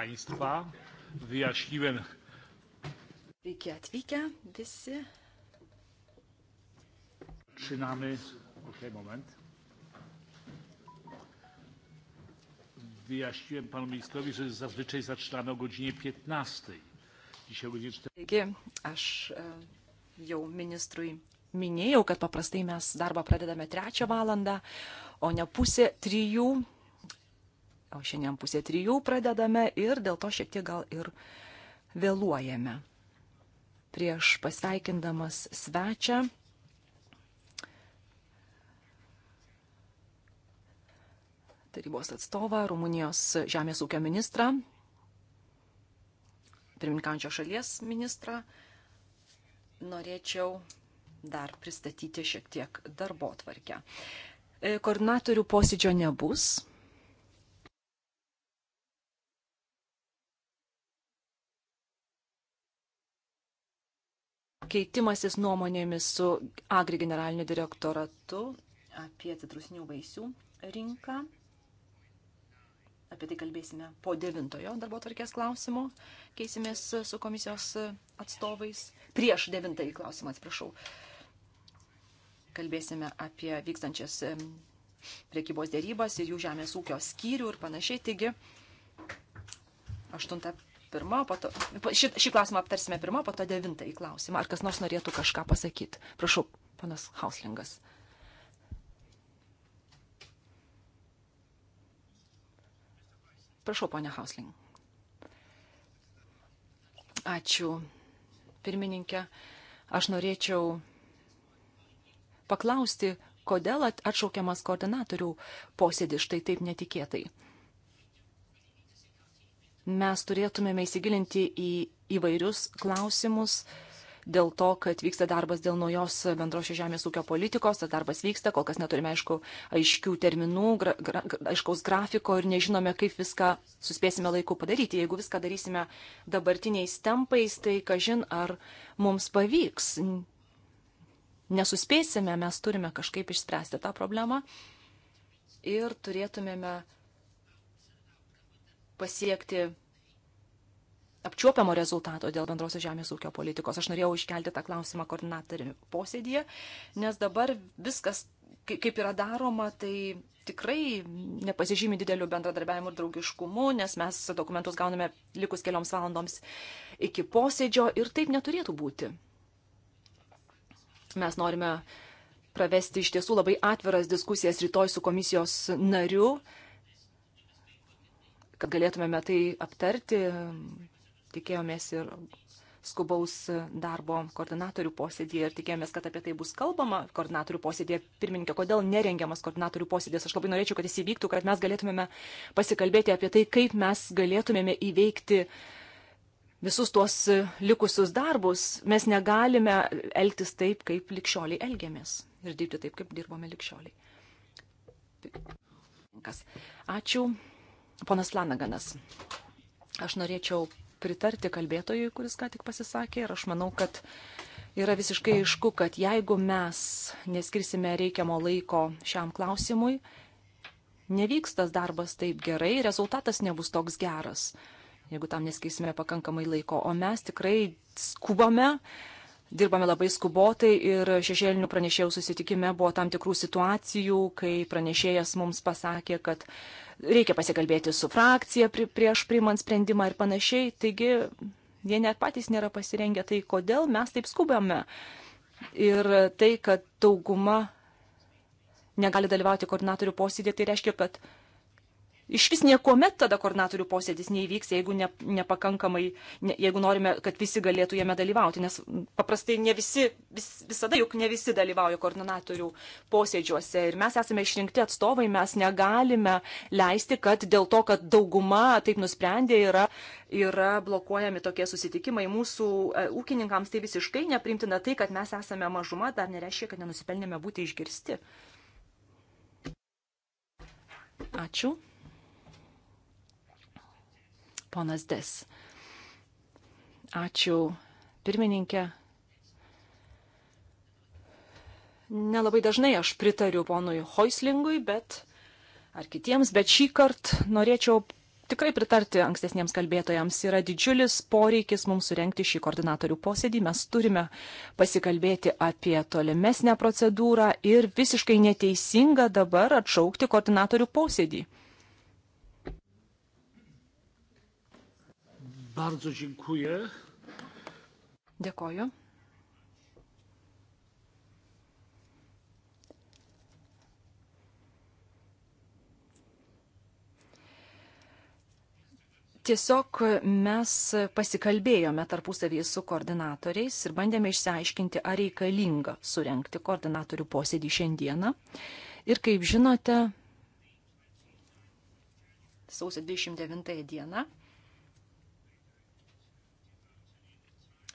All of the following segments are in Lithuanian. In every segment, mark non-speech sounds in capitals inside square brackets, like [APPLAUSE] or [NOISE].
Państwa. Wyjaśniłem. Sveiki atvykę visi. Zaczynamy. Okay, moment. Wyjaśniłem panu ministrowi, że zazwyczaj zaczynamy o godzinie 15. Dzisiaj o godzinie 14. Taigi, aš e, jau ministrui minėjau, kad paprastai mes darbą pradedame trečią valandą, o ne pusę trijų. O šiandien pusė trijų pradedame ir dėl to šiek tiek gal ir vėluojame. Prieš pasveikindamas svečią. Tarybos atstovą, Rumunijos žemės ūkio ministrą, pirmininkančio šalies ministrą, norėčiau dar pristatyti šiek tiek darbo tvarkę. E, koordinatorių posėdžio nebus, keitimasis nuomonėmis su Agri generaliniu direktoratu apie citrusinių vaisių rinką. Apie tai kalbėsime po devintojo darbo tvarkės klausimo. Keisimės su komisijos atstovais. Prieš devintąjį klausimą, atsiprašau. Kalbėsime apie vykstančias priekybos dėrybas ir jų žemės ūkio skyrių ir panašiai. Taigi, aštuntą pirma, po to, šį, šį klausimą aptarsime pirmą, po to devintąjį klausimą. Ar kas nors norėtų kažką pasakyti? Prašau, panas Hauslingas. Prašau, ponia Hausling. Ačiū, pirmininkė. Aš norėčiau paklausti, kodėl atšaukiamas koordinatorių posėdis štai taip netikėtai mes turėtumėme įsigilinti į įvairius klausimus dėl to, kad vyksta darbas dėl naujos bendros žemės ūkio politikos, tas darbas vyksta, kol kas neturime aišku, aiškių terminų, gra, gra, aiškaus grafiko ir nežinome, kaip viską suspėsime laiku padaryti. Jeigu viską darysime dabartiniais tempais, tai kažin ar mums pavyks. Nesuspėsime, mes turime kažkaip išspręsti tą problemą ir turėtumėme pasiekti apčiuopiamo rezultato dėl bendrosios žemės ūkio politikos. Aš norėjau iškelti tą klausimą koordinatorių posėdėje, nes dabar viskas, kaip yra daroma, tai tikrai nepasižymi dideliu bendradarbiavimu ir draugiškumu, nes mes dokumentus gauname likus kelioms valandoms iki posėdžio ir taip neturėtų būti. Mes norime pravesti iš tiesų labai atviras diskusijas rytoj su komisijos nariu kad galėtumėme tai aptarti. Tikėjomės ir skubaus darbo koordinatorių posėdėje ir tikėjomės, kad apie tai bus kalbama koordinatorių posėdėje. Pirmininkė, kodėl nerengiamas koordinatorių posėdės? Aš labai norėčiau, kad jis įvyktų, kad mes galėtumėme pasikalbėti apie tai, kaip mes galėtumėme įveikti visus tuos likusius darbus. Mes negalime elgtis taip, kaip likščioliai elgėmės ir dirbti taip, kaip dirbome likščioliai. Ačiū. Ponas Lanaganas, aš norėčiau pritarti kalbėtojui, kuris ką tik pasisakė ir aš manau, kad yra visiškai aišku, kad jeigu mes neskirsime reikiamo laiko šiam klausimui, nevyks tas darbas taip gerai, rezultatas nebus toks geras, jeigu tam neskirsime pakankamai laiko, o mes tikrai skubame dirbame labai skubotai ir šešėlinių pranešėjų susitikime buvo tam tikrų situacijų, kai pranešėjas mums pasakė, kad reikia pasikalbėti su frakcija pri, prieš priimant sprendimą ir panašiai. Taigi jie net patys nėra pasirengę. Tai kodėl mes taip skubame? Ir tai, kad dauguma negali dalyvauti koordinatorių posėdėje, tai reiškia, kad iš vis niekuomet tada koordinatorių posėdis neįvyks, jeigu ne, nepakankamai, ne, jeigu norime, kad visi galėtų jame dalyvauti, nes paprastai ne visi, vis, visada juk ne visi dalyvauja koordinatorių posėdžiuose ir mes esame išrinkti atstovai, mes negalime leisti, kad dėl to, kad dauguma taip nusprendė, yra, yra blokuojami tokie susitikimai. Mūsų e, ūkininkams tai visiškai neprimtina tai, kad mes esame mažuma, dar nereiškia, kad nenusipelnėme būti išgirsti. Ačiū ponas Des. Ačiū, pirmininkė. Nelabai dažnai aš pritariu ponui Hoislingui, bet ar kitiems, bet šį kartą norėčiau tikrai pritarti ankstesniems kalbėtojams. Yra didžiulis poreikis mums surenkti šį koordinatorių posėdį. Mes turime pasikalbėti apie tolimesnę procedūrą ir visiškai neteisinga dabar atšaukti koordinatorių posėdį. Bardzo dziękuję. Dėkoju. Tiesiog mes pasikalbėjome tarpusavėje su koordinatoriais ir bandėme išsiaiškinti, ar reikalinga surenkti koordinatorių posėdį šiandieną. Ir kaip žinote, sausio 29 dieną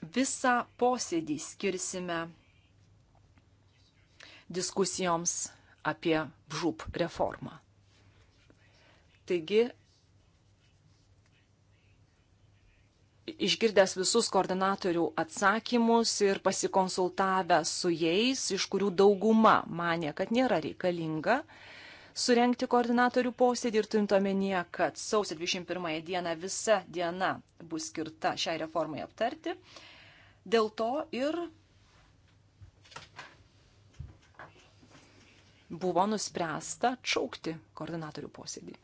visą posėdį skirsime diskusijoms apie žūp reformą. Taigi, išgirdęs visus koordinatorių atsakymus ir pasikonsultavę su jais, iš kurių dauguma mane, kad nėra reikalinga, surenkti koordinatorių posėdį ir turint omenyje, kad sausio 21 dieną visa diena bus skirta šiai reformai aptarti. Dėl to ir buvo nuspręsta atšaukti koordinatorių posėdį.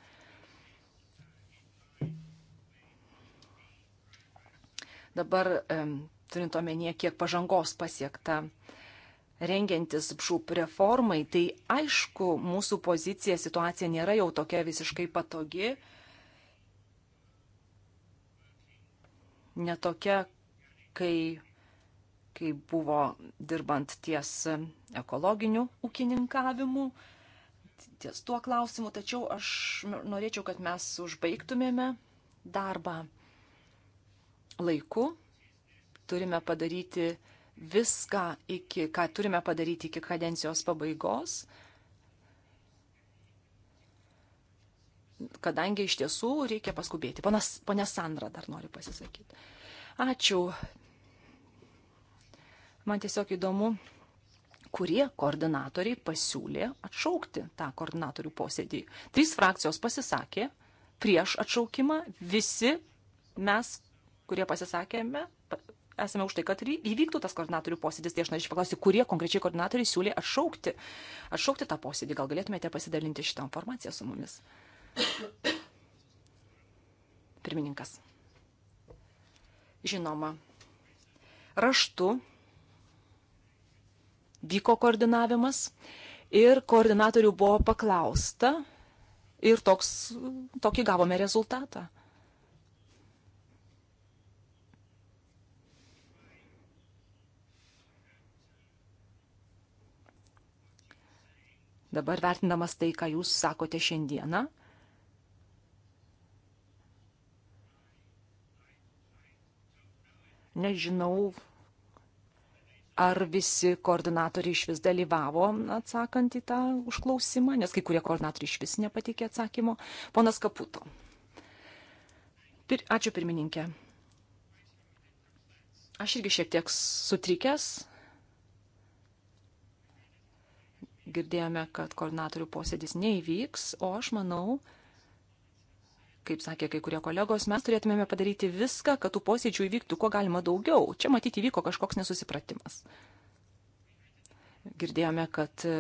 Dabar turint omenyje, kiek pažangos pasiekta rengiantis bžūp reformai, tai aišku, mūsų pozicija, situacija nėra jau tokia visiškai patogi, netokia, kai kai buvo dirbant ties ekologiniu ūkininkavimu, ties tuo klausimu, tačiau aš norėčiau, kad mes užbaigtumėme darbą laiku, turime padaryti viską, iki, ką turime padaryti iki kadencijos pabaigos. kadangi iš tiesų reikia paskubėti. Ponas, ponė Sandra dar nori pasisakyti. Ačiū, Man tiesiog įdomu, kurie koordinatoriai pasiūlė atšaukti tą koordinatorių posėdį. Trys frakcijos pasisakė prieš atšaukimą, visi mes, kurie pasisakėme, esame už tai, kad įvyktų tas koordinatorių posėdis. Tai aš norėčiau paklausti, kurie konkrečiai koordinatoriai siūlė atšaukti, atšaukti tą posėdį. Gal galėtumėte pasidalinti šitą informaciją su mumis? Pirmininkas. Žinoma, raštu vyko koordinavimas ir koordinatorių buvo paklausta ir toks, tokį gavome rezultatą. Dabar vertinamas tai, ką jūs sakote šiandieną, nežinau, ar visi koordinatoriai iš vis dalyvavo atsakant į tą užklausimą, nes kai kurie koordinatoriai iš vis nepateikė atsakymo. Ponas Kaputo. Pir Ačiū pirmininkė. Aš irgi šiek tiek sutrikęs. Girdėjome, kad koordinatorių posėdis neįvyks, o aš manau, kad kaip sakė kai kurie kolegos, mes turėtumėme padaryti viską, kad tų posėdžių įvyktų kuo galima daugiau. Čia matyti įvyko kažkoks nesusipratimas. Girdėjome, kad e,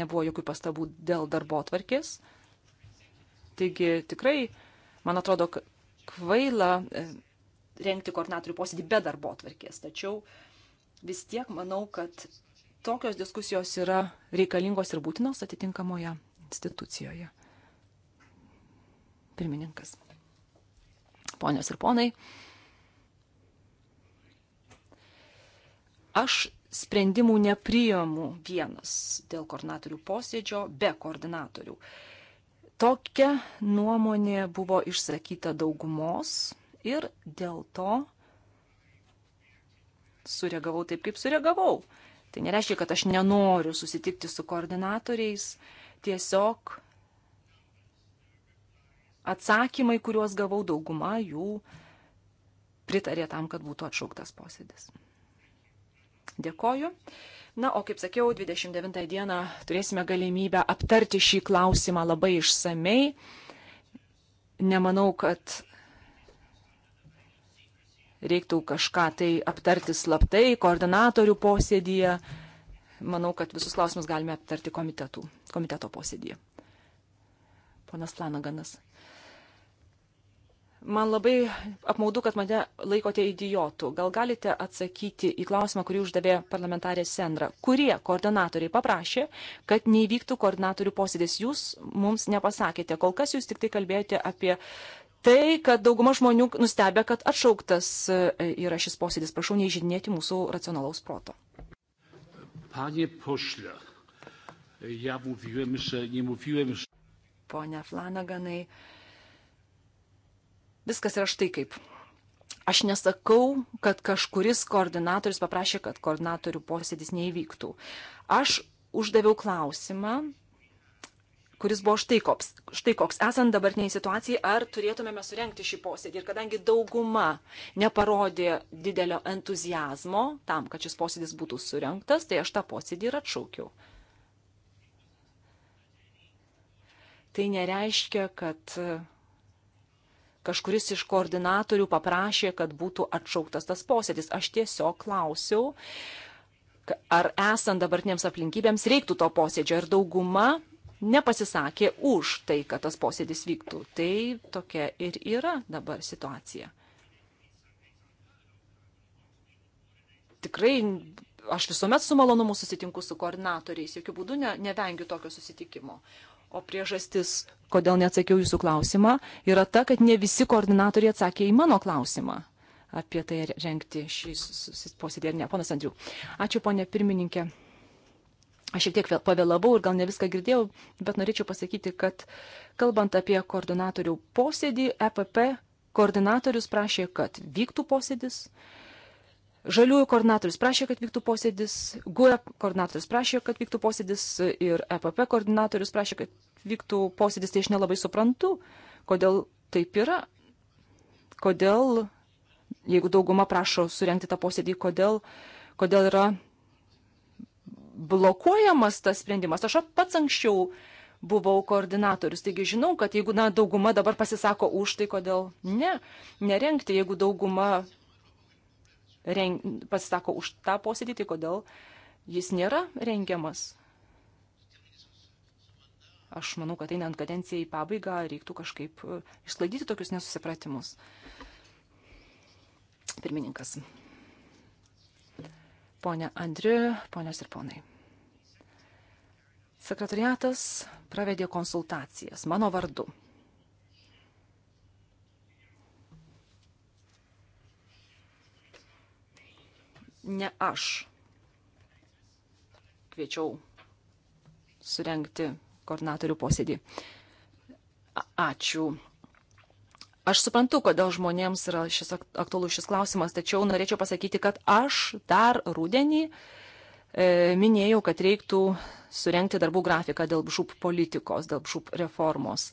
nebuvo jokių pastabų dėl darbo atvarkės. Taigi tikrai, man atrodo, kvaila e, rengti koordinatorių posėdį be darbo atvarkės. Tačiau vis tiek manau, kad tokios diskusijos yra reikalingos ir būtinos atitinkamoje institucijoje pirmininkas. Ponios ir ponai, aš sprendimų nepriimu vienas dėl koordinatorių posėdžio be koordinatorių. Tokia nuomonė buvo išsakyta daugumos ir dėl to sureagavau taip, kaip sureagavau. Tai nereiškia, kad aš nenoriu susitikti su koordinatoriais, tiesiog atsakymai, kuriuos gavau, dauguma jų pritarė tam, kad būtų atšauktas posėdis. Dėkoju. Na, o kaip sakiau, 29 dieną turėsime galimybę aptarti šį klausimą labai išsamei. Nemanau, kad reiktų kažką tai aptarti slaptai, koordinatorių posėdėje. Manau, kad visus klausimus galime aptarti komitetų, komiteto posėdėje. Ponas Planaganas. Man labai apmaudu, kad mane laikote idiotu. Gal galite atsakyti į klausimą, kurį uždavė parlamentarė Sendra. Kurie koordinatoriai paprašė, kad neįvyktų koordinatorių posėdis? Jūs mums nepasakėte. Kol kas jūs tik tai kalbėjote apie tai, kad dauguma žmonių nustebė, kad atšauktas e, yra šis posėdis. Prašau neižinėti mūsų racionalaus proto. Panie pošlė, ja mówiłem, że nie mówiłem, że... Pone Flanaganai. Że... Viskas yra štai kaip. Aš nesakau, kad kažkuris koordinatorius paprašė, kad koordinatorių posėdis neįvyktų. Aš uždaviau klausimą, kuris buvo štai koks. Štai koks. Esant dabartiniai situacijai, ar turėtumėme surenkti šį posėdį. Ir kadangi dauguma neparodė didelio entuzijazmo tam, kad šis posėdis būtų surenktas, tai aš tą posėdį ir atšaukiau. Tai nereiškia, kad kažkuris iš koordinatorių paprašė, kad būtų atšauktas tas posėdis. Aš tiesiog klausiau, ar esant dabartiniams aplinkybėms reiktų to posėdžio ir dauguma nepasisakė už tai, kad tas posėdis vyktų. Tai tokia ir yra dabar situacija. Tikrai aš visuomet su malonumu susitinku su koordinatoriais, jokių būdų ne, nevengiu tokio susitikimo. O priežastis, kodėl neatsakiau jūsų klausimą, yra ta, kad ne visi koordinatoriai atsakė į mano klausimą apie tai rengti šį posėdį ar ne. Ponas Andriu. Ačiū, ponė pirmininkė. Aš šiek tiek pavėlavau ir gal ne viską girdėjau, bet norėčiau pasakyti, kad kalbant apie koordinatorių posėdį, EPP koordinatorius prašė, kad vyktų posėdis, Žaliųjų koordinatorius prašė, kad vyktų posėdis, GUE koordinatorius prašė, kad vyktų posėdis ir EPP koordinatorius prašė, kad vyktų posėdis, tai aš nelabai suprantu, kodėl taip yra, kodėl, jeigu dauguma prašo surenkti tą posėdį, kodėl, kodėl yra blokuojamas tas sprendimas. Aš pats anksčiau buvau koordinatorius. Taigi žinau, kad jeigu na, dauguma dabar pasisako už tai, kodėl ne, nerenkti, jeigu dauguma reng... pasisako už tą posėdį, tai kodėl jis nėra rengiamas? Aš manau, kad einant kadencijai į pabaigą reiktų kažkaip e, išsklaidyti tokius nesusipratimus. Pirmininkas. Pone Andriu, ponios ir ponai. Sekretariatas pravedė konsultacijas mano vardu ne aš kviečiau surenkti koordinatorių posėdį. Ačiū. Aš suprantu, kodėl žmonėms yra šis aktualus šis klausimas, tačiau norėčiau pasakyti, kad aš dar rudenį e, minėjau, kad reiktų surenkti darbų grafiką dėl žūp politikos, dėl žūp reformos.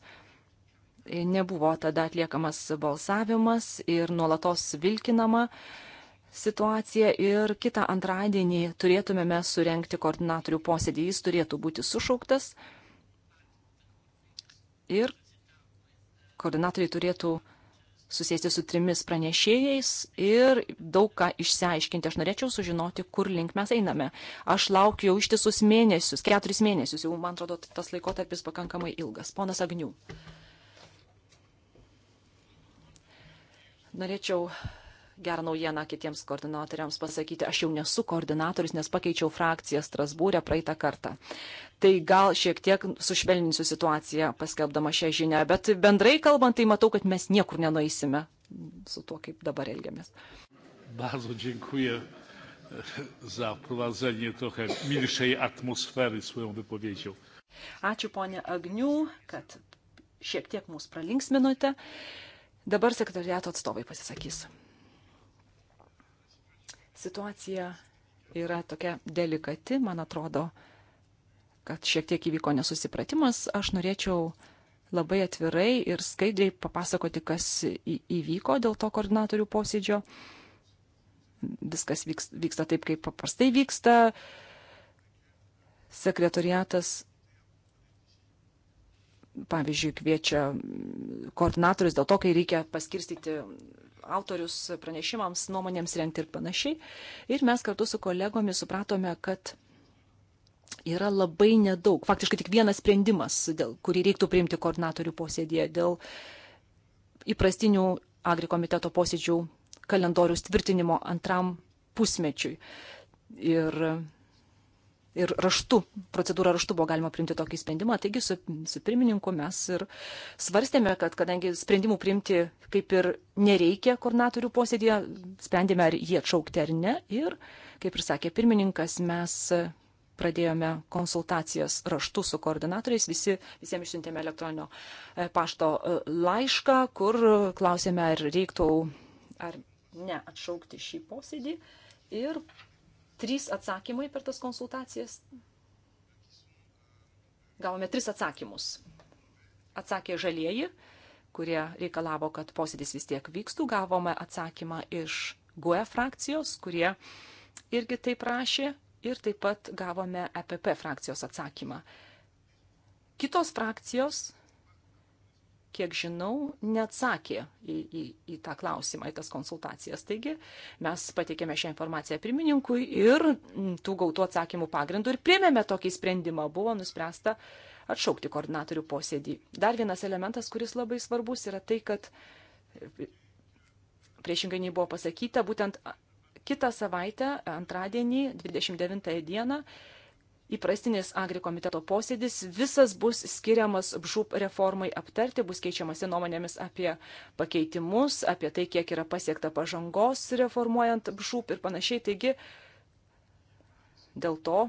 E, nebuvo tada atliekamas balsavimas ir nuolatos vilkinama. E, situaciją ir kitą antradienį turėtumėme surenkti koordinatorių posėdį. Jis turėtų būti sušauktas ir koordinatoriai turėtų susėsti su trimis pranešėjais ir daug ką išsiaiškinti. Aš norėčiau sužinoti, kur link mes einame. Aš laukiu jau ištisus mėnesius, keturis mėnesius, jau man atrodo, tas laikotarpis pakankamai ilgas. Ponas Agnių. Norėčiau gerą naujieną kitiems koordinatoriams pasakyti, aš jau nesu koordinatorius, nes pakeičiau frakciją Strasbūrę praeitą kartą. Tai gal šiek tiek sušvelninsiu situaciją paskelbdama šią žinią, bet bendrai kalbant, tai matau, kad mes niekur nenueisime su tuo, kaip dabar elgiamės. Bardzo dziękuję za prowadzenie trochę milszej atmosfery swoją wypowiedzią. Ačiū ponė Agnių, kad šiek tiek mūsų pralinksminote. Dabar sekretariato atstovai pasisakys situacija yra tokia delikati, man atrodo, kad šiek tiek įvyko nesusipratimas. Aš norėčiau labai atvirai ir skaidriai papasakoti, kas įvyko dėl to koordinatorių posėdžio. Viskas vyksta taip, kaip paprastai vyksta. Sekretariatas, pavyzdžiui, kviečia koordinatorius dėl to, kai reikia paskirstyti autorius pranešimams, nuomonėms renkti ir panašiai. Ir mes kartu su kolegomis supratome, kad yra labai nedaug, faktiškai tik vienas sprendimas, dėl, kurį reiktų priimti koordinatorių posėdėje dėl įprastinių agrikomiteto posėdžių kalendorius tvirtinimo antram pusmečiui. Ir ir raštu, procedūra raštu buvo galima priimti tokį sprendimą. Taigi su, su pirmininku mes ir svarstėme, kad kadangi sprendimų priimti kaip ir nereikia koordinatorių posėdėje, sprendėme, ar jie atšaukti ar ne. Ir, kaip ir sakė pirmininkas, mes pradėjome konsultacijas raštu su koordinatoriais, visi, visiems išsiuntėme elektroninio e, pašto e, laišką, kur klausėme, ar reiktų ar ne atšaukti šį posėdį. Ir trys atsakymai per tas konsultacijas. Gavome tris atsakymus. Atsakė žalieji, kurie reikalavo, kad posėdis vis tiek vykstų. Gavome atsakymą iš GUE frakcijos, kurie irgi tai prašė. Ir taip pat gavome EPP frakcijos atsakymą. Kitos frakcijos kiek žinau, neatsakė į, į, į tą klausimą, į tas konsultacijas. Taigi mes pateikėme šią informaciją pirmininkui ir tų gautų atsakymų pagrindų ir priemėme tokį sprendimą. Buvo nuspręsta atšaukti koordinatorių posėdį. Dar vienas elementas, kuris labai svarbus, yra tai, kad priešingai nei buvo pasakyta, būtent kitą savaitę, antradienį, 29 dieną, įprastinis Agri komiteto posėdis, visas bus skiriamas BŽUP reformai aptarti, bus keičiamasi nuomonėmis apie pakeitimus, apie tai, kiek yra pasiekta pažangos reformuojant BŽUP ir panašiai. Taigi dėl to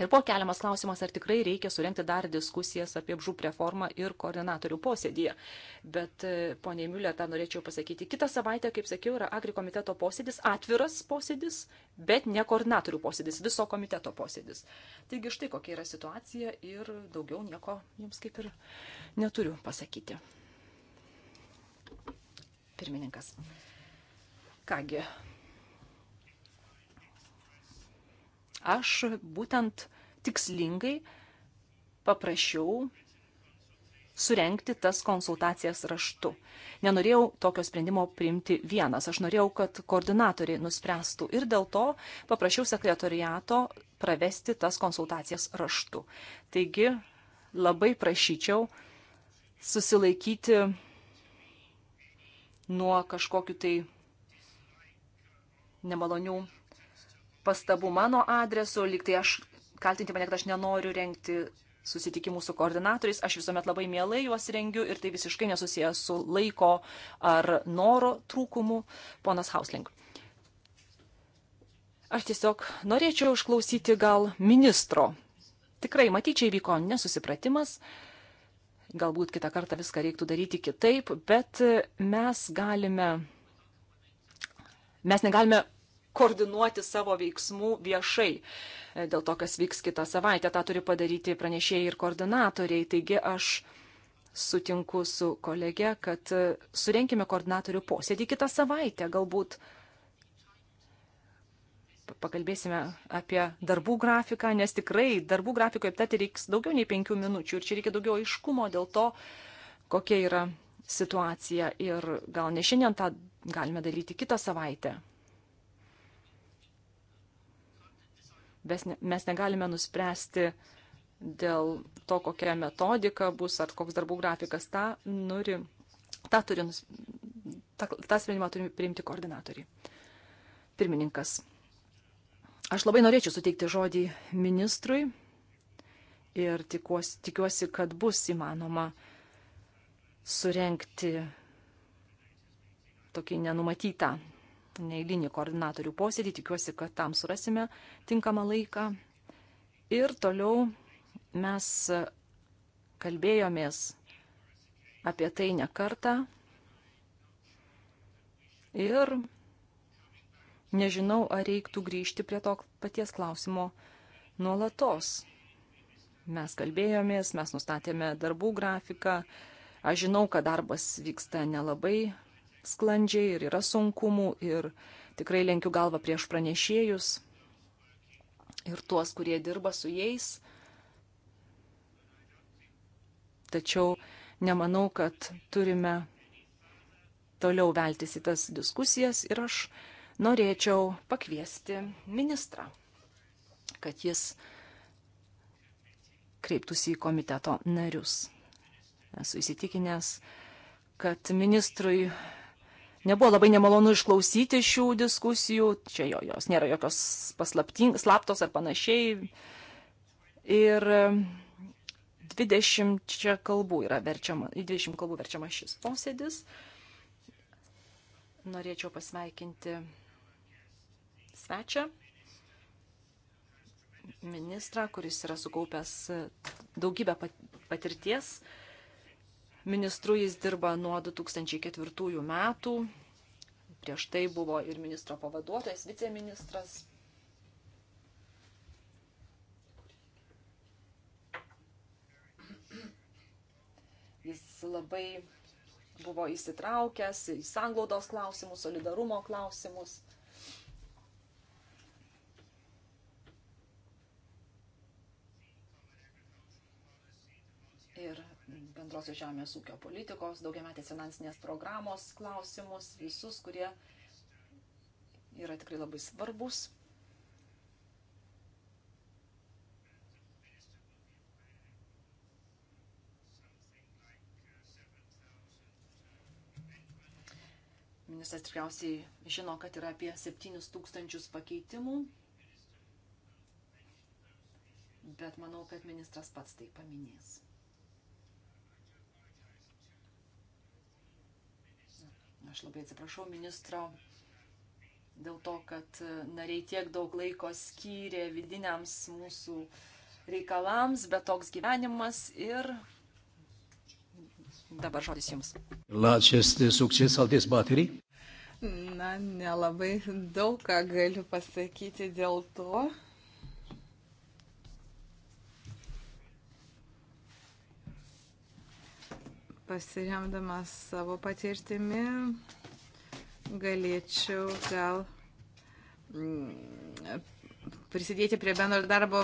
Ir buvo keliamas klausimas, ar tikrai reikia surenkti dar diskusijas apie žūp reformą ir koordinatorių posėdėje. Bet, e, ponė Miulė, tą norėčiau pasakyti. Kita savaitė, kaip sakiau, yra agri komiteto posėdis, atviras posėdis, bet ne koordinatorių posėdis, viso komiteto posėdis. Taigi štai kokia yra situacija ir daugiau nieko jums kaip ir neturiu pasakyti. Pirmininkas. Kągi, Aš būtent tikslingai paprašiau surenkti tas konsultacijas raštu. Nenorėjau tokio sprendimo priimti vienas, aš norėjau, kad koordinatoriai nuspręstų ir dėl to paprašiau sekretoriato pravesti tas konsultacijas raštu. Taigi labai prašyčiau susilaikyti nuo kažkokiu tai nemalonių pastabų mano adresu, liktai aš kaltinti mane, kad aš nenoriu rengti susitikimų su koordinatoriais, aš visuomet labai mielai juos rengiu ir tai visiškai nesusijęs su laiko ar noro trūkumu, ponas Hausling. Aš tiesiog norėčiau išklausyti gal ministro. Tikrai, matyčiai vyko nesusipratimas, galbūt kitą kartą viską reiktų daryti kitaip, bet mes galime, mes negalime koordinuoti savo veiksmų viešai e, dėl to, kas vyks kitą savaitę. Ta turi padaryti pranešėjai ir koordinatoriai. Taigi aš sutinku su kolege, kad e, surenkime koordinatorių posėdį kitą savaitę. Galbūt pakalbėsime apie darbų grafiką, nes tikrai darbų grafikoje aptarti reiks daugiau nei penkių minučių ir čia reikia daugiau aiškumo dėl to, kokia yra situacija ir gal ne šiandien tą galime daryti kitą savaitę. mes negalime nuspręsti dėl to, kokia metodika bus ar koks darbų grafikas. Ta nuri, ta turi, ta, tą sprendimą turi priimti koordinatoriai. Pirmininkas. Aš labai norėčiau suteikti žodį ministrui ir tikuosi, tikiuosi, kad bus įmanoma surenkti tokį nenumatytą neįlinį koordinatorių posėdį. Tikiuosi, kad tam surasime tinkamą laiką. Ir toliau mes kalbėjomės apie tai ne kartą. Ir nežinau, ar reiktų grįžti prie to paties klausimo nuolatos. Mes kalbėjomės, mes nustatėme darbų grafiką. Aš žinau, kad darbas vyksta nelabai sklandžiai ir yra sunkumų ir tikrai lenkiu galvą prieš pranešėjus ir tuos, kurie dirba su jais. Tačiau nemanau, kad turime toliau veltis į tas diskusijas ir aš norėčiau pakviesti ministrą, kad jis kreiptųsi į komiteto narius. Esu įsitikinęs, kad ministrui Nebuvo labai nemalonu išklausyti šių diskusijų, čia jo, jos nėra jokios slaptos ar panašiai. Ir 20 čia kalbų yra verčiama, 20 kalbų verčiama šis posėdis. Norėčiau pasveikinti svečią, ministrą, kuris yra sukaupęs daugybę patirties Ministru jis dirba nuo 2004 metų. Prieš tai buvo ir ministro pavaduotojas, viceministras. Jis labai buvo įsitraukęs į sanglaudos klausimus, solidarumo klausimus. Ir bendrosios žemės ūkio politikos, daugiametės finansinės programos klausimus, visus, kurie yra tikrai labai svarbus. Ministras tikriausiai žino, kad yra apie 7000 pakeitimų, bet manau, kad ministras pats tai paminės. Aš labai atsiprašau ministro dėl to, kad e, nariai tiek daug laiko skyrė vidiniams mūsų reikalams, bet toks gyvenimas ir dabar žodis jums. Lačias sukčiais altis baterijai. Na, nelabai daug ką galiu pasakyti dėl to, pasiremdamas savo patirtimi, galėčiau gal mm, prisidėti prie bendro darbo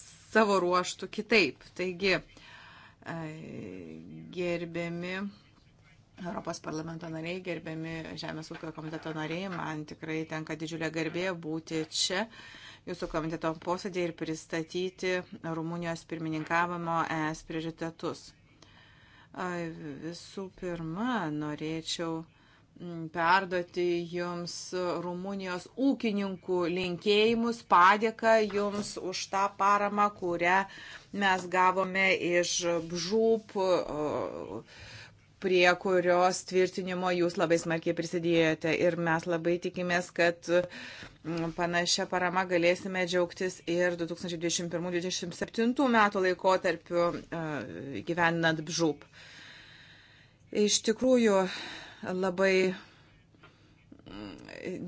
savo ruoštų kitaip. Taigi, e, gerbiami Europos parlamento nariai, gerbiami Žemės ūkio komiteto nariai, man tikrai tenka didžiulė garbė būti čia jūsų komiteto posėdėje ir pristatyti Rumunijos pirmininkavimo ES prioritetus. Visų pirma, norėčiau mm, perduoti jums Rumunijos ūkininkų linkėjimus, padėką jums už tą paramą, kurią mes gavome iš BŽUP prie kurios tvirtinimo jūs labai smarkiai prisidėjote ir mes labai tikimės, kad mm, panašią paramą galėsime džiaugtis ir 2021-2027 metų laikotarpiu e, gyvenant bžūp. Iš tikrųjų, labai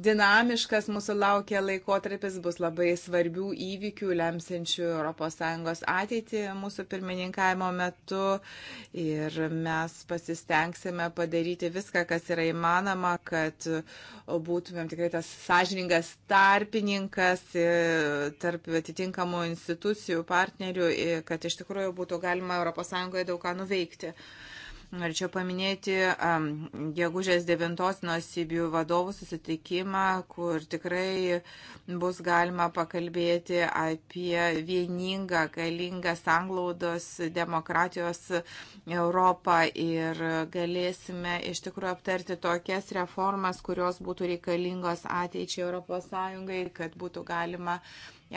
dinamiškas mūsų laukia laikotarpis, bus labai svarbių įvykių, lemsinčių ES ateitį mūsų pirmininkavimo metu ir mes pasistengsime padaryti viską, kas yra įmanoma, kad būtumėm tikrai tas sąžiningas tarpininkas e, tarp atitinkamų institucijų, partnerių, e, kad iš tikrųjų būtų galima ES daug ką nuveikti. Uh, Norėčiau paminėti gegužės 9 nuosibių vadovų susitikimą, kur tikrai bus galima pakalbėti apie vieningą, galingą sanglaudos demokratijos Europą ir galėsime iš tikrųjų aptarti tokias reformas, kurios būtų reikalingos ateičiai ES, kad būtų galima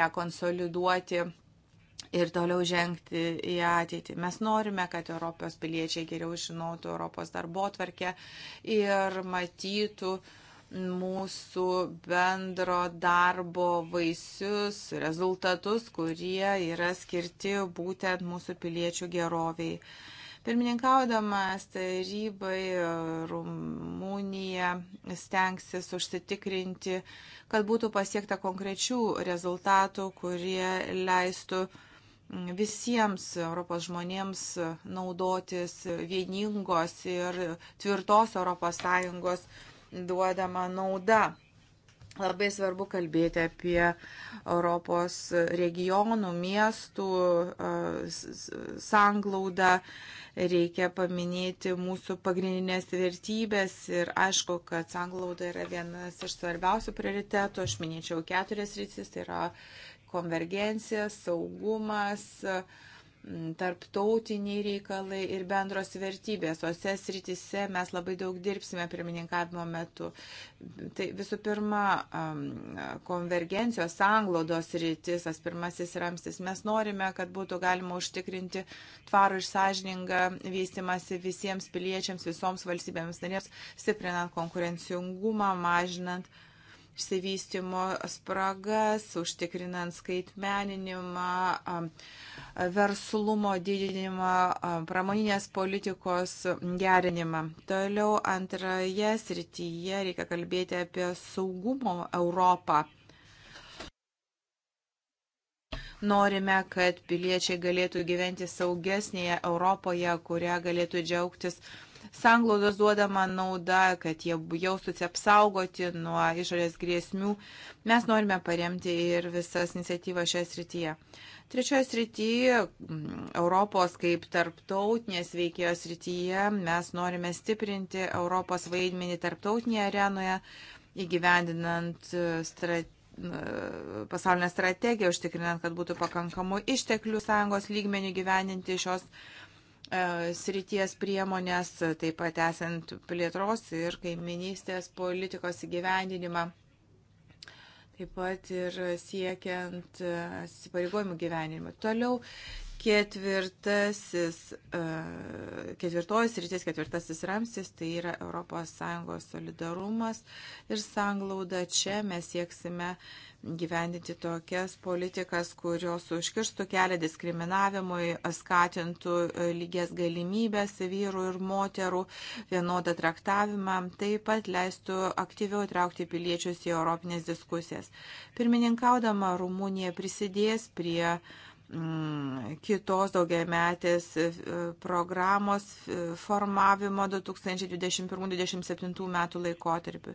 ją konsoliduoti ir toliau žengti į ateitį. Mes norime, kad Europos piliečiai geriau žinotų Europos darbo tvarkę ir matytų mūsų bendro darbo vaisius, rezultatus, kurie yra skirti būtent mūsų piliečių geroviai. Pirmininkaudamas tarybai Rumunija stengsis užsitikrinti, kad būtų pasiekta konkrečių rezultatų, kurie leistų uh, visiems Europos žmonėms naudotis vieningos ir tvirtos ES duodama nauda. Labai svarbu kalbėti apie Europos regionų, miestų sanglaudą. Reikia paminėti mūsų pagrindinės vertybės ir aišku, kad sanglauda yra vienas iš svarbiausių prioritetų. Aš minėčiau keturias rytis, tai yra konvergencija, saugumas, tarptautiniai reikalai ir bendros vertybės. O se sritise mes labai daug dirbsime pirmininkavimo metu. Tai visų pirma, konvergencijos anglodos sritis, tas pirmasis ramstis. Mes norime, kad būtų galima užtikrinti tvarų ir sąžiningą vystimąsi visiems piliečiams, visoms valstybėms narėms, stiprinant konkurencingumą, mažinant uh, išsivystimo spragas, užtikrinant skaitmeninimą, verslumo didinimą, pramoninės politikos gerinimą. Toliau antraje srityje reikia kalbėti apie saugumo Europą norime, kad piliečiai galėtų gyventi saugesnėje Europoje, kurią galėtų džiaugtis sanglaudos duodama nauda, kad jie jaustųsi apsaugoti nuo išorės grėsmių. Mes norime paremti ir visas iniciatyvas šioje srityje. Trečioje srityje, Europos kaip tarptautinės veikėjos srityje, mes norime stiprinti Europos vaidmenį tarptautinėje arenoje, įgyvendinant e, strategiją e, pasaulinę strategiją, užtikrinant, kad būtų pakankamų išteklių sąjungos lygmenių gyveninti šios E, srities priemonės, taip pat esant plėtros ir kaiminystės politikos įgyvendinimą, taip pat ir siekiant e, įsipareigojimų gyvenimą. Toliau ketvirtasis, e, ketvirtoji sritis, ketvirtasis ramsis, tai yra ES solidarumas ir sanglauda. Čia mes sieksime gyvendinti tokias politikas, kurios užkirstų kelią diskriminavimui, skatintų e, lygias galimybės vyrų ir moterų vienodą traktavimą, taip pat leistų aktyviau traukti piliečius į europinės diskusijas. Pirmininkaudama Rumunija prisidės prie Mm, kitos daugiametės e, programos e, formavimo 2021-2027 metų laikotarpiu.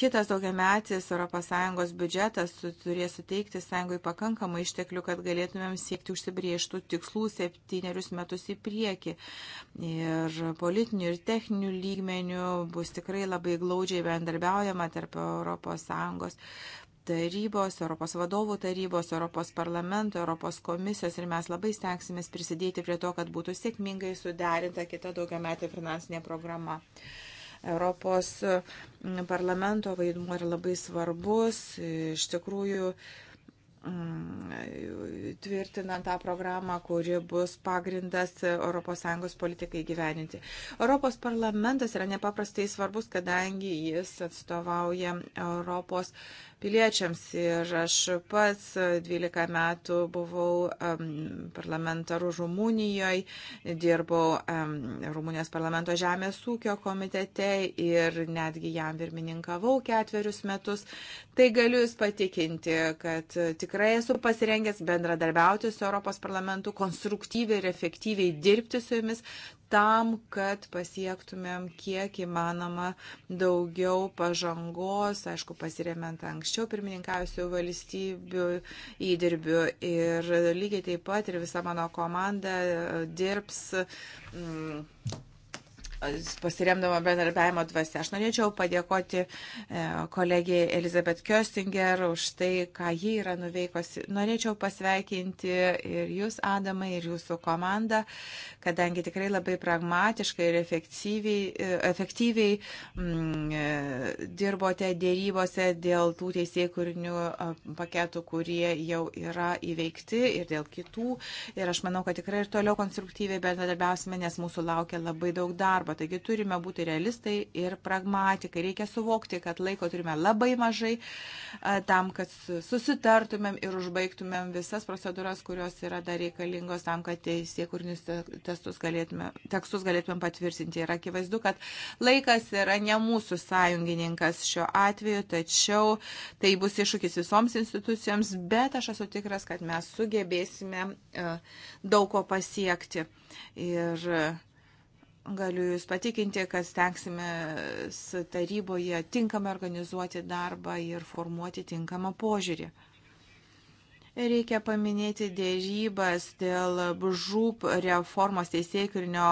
Kitas daugiametis ES biudžetas turės suteikti sąjungui pakankamai išteklių, kad galėtumėm siekti užsibrieštų tikslų septynerius metus į priekį. Ir politinių ir techninių lygmenių bus tikrai labai glaudžiai bendarbiaujama tarp ES tarybos, Europos vadovų tarybos, Europos parlamento, Europos komisijos ir mes labai stengsimės prisidėti prie to, kad būtų sėkmingai suderinta kita daugiametė finansinė programa. Europos mm, parlamento vaidmuo yra labai svarbus. Iš tikrųjų, mm, tvirtinant tą programą, kuri bus pagrindas ES politikai gyveninti. Europos parlamentas yra nepaprastai svarbus, kadangi jis atstovauja Europos piliečiams. Ir aš pats 12 metų buvau parlamentaru Rumunijoje, dirbau Rumunijos parlamento žemės ūkio komitete ir netgi jam pirmininkavau ketverius metus. Tai galiu Jūs patikinti, kad tikrai esu pasirengęs bendradarbiauti su Europos parlamentu, konstruktyviai ir efektyviai dirbti su Jumis tam, kad pasiektumėm kiek įmanoma daugiau pažangos, aišku, pasiremiant anksčiau pirmininkavusių valstybių įdirbių. Ir lygiai taip pat ir visa mano komanda e, dirbs. Mm, pasiremdama bendarbiavimo dvasia. Aš norėčiau padėkoti e, kolegijai Elizabet Köstinger už tai, ką ji yra nuveikosi. Norėčiau pasveikinti ir jūs, Adamai, ir jūsų komandą, kadangi tikrai labai pragmatiškai ir efektyviai, e, efektyviai m, mm, e, dirbote dėrybose dėl tų teisėkurinių paketų, kurie jau yra įveikti ir dėl kitų. Ir aš manau, kad tikrai ir toliau konstruktyviai bendradarbiausime, nes mūsų laukia labai daug darbo darbą. Taigi turime būti realistai ir pragmatikai. Reikia suvokti, kad laiko turime labai mažai e, tam, kad susitartumėm ir užbaigtumėm visas procedūras, kurios yra dar reikalingos tam, kad teisėkurnius galėtume, tekstus galėtumėm patvirtinti. Ir akivaizdu, kad laikas yra ne mūsų sąjungininkas šiuo atveju, tačiau tai bus iššūkis visoms institucijoms, bet aš esu tikras, kad mes sugebėsime e, daug ko pasiekti. Ir Galiu Jūs patikinti, kad stengsime taryboje tinkamai organizuoti darbą ir formuoti tinkamą požiūrį. Reikia paminėti dėžybas dėl žūp reformos teisėkirinio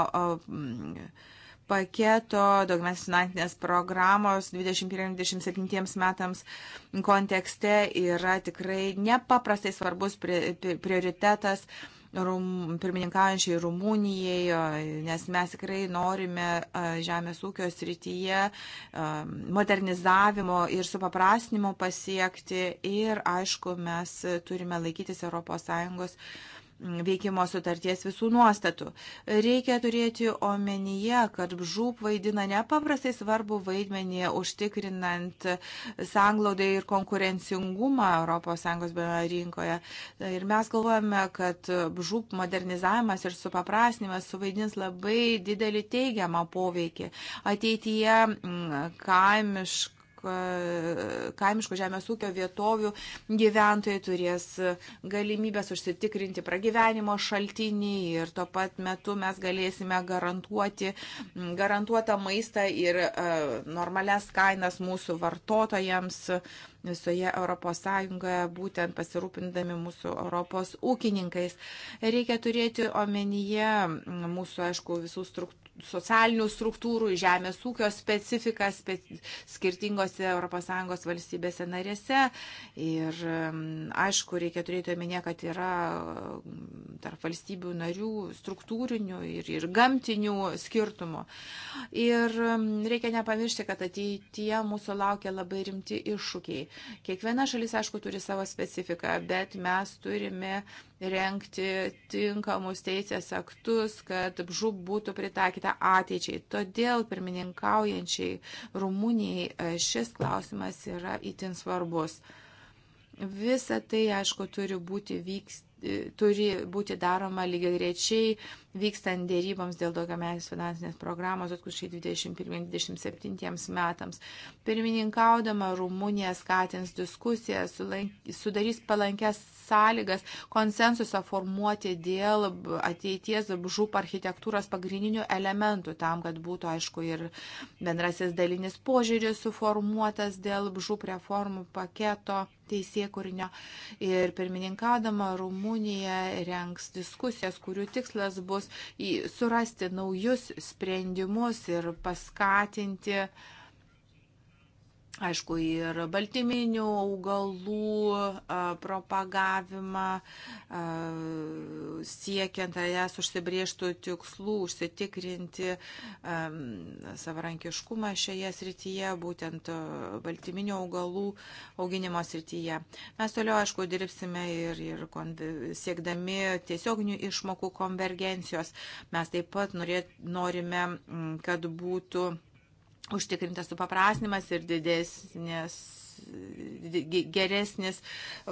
paketo, daugmės finansinės programos 21-27 metams kontekste yra tikrai nepaprastai svarbus prioritetas. Pri, pri, rum, pirmininkaujančiai Rumunijai, nes mes tikrai norime žemės ūkio srityje modernizavimo ir supaprastinimo pasiekti ir, aišku, mes turime laikytis ES veikimo sutarties visų nuostatų. Reikia turėti omenyje, kad žūp vaidina nepaprastai svarbu vaidmenį užtikrinant sanglaudą ir konkurencingumą ES rinkoje. Ir mes galvojame, kad žūp modernizavimas ir supaprasnimas suvaidins labai didelį teigiamą poveikį. Ateityje mm, kaimiškai E, kaimiškų žemės ūkio vietovių gyventojai turės galimybės užsitikrinti pragyvenimo šaltinį ir tuo pat metu mes galėsime garantuoti garantuotą maistą ir e, normales kainas mūsų vartotojams visoje Europos Sąjungoje, būtent pasirūpindami mūsų Europos ūkininkais. Reikia turėti omenyje mūsų, aišku, visų struktūrų socialinių struktūrų, žemės ūkio specifiką spe, skirtingose ES valstybėse narėse. Ir um, aišku, reikia turėti omenyje, kad yra um, tarp valstybių narių struktūrinių ir, ir gamtinių skirtumų. Ir um, reikia nepamiršti, kad ateityje mūsų laukia labai rimti iššūkiai. Kiekviena šalis, aišku, turi savo specifiką, bet mes turime renkti tinkamus teisės aktus, kad žub būtų pritaikyta ateičiai. Todėl pirmininkaujančiai Rumunijai e, šis klausimas yra itin svarbus. Visa tai, aišku, turi būti vyksta e, turi būti daroma lygiai grečiai vykstant dėryboms dėl daugiametės finansinės programos 2021-2027 metams. Pirmininkaudama Rumunija skatins diskusiją, sudarys palankes sąlygas konsensusą formuoti dėl ateities žūp architektūros pagrindinių elementų, tam, kad būtų aišku ir bendrasis dalinis požiūris suformuotas dėl žūp reformų paketo teisėkūrinio ir pirmininkaudama Rumunija renks diskusijas, kurių tikslas bus surasti naujus sprendimus ir paskatinti uh, aišku, ir baltyminių augalų propagavimą, siekiant jas užsibrieštų tikslų, užsitikrinti savarankiškumą šioje srityje, būtent baltyminių augalų auginimo srityje. Mes toliau, aišku, dirbsime ir, ir siekdami tiesioginių išmokų konvergencijos. Mes taip pat norėt, norime, kad būtų užtikrintas supaprasnimas ir didesnės geresnis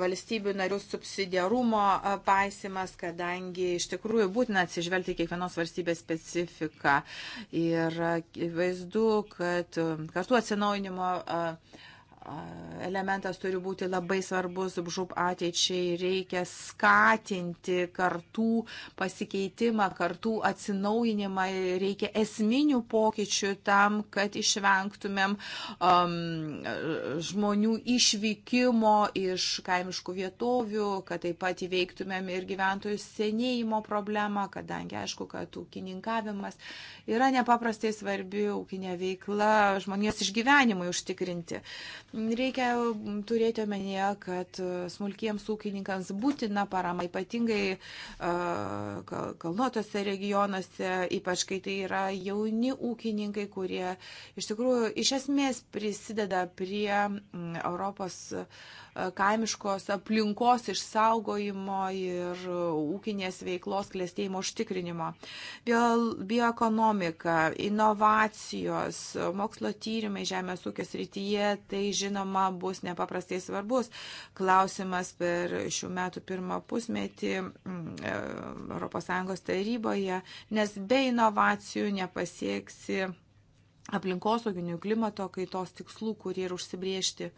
valstybių narių subsidiarumo paisimas, kadangi iš tikrųjų būtina atsižvelgti kiekvienos valstybės specifiką. Ir vaizdu, kad kartu atsinaujinimo uh, elementas turi būti labai svarbus žūp ateičiai, reikia skatinti kartų pasikeitimą, kartų atsinaujinimą, reikia esminių pokyčių tam, kad išvengtumėm um, žmonių išvykimo iš kaimiškų vietovių, kad taip pat įveiktumėm ir gyventojų senėjimo problemą, kadangi aišku, kad ūkininkavimas yra nepaprastai svarbi ūkinė veikla žmonės išgyvenimui užtikrinti. Reikia turėti omenyje, kad e, smulkiems ūkininkams būtina parama, ypatingai e, kalnuotose regionuose, ypač kai tai yra jauni ūkininkai, kurie iš tikrųjų iš esmės prisideda prie Europos. Uh, kaimiškos aplinkos išsaugojimo ir e, ūkinės veiklos klėstėjimo užtikrinimo. Bioekonomika, inovacijos, mokslo tyrimai žemės ūkio srityje, tai žinoma bus nepaprastai svarbus klausimas per šių metų pirmą pusmetį mm, ES taryboje, nes be inovacijų nepasieksi aplinkosauginių klimato kaitos tikslų, kurie ir užsibriežti.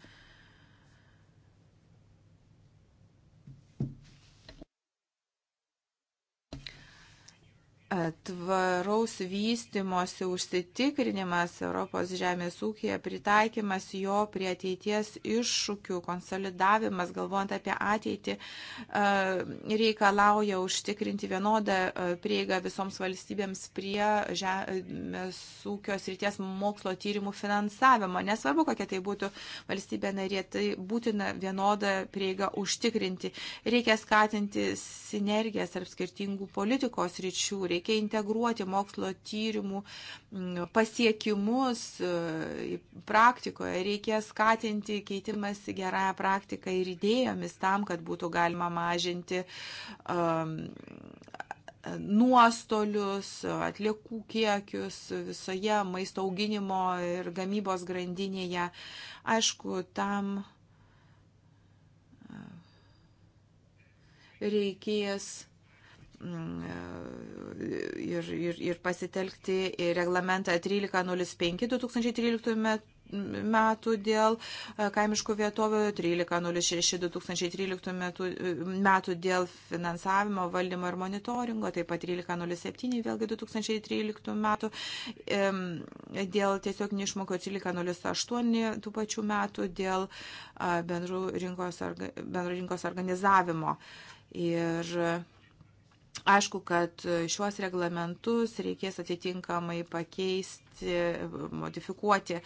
tvaraus vystimosi užsitikrinimas Europos žemės ūkija, pritaikymas jo prie ateities iššūkių, konsolidavimas, galvojant apie ateitį, e, reikalauja užtikrinti vienodą e, prieigą visoms valstybėms prie žemės ūkio srities mokslo tyrimų finansavimo. Nesvarbu, kokia tai būtų valstybė narė, tai būtina vienodą prieigą užtikrinti. Reikia skatinti sinergijas tarp skirtingų politikos ryčių reikia integruoti mokslo tyrimų mm, pasiekimus e, praktikoje, reikia skatinti keitimas gerąją praktiką ir idėjomis tam, kad būtų galima mažinti um, nuostolius, atliekų kiekius visoje maisto auginimo ir gamybos grandinėje. Aišku, tam e, reikės Mm, e, ir, ir, ir pasitelkti ir reglamentą 1305 2013 metų metų dėl e, kaimiškų vietovių, 13.06.2013 metų, e, metų dėl finansavimo, valdymo ir monitoringo, taip pat 13.07 vėlgi 2013 metų, dėl tiesiog neišmokų 13.08 tų pačių metų dėl bendro rinkos, bendro rinkos organizavimo. Ir Aišku, kad e, šiuos reglamentus reikės atitinkamai pakeisti, modifikuoti. E,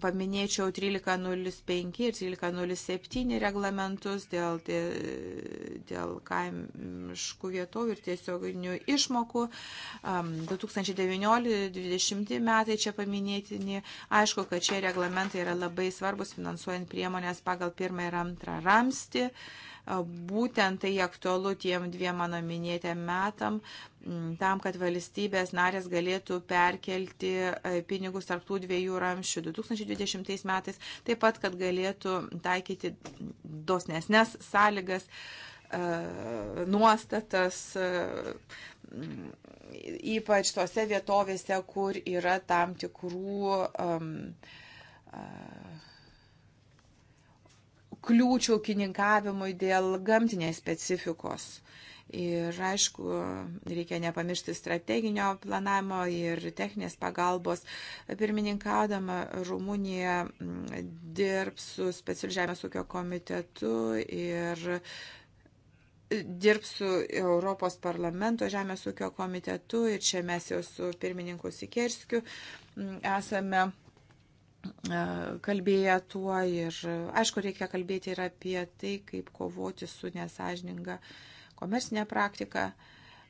paminėčiau 1305 ir 1307 reglamentus dėl, dėl kaimiškų vietovių ir tiesioginių išmokų. 2019-2020 metai čia paminėtini. Aišku, kad šie reglamentai yra labai svarbus finansuojant priemonės pagal pirmą ir antrą ramstį. Būtent tai aktualu tiem dviem mano minėtėm metam, tam, kad valstybės narės galėtų perkelti pinigus tarp tų dviejų ramščių 2020 metais, taip pat, kad galėtų taikyti dosnesnes sąlygas nuostatas, ypač tose vietovėse, kur yra tam tikrų um, uh, kliūčių ūkininkavimui dėl gamtinės specifikos. Ir aišku, reikia nepamiršti strateginio planavimo ir techninės pagalbos. Pirmininkaudama Rumunija mm, dirbs su specialiu žemės ūkio komitetu ir e, dirbs su Europos parlamento žemės ūkio komitetu ir čia mes jau su pirmininku Sikerskiu mm, esame E, kalbėję tuo ir aišku, reikia kalbėti ir apie tai, kaip kovoti su nesažininga komercinė praktika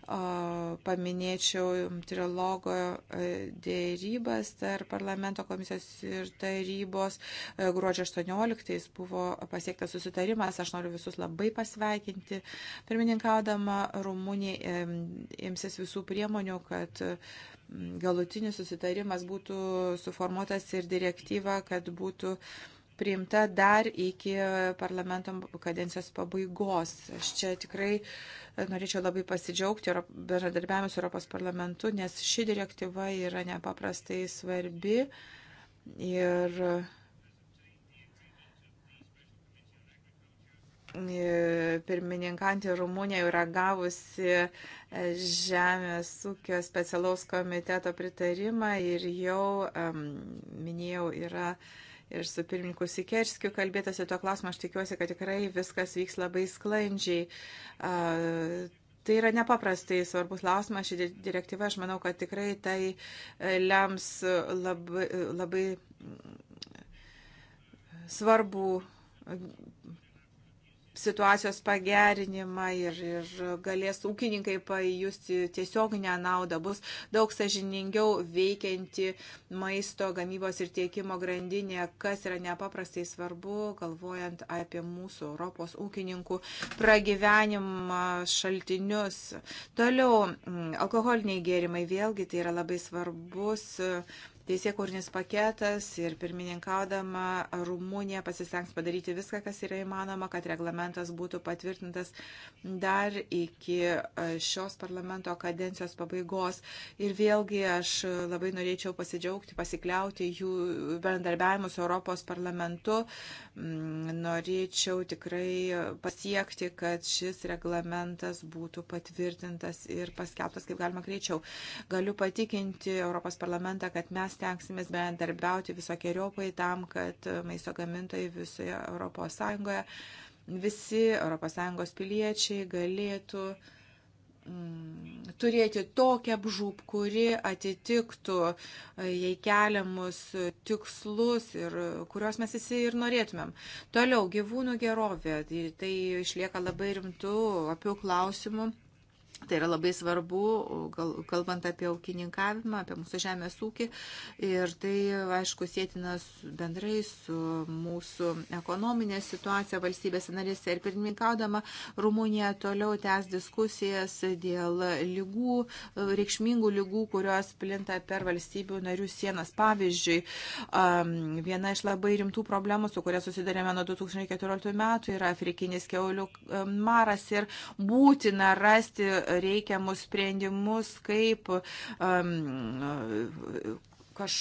paminėčiau trilogo e, dėrybas tarp parlamento komisijos ir tarybos. E, gruodžio 18 buvo pasiektas susitarimas. Aš noriu visus labai pasveikinti. Pirmininkaudama Rumunija e, imsis visų priemonių, kad galutinis susitarimas būtų suformuotas ir direktyva, kad būtų uh, priimta dar iki parlamento kadencijos pabaigos. Aš čia tikrai e, norėčiau labai pasidžiaugti bendradarbiavimu su Europos parlamentu, nes ši direktyva yra nepaprastai svarbi ir e, pirmininkantį Rumuniją yra gavusi e, Žemės ūkio specialaus komiteto pritarimą ir jau, minėjau, yra uh, ir su pirmininku Sikerskiu kalbėtasi tuo klausimu. Aš tikiuosi, kad tikrai viskas vyks labai sklandžiai. Tai yra nepaprastai svarbus klausimas, ši direktyva, aš manau, kad tikrai tai e, lems labai, labai mm, svarbų situacijos pagerinimą ir, ir galės ūkininkai pajusti tiesioginę naudą, bus daug sažiningiau veikianti maisto gamybos ir tiekimo grandinė, kas yra nepaprastai svarbu, galvojant apie mūsų Europos ūkininkų pragyvenimą šaltinius. Toliau, mm, alkoholiniai gėrimai vėlgi tai yra labai svarbus teisėkūrinis paketas ir pirmininkaudama Rumunija pasistengs padaryti viską, kas yra įmanoma, kad reglamentas būtų patvirtintas dar iki e, šios parlamento kadencijos pabaigos. Ir vėlgi aš labai norėčiau pasidžiaugti, pasikliauti jų bendarbiavimu su Europos parlamentu. Mm, norėčiau tikrai pasiekti, kad šis reglamentas būtų patvirtintas ir paskelbtas kaip galima greičiau. Galiu patikinti Europos parlamentą, kad mes mes tenksimės bendarbiauti visokiojopai tam, kad maisto gamintojai visoje ES, visi ES piliečiai galėtų mm, turėti tokią apžūp, kuri atitiktų e, jai keliamus tikslus ir kuriuos mes visi ir norėtumėm. Toliau, gyvūnų gerovė, tai, tai išlieka labai rimtų apių klausimų. Tai yra labai svarbu, kalbant apie aukininkavimą, apie mūsų žemės ūkį. Ir tai, aišku, sėtina bendrai su mūsų ekonominė situacija valstybės narėse. Ir pirmininkaudama Rumunija toliau tęs diskusijas dėl lygų, reikšmingų lygų, kurios plinta per valstybių narių sienas. Pavyzdžiui, viena iš labai rimtų problemų, su kuria susidarėme nuo 2014 metų, yra afrikinis keulių maras ir būtina rasti reikiamus sprendimus, kaip um, kaž,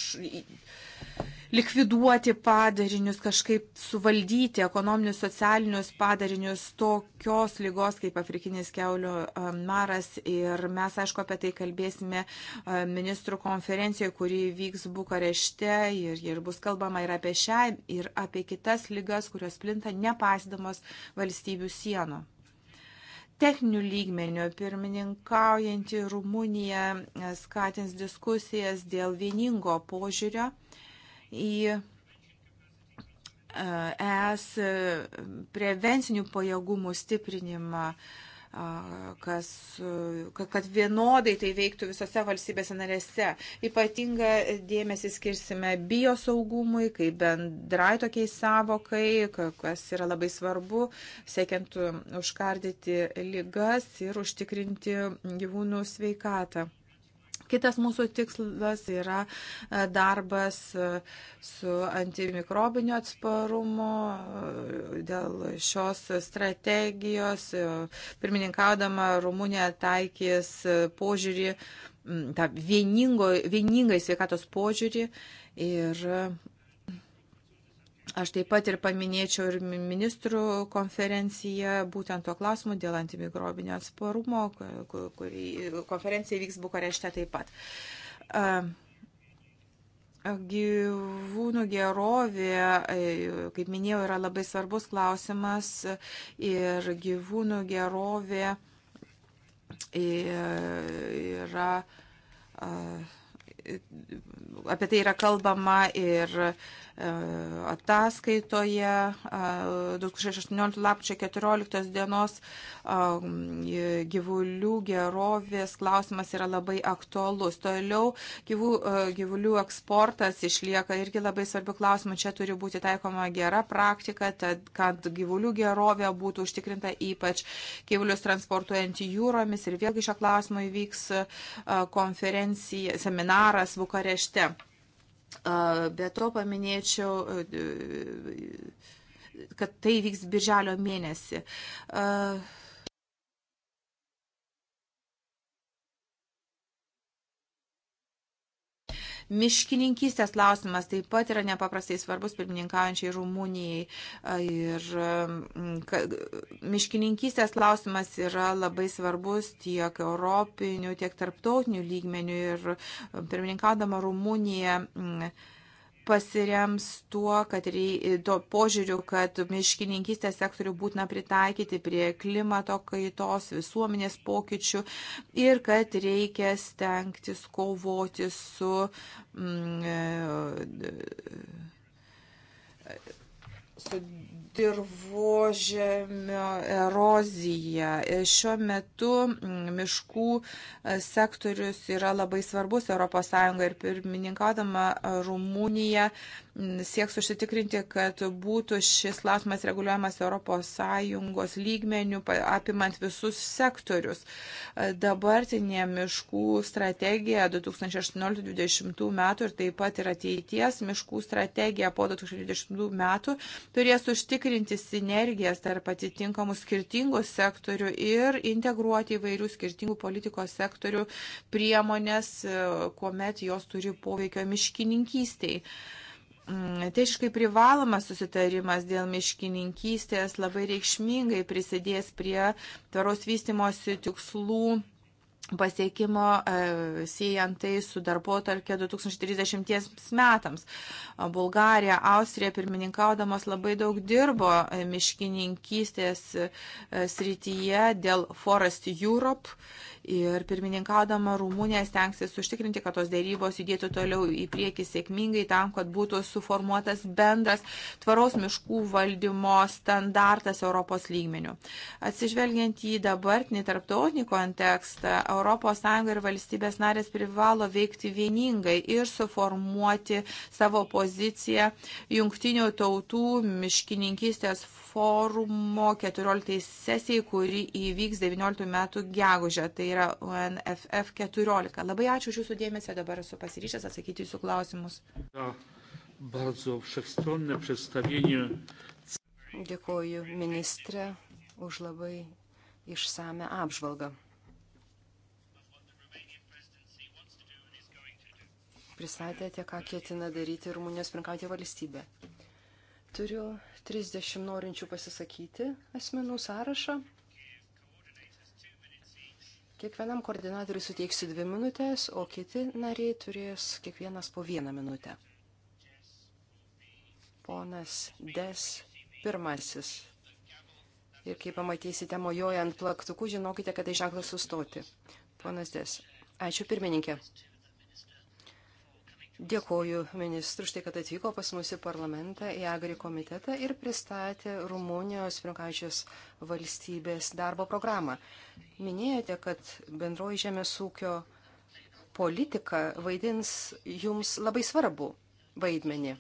likviduoti padarinius, kažkaip suvaldyti ekonominius, socialinius padarinius tokios lygos kaip afrikinis keulių um, maras. Ir mes, aišku, apie tai kalbėsime um, ministrų konferencijoje, kuri vyks Bukarešte ir, ir bus kalbama ir apie šią, ir apie kitas lygas, kurios plinta nepaisdamos valstybių sienų techninių lygmenių pirmininkaujantį Rumuniją skatins diskusijas dėl vieningo požiūrio į e, ES prevencinių pajėgumų stiprinimą kas, kad vienodai tai veiktų visose valstybėse narėse. Ypatinga dėmesį skirsime biosaugumui, kaip bendrai tokiai savokai, kas yra labai svarbu, siekiant užkardyti lygas ir užtikrinti gyvūnų sveikatą. Kitas mūsų tikslas yra e, darbas e, su antimikrobiniu atsparumu e, dėl šios strategijos. Pirmininkaudama Rumunija taikys požiūrį, tą vieningo, vieningai sveikatos požiūrį ir Aš taip pat ir paminėčiau ir ministrų konferenciją būtent tuo klausimu dėl antimikrobinio atsparumo, kuri konferencija vyks Bukarešte taip pat. Uh, Gyvūnų gerovė, e, kaip minėjau, yra labai svarbus klausimas ir gyvūnų gerovė e, yra, e, apie tai yra kalbama ir ataskaitoje 2018 lapčio 14 dienos gyvulių gerovės klausimas yra labai aktuolus. Toliau gyvų, gyvulių eksportas išlieka irgi labai svarbių klausimų. Čia turi būti taikoma gera praktika, tad, kad gyvulių gerovė būtų užtikrinta ypač gyvulius transportuojant jūromis. Ir vėlgi šio klausimo įvyks konferencija, seminaras Bukarešte. Be to paminėčiau, e, kad tai vyks birželio mėnesį. Uh, Miškininkystės klausimas taip pat yra nepaprastai svarbus pirmininkaujančiai Rumunijai. Ir miškininkystės klausimas yra labai svarbus tiek europinių, tiek tarptautinių lygmenių. Ir pirmininkaudama Rumunija pasirems tuo, kad rei, to požiūriu, kad miškininkystės sektorių būtina pritaikyti prie klimato kaitos, visuomenės pokyčių ir kad reikia stengtis kovoti su su dirbožėmio erozija. Šiuo metu mm, miškų e, sektorius yra labai svarbus ES ir pirmininkaudama Rumunija sieks užsitikrinti, kad būtų šis klausimas reguliuojamas ES lygmenių, apimant visus sektorius. Dabartinė miškų strategija 2018-2020 metų ir taip pat ir ateities miškų strategija po 2020 metų turės užtikrinti sinergijas tarp atitinkamų skirtingų sektorių ir integruoti įvairių skirtingų politikos sektorių priemonės, kuomet jos turi poveikio miškininkystiai. Mm, Teiškai privalomas susitarimas dėl miškininkystės labai reikšmingai prisidės prie tvaros vystimosi tikslų pasiekimo e, siejant tai su darbo tarkė 2030 metams. Bulgarija, Austrija pirmininkaudamos labai daug dirbo e, miškininkystės e, srityje dėl Forest Europe Ir pirmininkaudama Rumunija stengsis užtikrinti, kad tos dėrybos judėtų toliau į priekį sėkmingai tam, kad būtų suformuotas bendras tvaros miškų valdymo standartas Europos lygmenių. Atsižvelgiant į dabartinį tarptautinį kontekstą, ES ir valstybės narės privalo veikti vieningai ir suformuoti savo poziciją jungtinių tautų miškininkystės forumo 14 sesijai, kuri įvyks 19 metų gegužę, tai yra UNFF 14. Labai ačiū už jūsų dėmesį, dabar esu pasiryšęs atsakyti jūsų klausimus. Dėkuoju ministrė už labai išsame apžvalgą. Pristatėte, ką ketina daryti Rumunijos prinkauti valstybė. Turiu 30 norinčių pasisakyti asmenų sąrašą. Kiekvienam koordinatoriui suteiksiu dvi minutės, o kiti nariai turės kiekvienas po vieną minutę. Ponas Des pirmasis. Ir kai pamatysite mojojant plaktuku, žinokite, kad tai ženklas sustoti. Ponas Des. Ačiū pirmininkė. Dėkoju ministru už tai, kad atvyko pas mus į parlamentą, į Agri komitetą ir pristatė Rumunijos pirmkaičios valstybės darbo programą. Minėjote, kad bendroji žemės ūkio politika vaidins jums labai svarbu vaidmenį.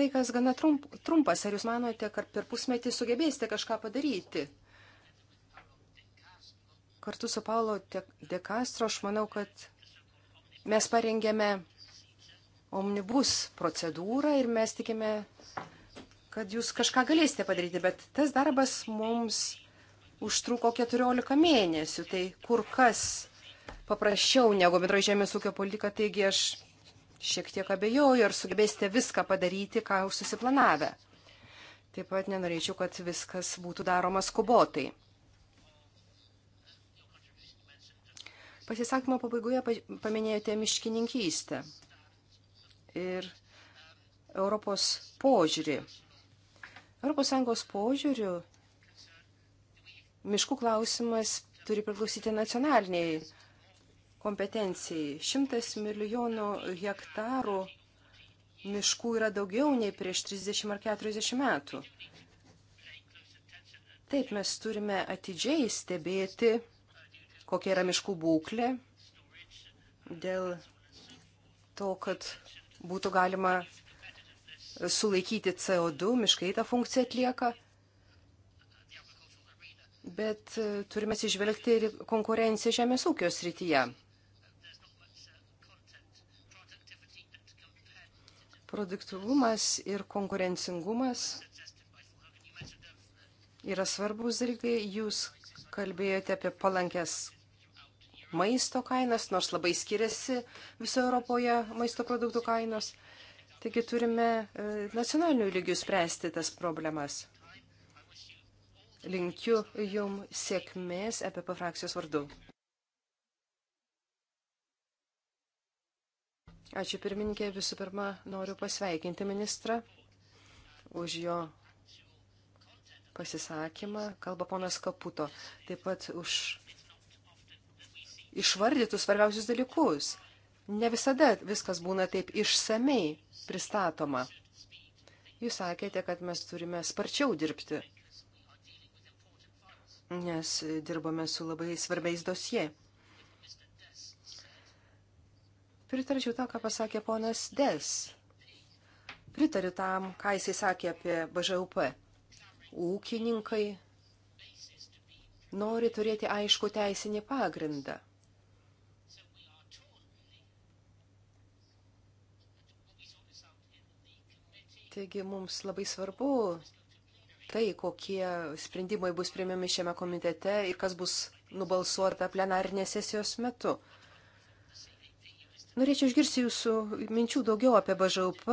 Laikas gana trump, trumpas. Ar jūs manote, kad per pusmetį sugebėsite kažką padaryti? Kartu su Paulo De Castro aš manau, kad Mes parengėme omnibus procedūrą ir mes tikime, kad jūs kažką galėsite padaryti, bet tas darbas mums užtruko 14 mėnesių, tai kur kas paprasčiau negu bendro žemės ūkio politika, taigi aš šiek tiek abejoju, ar sugebėsite viską padaryti, ką jūs susiplanavę. Taip pat nenorėčiau, kad viskas būtų daroma skubotai. Pasisakymo pabaigoje paminėjote miškininkystę ir Europos požiūrį. ES požiūrių miškų klausimas turi priklausyti nacionaliniai kompetencijai. Šimtas milijonų hektarų miškų yra daugiau nei prieš 30 ar 40 metų. Taip, mes turime atidžiai stebėti kokia yra miškų būklė, dėl to, kad būtų galima sulaikyti CO2, miškai tą funkciją atlieka. Bet e, turime atsižvelgti ir konkurenciją žemės ūkio srityje. Produktivumas ir konkurencingumas yra svarbus dalykai. Jūs kalbėjote apie palankės maisto kainas, nors labai skiriasi viso Europoje maisto produktų kainos. Taigi turime e, nacionalinių lygių spręsti tas problemas. Linkiu jum sėkmės EPP frakcijos vardu. Ačiū pirmininkė, visų pirma noriu pasveikinti ministrą už jo pasisakymą, kalba ponas Kaputo, taip pat už išvardytų svarbiausius dalykus. Ne visada viskas būna taip išsamei pristatoma. Jūs sakėte, kad mes turime sparčiau dirbti, nes dirbame su labai svarbiais dosie. Pritarčiau tą, ką pasakė ponas Des. Pritariu tam, ką jisai sakė apie BŽUP. Ūkininkai nori turėti aišku teisinį pagrindą. Taigi mums labai svarbu tai, kokie sprendimai bus priimiami šiame komitete ir kas bus nubalsuota plenarinės sesijos metu. Norėčiau išgirsti jūsų minčių daugiau apie BŽUP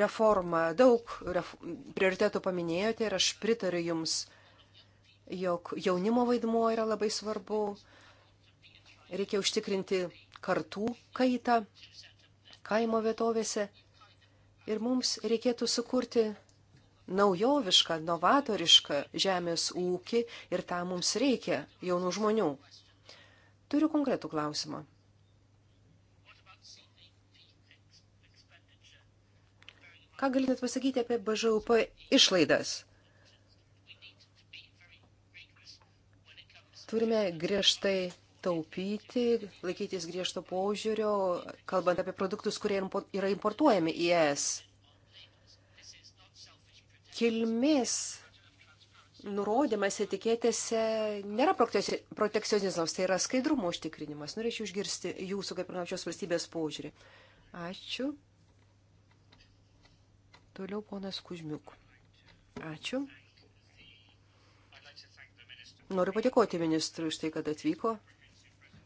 reformą. Daug ref... prioritetų paminėjote ir aš pritariu jums, jog jaunimo vaidmuo yra labai svarbu. Reikia užtikrinti kartų kaitą kaimo vietovėse Ir mums reikėtų sukurti naujovišką, novatorišką žemės ūkį ir tam mums reikia jaunų žmonių. Turiu konkretų klausimą. Ką galėtumėt pasakyti apie BŽUP išlaidas? Turime griežtai taupyti, laikytis griežto požiūrio, kalbant apie produktus, kurie yra importuojami į ES. Kilmės nurodymas etiketėse nėra protekcionizmas, tai yra skaidrumo užtikrinimas. Norėčiau išgirsti jūsų kaip pirmiausios valstybės požiūrį. Ačiū. Toliau ponas Kužmiuk. Ačiū. Noriu padėkoti ministrui už tai, kad atvyko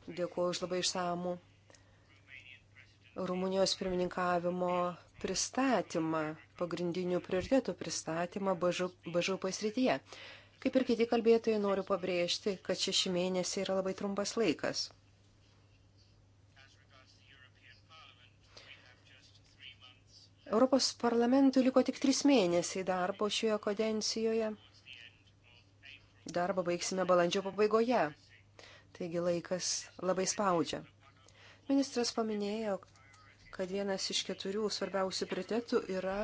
Dėkuoju už labai išsamų Rumunijos pirmininkavimo pristatymą, pagrindinių prioritėtų pristatymą bažau pasrityje. Kaip ir kiti kalbėtojai, noriu pabrėžti, kad šeši mėnesiai yra labai trumpas laikas. Europos parlamentui liko tik trys mėnesiai darbo šioje kodencijoje. Darbą baigsime balandžio pabaigoje taigi laikas labai spaudžia. Ministras paminėjo, kad vienas iš keturių svarbiausių prioritetų yra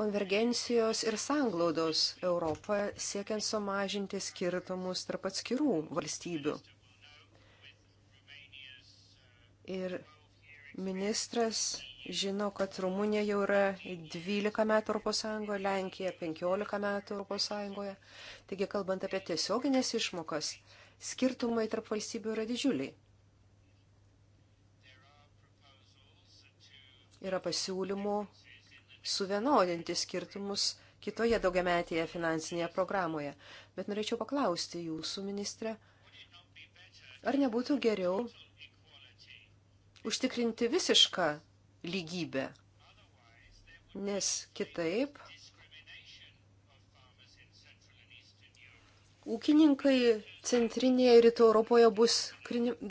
konvergencijos ir sanglaudos Europą siekiant sumažinti skirtumus tarp atskirų valstybių. Ir ministras žino, kad Rumunija jau yra 12 metų ES, Lenkija 15 metų ES. Taigi, kalbant apie tiesioginės išmokas, skirtumai tarp valstybių yra didžiuliai. Yra pasiūlymų suvienodinti skirtumus kitoje daugiametėje finansinėje programoje. Bet norėčiau paklausti jūsų, ministrė, ar nebūtų geriau užtikrinti visišką lygybę? Nes kitaip ūkininkai centrinėje rytų Europoje bus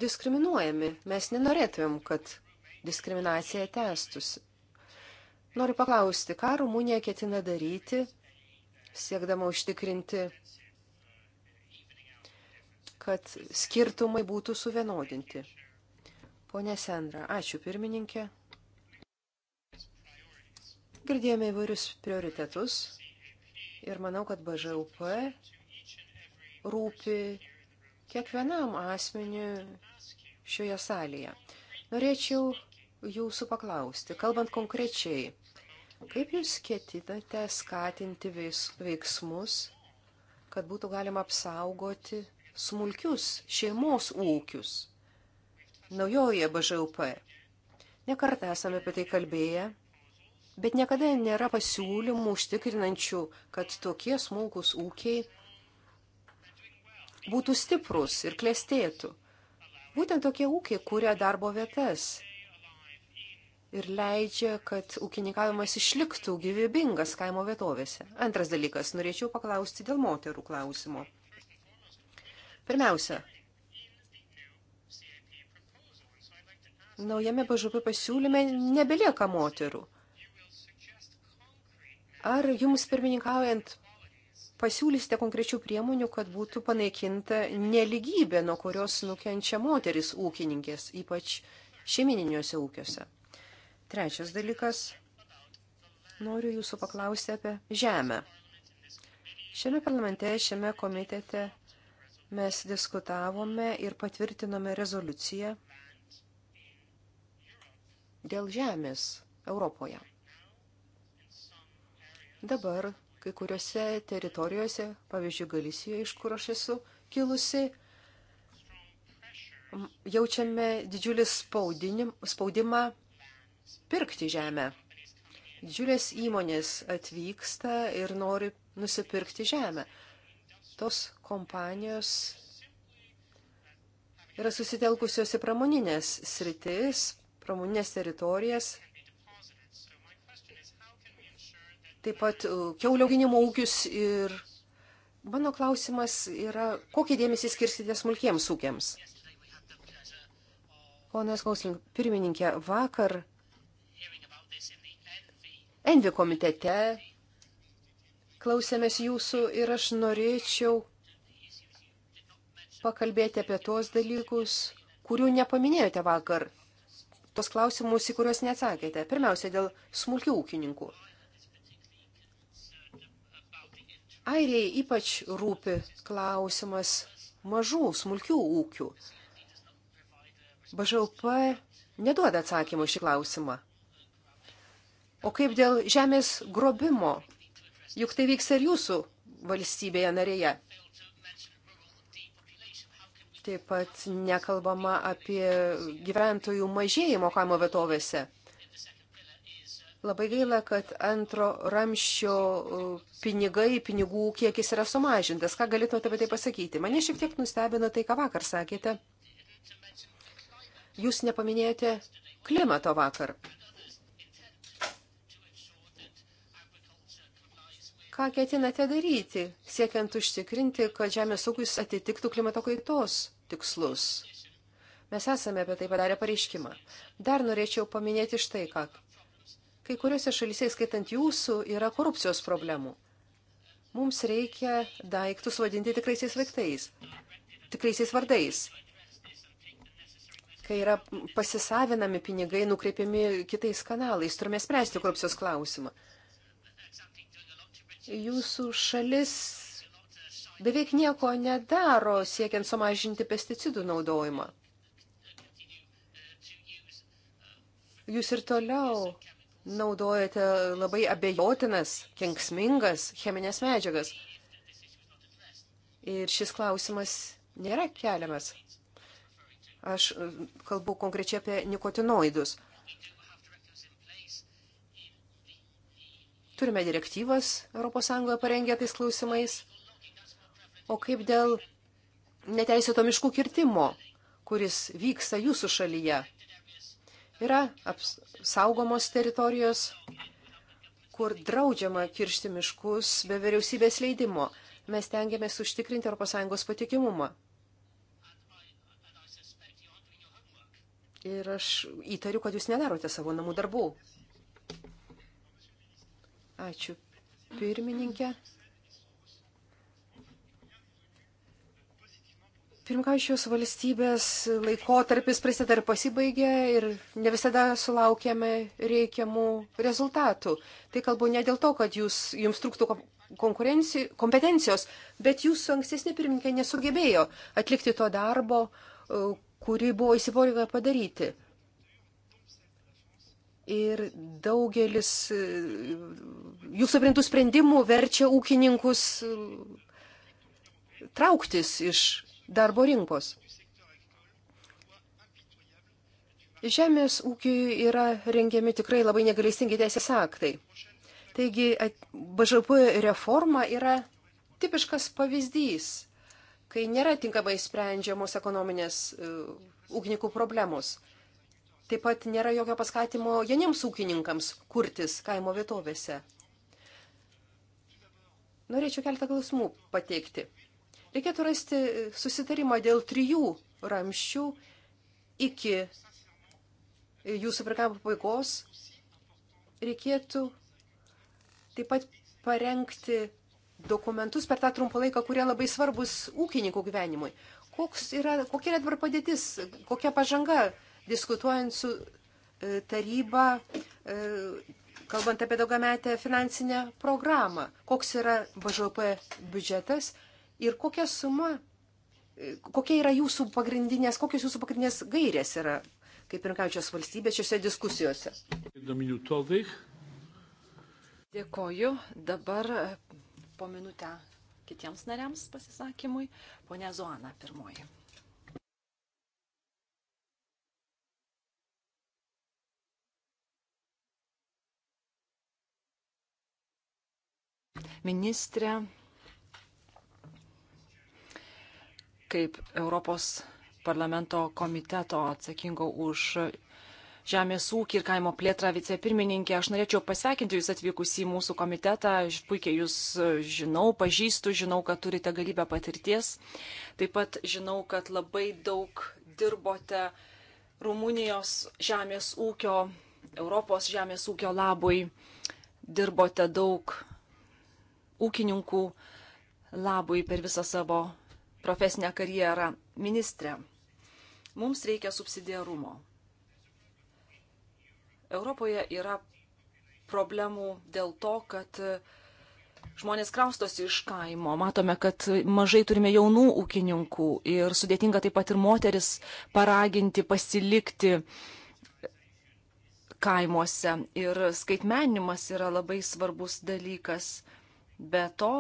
diskriminuojami. Mes nenorėtumėm, kad diskriminacija tęstusi. Noriu paklausti, ką Rumunija ketina daryti, siekdama užtikrinti, kad skirtumai būtų suvienodinti. Pone Sandra, ačiū pirmininkė. Girdėjome įvairius prioritetus ir manau, kad BŽUP rūpi kiekvienam asmeniu šioje salėje. Norėčiau jūsų paklausti, kalbant konkrečiai, kaip jūs ketinate skatinti veiksmus, kad būtų galima apsaugoti smulkius šeimos ūkius naujoje BŽUP? Nekartą esame apie tai kalbėję, bet niekada nėra pasiūlymų užtikrinančių, kad tokie smulkus ūkiai būtų stiprus ir klestėtų. Būtent tokie ūkiai kūrė darbo vietas ir leidžia, kad ūkininkavimas išliktų gyvybingas kaimo vietovėse. Antras dalykas, norėčiau paklausti dėl moterų klausimo. Pirmiausia, naujame BŽP pasiūlyme nebelieka moterų. Ar jums pirmininkaujant pasiūlysite konkrečių priemonių, kad būtų panaikinta neligybė, nuo kurios nukenčia moteris ūkininkės, ypač šeimininiuose ūkiuose. Trečias dalykas. Noriu jūsų paklausti apie žemę. Šiame parlamente, šiame komitete mes diskutavome ir patvirtinome rezoliuciją dėl žemės Europoje. Dabar kai kuriuose teritorijose, pavyzdžiui, Galisijoje, iš kur aš esu kilusi, jaučiame didžiulį spaudimą pirkti žemę. Didžiulės įmonės atvyksta ir nori nusipirkti žemę. Tos kompanijos yra susitelkusios į pramoninės sritis, pramoninės teritorijas, taip pat e, keulio auginimo ūkius ir mano klausimas yra, kokį dėmesį skirsite smulkiems ūkiams? Ponas Gausling, pirmininkė, vakar Envi komitete klausėmės jūsų ir aš norėčiau pakalbėti apie tuos dalykus, kurių nepaminėjote vakar, tos klausimus, į kuriuos neatsakėte. Pirmiausia, dėl smulkių ūkininkų. Airijai ypač rūpi klausimas mažų, smulkių ūkių. BŽP neduoda atsakymų šį klausimą. O kaip dėl žemės grobimo? Juk tai vyks ir jūsų valstybėje narėje. Taip pat nekalbama apie gyventojų mažėjimo kaimo vietovėse. Labai gaila, kad antro ramščio e, pinigai, pinigų kiekis yra sumažintas. Ką galėtumėte apie tai pasakyti? Mane šiek tiek nustebino tai, ką vakar sakėte. Jūs nepaminėjote klimato vakar. Ką ketinate daryti, siekiant užtikrinti, kad žemės ūkis atitiktų klimato kaitos tikslus? Mes esame apie tai padarę pareiškimą. Dar norėčiau paminėti štai ką. Kai kuriuose šalyse, skaitant jūsų, yra korupcijos problemų. Mums reikia daiktus vadinti tikraisiais vaiktais, tikraisiais vardais. Kai yra pasisavinami pinigai, nukreipiami kitais kanalais, turime spręsti korupcijos klausimą. Jūsų šalis beveik nieko nedaro siekiant sumažinti pesticidų naudojimą. Jūs ir toliau naudojate labai abejotinas, kenksmingas cheminės medžiagas. Ir šis klausimas nėra keliamas. Aš e, kalbu konkrečiai apie nikotinoidus. Turime direktyvas ES parengę tais klausimais. O kaip dėl neteisėto miškų kirtimo, kuris vyksta jūsų šalyje? Yra saugomos teritorijos, kur draudžiama kiršti miškus be vyriausybės leidimo. Mes tengiamės užtikrinti ES patikimumą. Ir aš įtariu, kad jūs nedarote savo namų darbų. Ačiū, pirmininkė. Pirmkaučios valstybės laikotarpis prasideda ir pasibaigia ir ne visada sulaukiame reikiamų rezultatų. Tai kalbu ne dėl to, kad jūs, jums trūktų kompetencijos, bet jūsų ankstesnė pirmininkė nesugebėjo atlikti to darbo, e, kurį buvo įsipareigoję padaryti. Ir daugelis e, jūsų primtų sprendimų verčia ūkininkus e, trauktis iš darbo rinkos. Žemės ūkiui yra rengiami tikrai labai negalėsingi teisės aktai. Taigi BŽP reforma yra tipiškas pavyzdys, kai nėra tinkamai sprendžiamos ekonominės uh, ūkininkų problemos. Taip pat nėra jokio paskatimo jauniems ūkininkams kurtis kaimo vietovėse. Norėčiau keltą klausimų pateikti. Reikėtų rasti susitarimą dėl trijų ramščių iki jūsų programų pabaigos. Reikėtų taip pat parengti dokumentus per tą trumpą laiką, kurie labai svarbus ūkininkų gyvenimui. Koks yra, kokia yra dabar padėtis, kokia pažanga diskutuojant su e, taryba, e, kalbant apie daugiametę finansinę programą, koks yra BŽP biudžetas, ir kokia suma, kokia yra jūsų pagrindinės, kokios jūsų pagrindinės gairės yra, kaip ir kaučios valstybės šiuose diskusijose. Dėkoju. Dabar e, po minutę kitiems nariams pasisakymui. Pone Zuana pirmoji. Ministrė, kaip Europos parlamento komiteto atsakingo už žemės ūkį ir kaimo plėtrą vicepirmininkė. Aš norėčiau pasveikinti Jūs atvykus į mūsų komitetą. Aš puikiai Jūs žinau, pažįstu, žinau, kad turite galybę patirties. Taip pat žinau, kad labai daug dirbote Rumunijos žemės ūkio, Europos žemės ūkio labui. Dirbote daug ūkininkų labui per visą savo profesinę karjerą. Ministre, mums reikia subsidiarumo. Europoje yra problemų dėl to, kad žmonės kraustosi iš kaimo. Matome, kad mažai turime jaunų ūkininkų ir sudėtinga taip pat ir moteris paraginti pasilikti kaimuose. Ir skaitmenimas yra labai svarbus dalykas. Be to,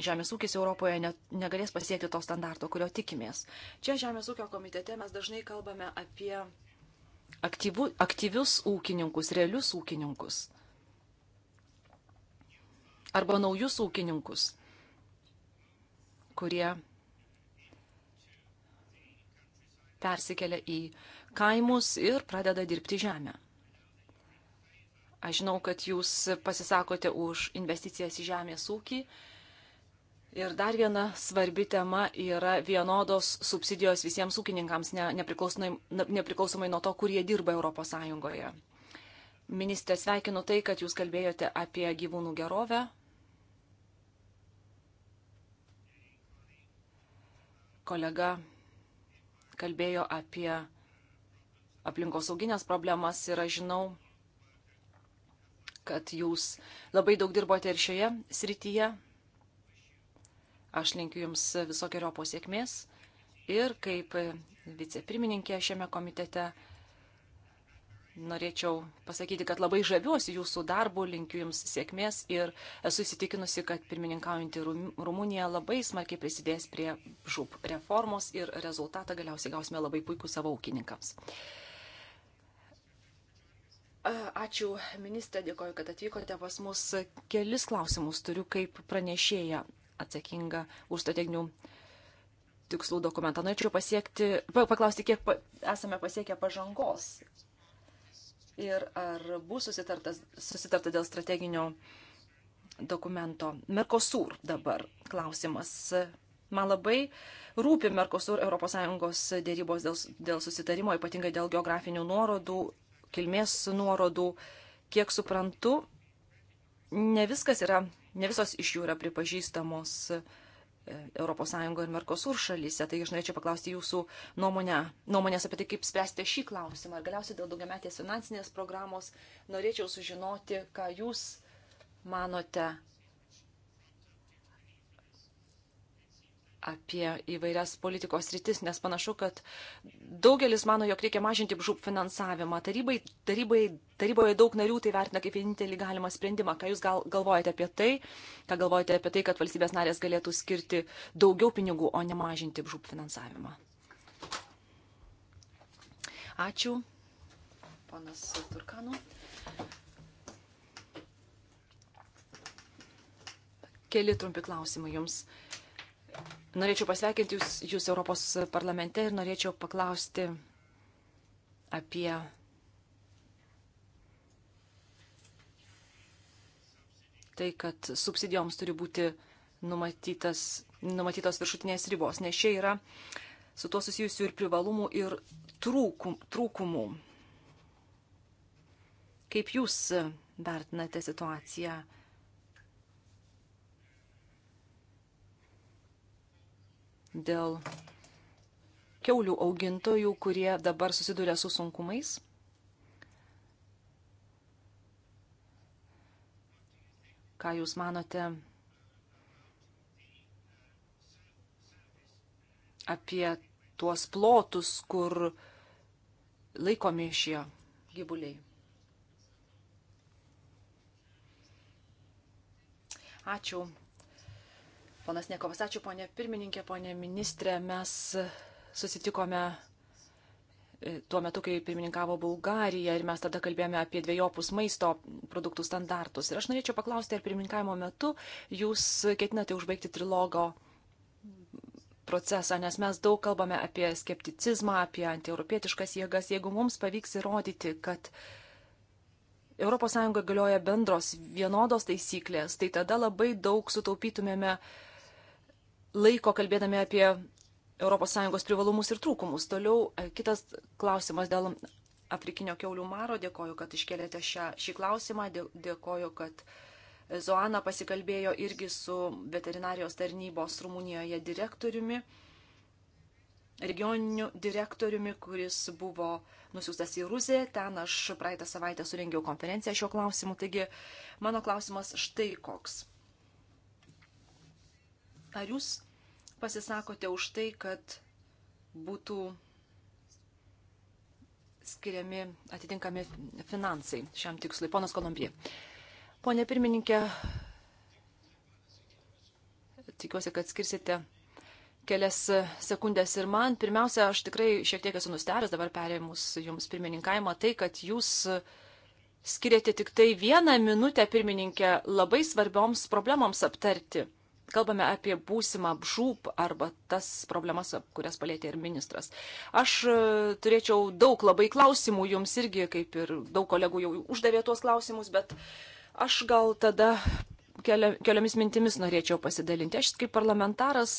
žemės ūkis Europoje net, negalės pasiekti to standarto, kurio tikimės. Čia žemės ūkio komitete mes dažnai kalbame apie aktyvų, aktyvius ūkininkus, realius ūkininkus arba naujus ūkininkus, kurie persikelia į kaimus ir pradeda dirbti žemę. Aš žinau, kad jūs pasisakote už investicijas į žemės ūkį, Ir dar viena svarbi tema yra vienodos subsidijos visiems ūkininkams, ne, nepriklausomai, nepriklausomai nuo to, kur jie dirba ES. Ministrė, sveikinu tai, kad jūs kalbėjote apie gyvūnų gerovę. Kolega kalbėjo apie aplinkosauginės problemas ir aš žinau, kad jūs labai daug dirbote ir šioje srityje. Aš linkiu Jums visokiojo pasiekmės ir kaip vicepirmininkė šiame komitete norėčiau pasakyti, kad labai žaviuosi Jūsų darbu, linkiu Jums sėkmės ir esu įsitikinusi, kad pirmininkaujantį Rumuniją labai smarkiai prisidės prie žūp reformos ir rezultatą galiausiai gausime labai puikų savo ūkininkams. Ačiū, ministrė, dėkoju, kad atvykote pas mus. Kelis klausimus turiu kaip pranešėja atsakinga už strateginių tikslų dokumentą. Norėčiau pasiekti, paklausti, kiek pa, esame pasiekę pažangos ir ar bus susitarta dėl strateginio dokumento. Mercosur dabar klausimas. Man labai rūpi Mercosur ES dėrybos dėl, dėl susitarimo, ypatingai dėl geografinių nuorodų, kilmės nuorodų. Kiek suprantu, ne viskas yra ne visos iš jų yra pripažįstamos ES ir Merkosur šalyse. Taigi aš norėčiau paklausti jūsų nuomonę, nuomonės apie tai, kaip spręsti šį klausimą. Ir galiausiai dėl daugiametės finansinės programos norėčiau sužinoti, ką jūs manote apie įvairias politikos rytis, nes panašu, kad daugelis mano, jog reikia mažinti žūp finansavimą. Tarybai, tarybai, taryboje daug narių tai vertina kaip vienintelį galimą sprendimą. Ką Jūs gal, galvojate apie tai? Ką galvojate apie tai, kad valstybės narės galėtų skirti daugiau pinigų, o ne mažinti žūp finansavimą? Ačiū, ponas Turkanu. Keli trumpi klausimai Jums. Norėčiau pasveikinti jūs, jūs Europos parlamente ir norėčiau paklausti apie tai, kad subsidijoms turi būti numatytas, numatytos viršutinės ribos, nes čia yra su tuo susijusių ir privalumų, ir trūkum, trūkumų. Kaip jūs vertinate situaciją? dėl keulių augintojų, kurie dabar susiduria su sunkumais. Ką Jūs manote apie tuos plotus, kur laikomi šie gyvuliai? Ačiū Ponas Nekovas, ačiū ponė pirmininkė, ponė ministrė. Mes susitikome e, tuo metu, kai pirmininkavo Bulgarija ir mes tada kalbėjome apie dviejopus maisto produktų standartus. Ir aš norėčiau paklausti, ar pirmininkavimo metu jūs ketinate užbaigti trilogo procesą, nes mes daug kalbame apie skepticizmą, apie antieuropietiškas jėgas. Jeigu mums pavyks įrodyti, kad ES galioja bendros vienodos taisyklės, tai tada labai daug sutaupytumėme uh, laiko kalbėdami apie ES privalumus ir trūkumus. Toliau e, kitas klausimas dėl Afrikinio keulių maro. Dėkoju, kad iškelėte šią, šį klausimą. Dėkoju, kad Zoana pasikalbėjo irgi su veterinarijos tarnybos Rumunijoje direktoriumi, regioniniu direktoriumi, kuris buvo nusiųstas į Ruziją. Ten aš praeitą savaitę surengiau konferenciją šiuo klausimu. Taigi mano klausimas štai koks Ar jūs pasisakote už tai, kad būtų skiriami atitinkami finansai šiam tikslui? Ponas Kolumbija. Pone pirmininkė, tikiuosi, kad skirsite kelias sekundės ir man. Pirmiausia, aš tikrai šiek tiek esu nustebęs dabar perėmus jums pirmininkavimą tai, kad jūs skiriate tik tai vieną minutę pirmininkę labai svarbioms problemoms aptarti kalbame apie būsimą žūp arba tas problemas, kurias palėtė ir ministras. Aš e, turėčiau daug labai klausimų jums irgi, kaip ir daug kolegų jau uždavė tuos klausimus, bet aš gal tada kelia, keliomis mintimis norėčiau pasidalinti. Aš kaip parlamentaras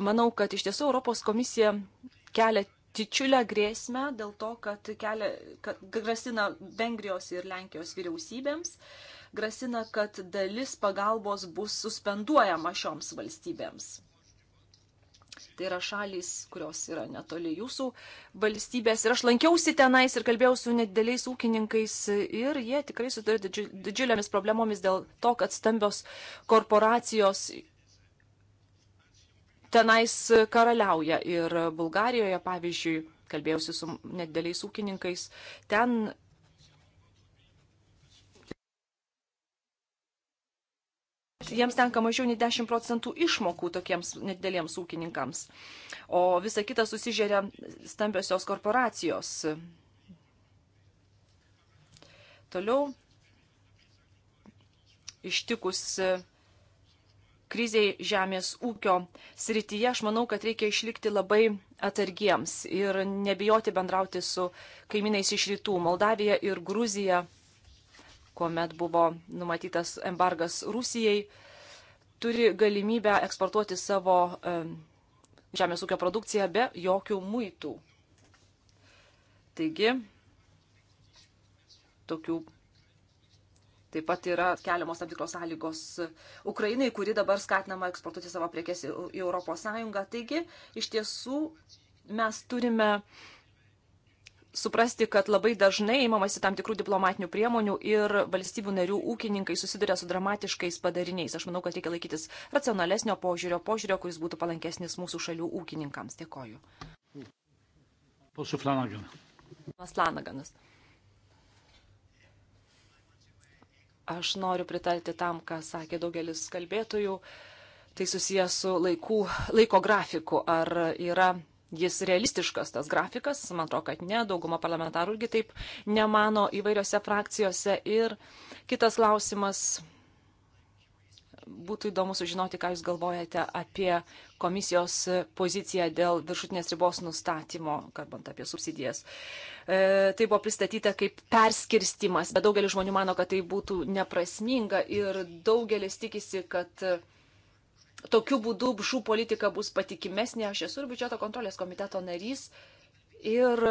manau, kad iš tiesų Europos komisija kelia didžiulę grėsmę dėl to, kad, kelia, kad grasina Vengrijos ir Lenkijos vyriausybėms. Uh, grasina, kad dalis pagalbos bus suspenduojama šioms valstybėms. Tai yra šalys, kurios yra netoli jūsų valstybės. Ir aš lankiausi tenais ir kalbėjau su nedideliais ūkininkais ir jie tikrai sutarė didžiulėmis problemomis dėl to, kad stambios korporacijos tenais karaliauja. Ir Bulgarijoje, pavyzdžiui, kalbėjausi su nedideliais ūkininkais, ten jiems tenka mažiau nei 10 procentų išmokų tokiems nedideliems ūkininkams. O visa kita susižeria stambiosios korporacijos. Toliau ištikus kriziai žemės ūkio srityje, aš manau, kad reikia išlikti labai atsargiems ir nebijoti bendrauti su kaimynais iš rytų. Moldavija ir Gruzija kuomet buvo numatytas embargas Rusijai, turi galimybę eksportuoti savo žemės ūkio produkciją be jokių muitų. Taigi, tokių Taip pat yra keliamos tam tikros sąlygos Ukrainai, kuri dabar skatinama eksportuoti savo priekes į ES. Taigi, iš tiesų mes turime uh, suprasti, kad labai dažnai įmamasi tam tikrų diplomatinių priemonių ir valstybių narių ūkininkai susiduria su dramatiškais padariniais. Aš manau, kad reikia laikytis racionalesnio požiūrio, požiūrio, kuris būtų palankesnis mūsų šalių ūkininkams. Dėkoju. Posu Flanaganas. Aš noriu pritarti tam, ką sakė daugelis kalbėtojų. Tai susijęs su laikų, laiko grafiku. Ar yra jis realistiškas, tas grafikas, man atrodo, kad ne, dauguma parlamentarų irgi taip nemano įvairiose frakcijose. Ir kitas klausimas, būtų įdomu sužinoti, ką Jūs galvojate apie komisijos poziciją dėl viršutinės ribos nustatymo, kalbant apie subsidijas. E, tai buvo pristatyta kaip perskirstimas, bet daugelis žmonių mano, kad tai būtų neprasminga ir daugelis tikisi, kad e, tokiu būdu žų politika bus patikimesnė. Aš esu ir biudžeto kontrolės komiteto narys ir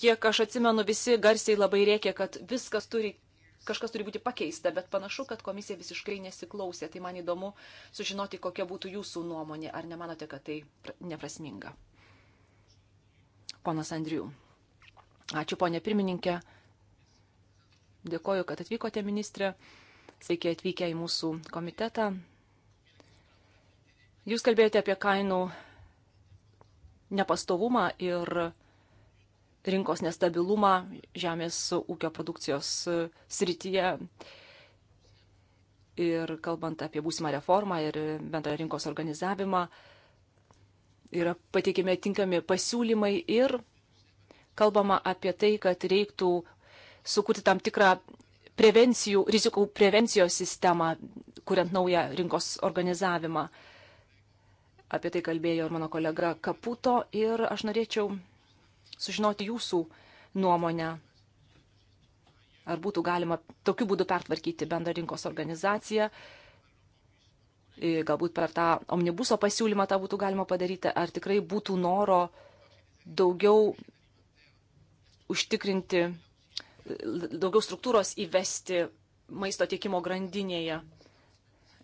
kiek aš atsimenu, visi garsiai labai rėkė, kad viskas turi, kažkas turi būti pakeista, bet panašu, kad komisija visiškai nesiklausė. Tai man įdomu sužinoti, kokia būtų jūsų nuomonė. Ar nemanote, kad tai neprasminga? Ponas Andriu. Ačiū, ponė pirmininkė. Dėkoju, kad atvykote, ministrė. Sveiki atvykę į mūsų komitetą. Jūs kalbėjote apie kainų nepastovumą ir rinkos nestabilumą žemės ūkio produkcijos srityje. Ir kalbant apie būsimą reformą ir bendrą rinkos organizavimą, yra pateikime tinkami pasiūlymai ir kalbama apie tai, kad reiktų sukurti tam tikrą prevencijų, rizikų prevencijos sistemą, kuriant naują rinkos organizavimą. Apie tai kalbėjo ir mano kolega Kaputo ir aš norėčiau sužinoti jūsų nuomonę. Ar būtų galima tokiu būdu pertvarkyti bendrą rinkos organizaciją, e, galbūt per tą omnibuso pasiūlymą tą būtų galima padaryti, ar tikrai būtų noro daugiau užtikrinti daugiau struktūros įvesti maisto tiekimo grandinėje.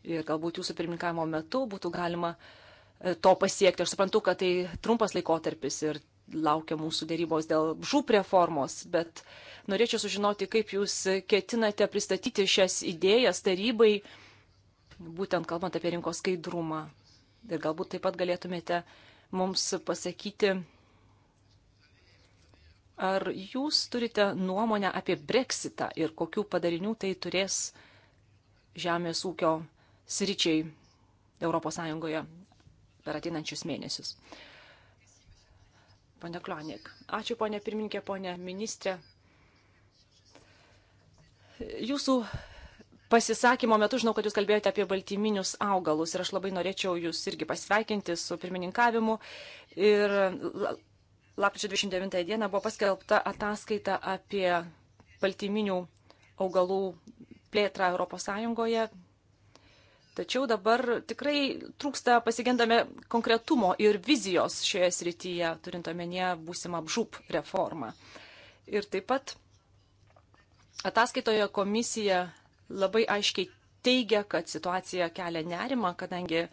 Ir galbūt jūsų pirmininkavimo metu būtų galima e, to pasiekti. Aš suprantu, kad tai trumpas laikotarpis ir laukia mūsų dėrybos dėl žūp reformos, bet norėčiau sužinoti, kaip jūs ketinate pristatyti šias idėjas tarybai, būtent kalbant apie rinkos skaidrumą. Ir galbūt taip pat galėtumėte mums pasakyti, Ar jūs turite nuomonę apie breksitą ir kokių padarinių tai turės žemės ūkio sričiai ES per ateinančius mėnesius? Pane Klonik. Ačiū, ponė pirminkė, ponė ministrė. Jūsų pasisakymo metu žinau, kad jūs kalbėjote apie baltyminius augalus ir aš labai norėčiau jūs irgi pasveikinti su pirmininkavimu. Ir Lapkričio 29 dieną buvo paskelbta ataskaita apie baltyminių augalų plėtrą ES. Tačiau dabar tikrai trūksta, pasigendame konkretumo ir vizijos šioje srityje, turint omenyje būsimą apžūp reformą. Ir taip pat ataskaitoje komisija labai aiškiai teigia, kad situacija kelia nerimą, kadangi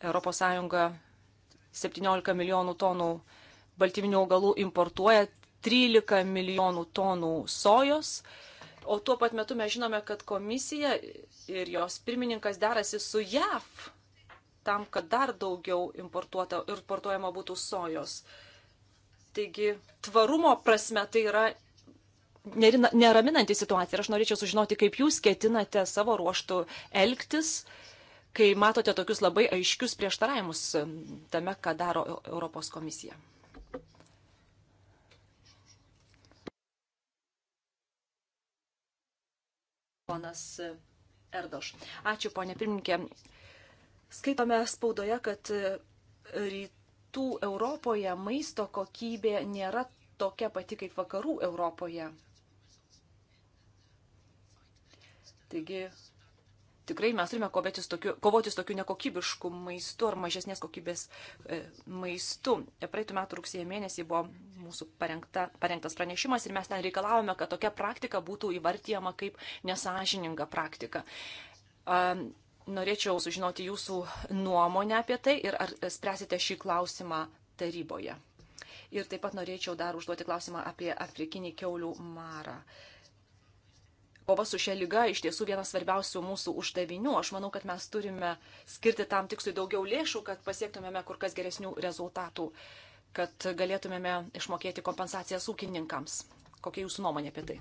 ES 17 milijonų tonų baltyminių augalų importuoja 13 milijonų tonų sojos. O tuo pat metu mes žinome, kad komisija ir jos pirmininkas derasi su JAV tam, kad dar daugiau importuojama būtų sojos. Taigi tvarumo prasme tai yra neraminanti situacija. Ir aš norėčiau sužinoti, kaip jūs ketinate savo ruoštų elgtis, kai matote tokius labai aiškius prieštaravimus tame, ką daro Europos komisija. Ponas Erdoš. Ačiū, ponė pirmininkė. Skaitome spaudoje, kad e, rytų Europoje maisto kokybė nėra tokia pati kaip vakarų Europoje. Taigi tikrai mes turime kovoti su tokiu, kovoti su tokiu nekokybišku maistu ar mažesnės kokybės e, maistu. Praeitų metų rugsėjo mėnesį buvo mūsų parengta, parengtas pranešimas ir mes ten reikalavome, kad tokia praktika būtų įvartijama kaip nesažininga praktika. Norėčiau sužinoti jūsų nuomonę apie tai ir ar spręsite šį klausimą taryboje. Ir taip pat norėčiau dar užduoti klausimą apie afrikinį keulių marą. Uh, kova su šia lyga iš tiesų vienas svarbiausių mūsų uždavinių. Aš manau, kad mes turime skirti tam tikslui daugiau lėšų, kad pasiektumėme kur kas geresnių rezultatų, kad galėtumėme išmokėti kompensacijas ūkininkams. Kokia jūsų nuomonė apie tai?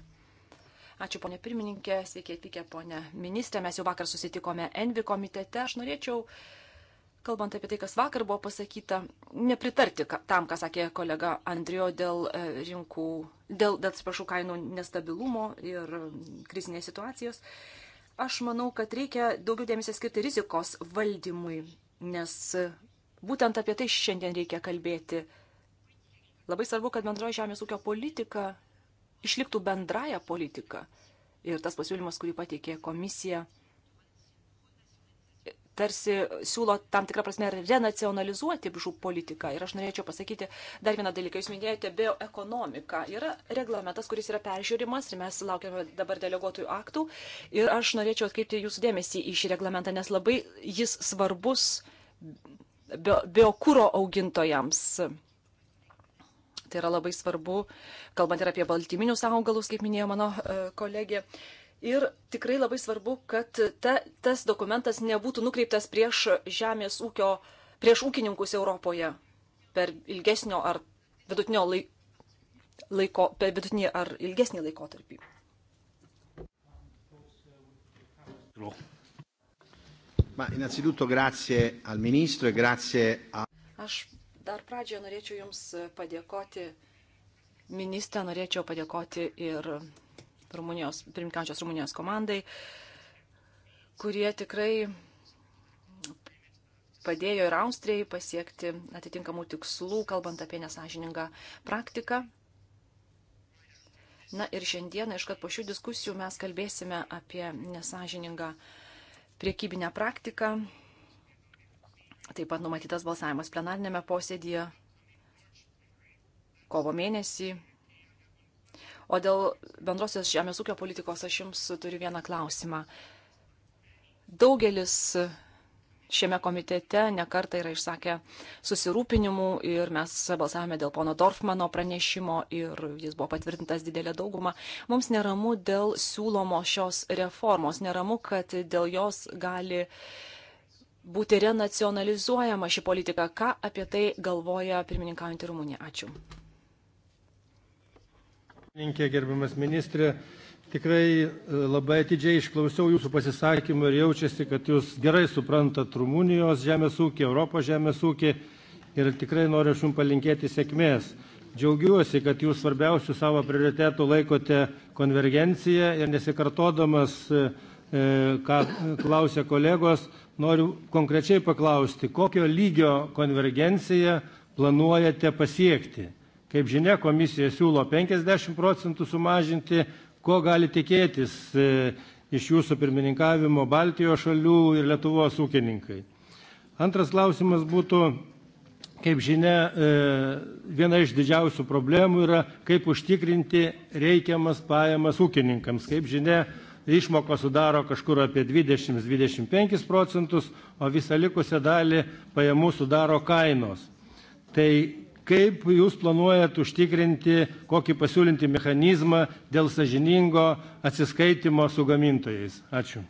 Ačiū ponė pirmininkė, sveiki atvykę ponė ministrė, mes jau vakar susitikome Envi komitete. Aš norėčiau uh, kalbant apie tai, kas vakar buvo pasakyta, nepritarti tam, ką sakė kolega Andrijo dėl e, rinkų, dėl, dėl atsiprašau, kainų nestabilumo ir krizinės situacijos. Aš manau, kad reikia daugiau dėmesio skirti rizikos valdymui, nes būtent apie tai šiandien reikia kalbėti. Labai svarbu, kad bendroji žemės ūkio politika išliktų bendraja politika. Ir tas pasiūlymas, kurį pateikė komisija, tarsi siūlo tam tikrą prasme renacionalizuoti žūp politiką. Ir aš norėčiau pasakyti dar vieną dalyką. Jūs minėjote bioekonomiką. Yra reglamentas, kuris yra peržiūrimas ir mes laukiame dabar deleguotųjų aktų. Ir aš norėčiau atkreipti jūsų dėmesį į šį reglamentą, nes labai jis svarbus biokūro augintojams. Tai yra labai svarbu, kalbant ir apie baltyminius augalus, kaip minėjo mano e, kolegė. Uh, Ir tikrai labai svarbu, kad ta, tas dokumentas nebūtų nukreiptas prieš žemės ūkio, prieš ūkininkus Europoje per ilgesnio ar vidutinio laiko, per vidutinį ar ilgesnį laikotarpį. E Aš dar pradžioje norėčiau Jums padėkoti, ministrė, norėčiau padėkoti ir Rumunijos, pirmkančios Rumunijos komandai, kurie tikrai padėjo ir Austrijai pasiekti atitinkamų tikslų, kalbant apie nesažiningą praktiką. Na ir šiandieną iškart po šių diskusijų mes kalbėsime apie nesažiningą priekybinę praktiką. Taip pat numatytas balsavimas plenarnėme posėdėje kovo mėnesį O dėl bendrosios žemės ūkio politikos aš jums turiu vieną klausimą. Daugelis šiame komitete nekarta yra išsakę susirūpinimų ir mes balsavome dėl pono Dorfmano pranešimo ir jis buvo patvirtintas didelė dauguma. Mums neramu dėl siūlomo šios reformos, neramu, kad dėl jos gali būti renacionalizuojama ši politika. Ką apie tai galvoja pirmininkaujantį Rumuniją? Ačiū. Linkė, gerbiamas ministrė, tikrai e, labai atidžiai išklausiau jūsų pasisakymą ir jaučiasi, kad jūs gerai suprantat Rumunijos žemės ūkį, Europos žemės ūkį ir tikrai noriu aš jums palinkėti sėkmės. Džiaugiuosi, kad jūs svarbiausių savo prioritetų laikote konvergenciją ir nesikartodamas, e, e, ką klausė kolegos, noriu konkrečiai paklausti, kokio lygio konvergenciją planuojate pasiekti. Kaip žinia, komisija siūlo 50 procentų sumažinti, ko gali tikėtis e, iš jūsų pirmininkavimo Baltijos šalių ir Lietuvos ūkininkai. Antras klausimas būtų, kaip žinia, e, viena iš didžiausių problemų yra, kaip užtikrinti reikiamas pajamas ūkininkams. Kaip žinia, išmokos sudaro kažkur apie 20-25 procentus, o visą likusią dalį pajamų sudaro kainos. Tai kaip jūs planuojat užtikrinti kokį pasiūlyti mechanizmą dėl sąžiningo atsiskaitymo su gamintojais? Ačiū.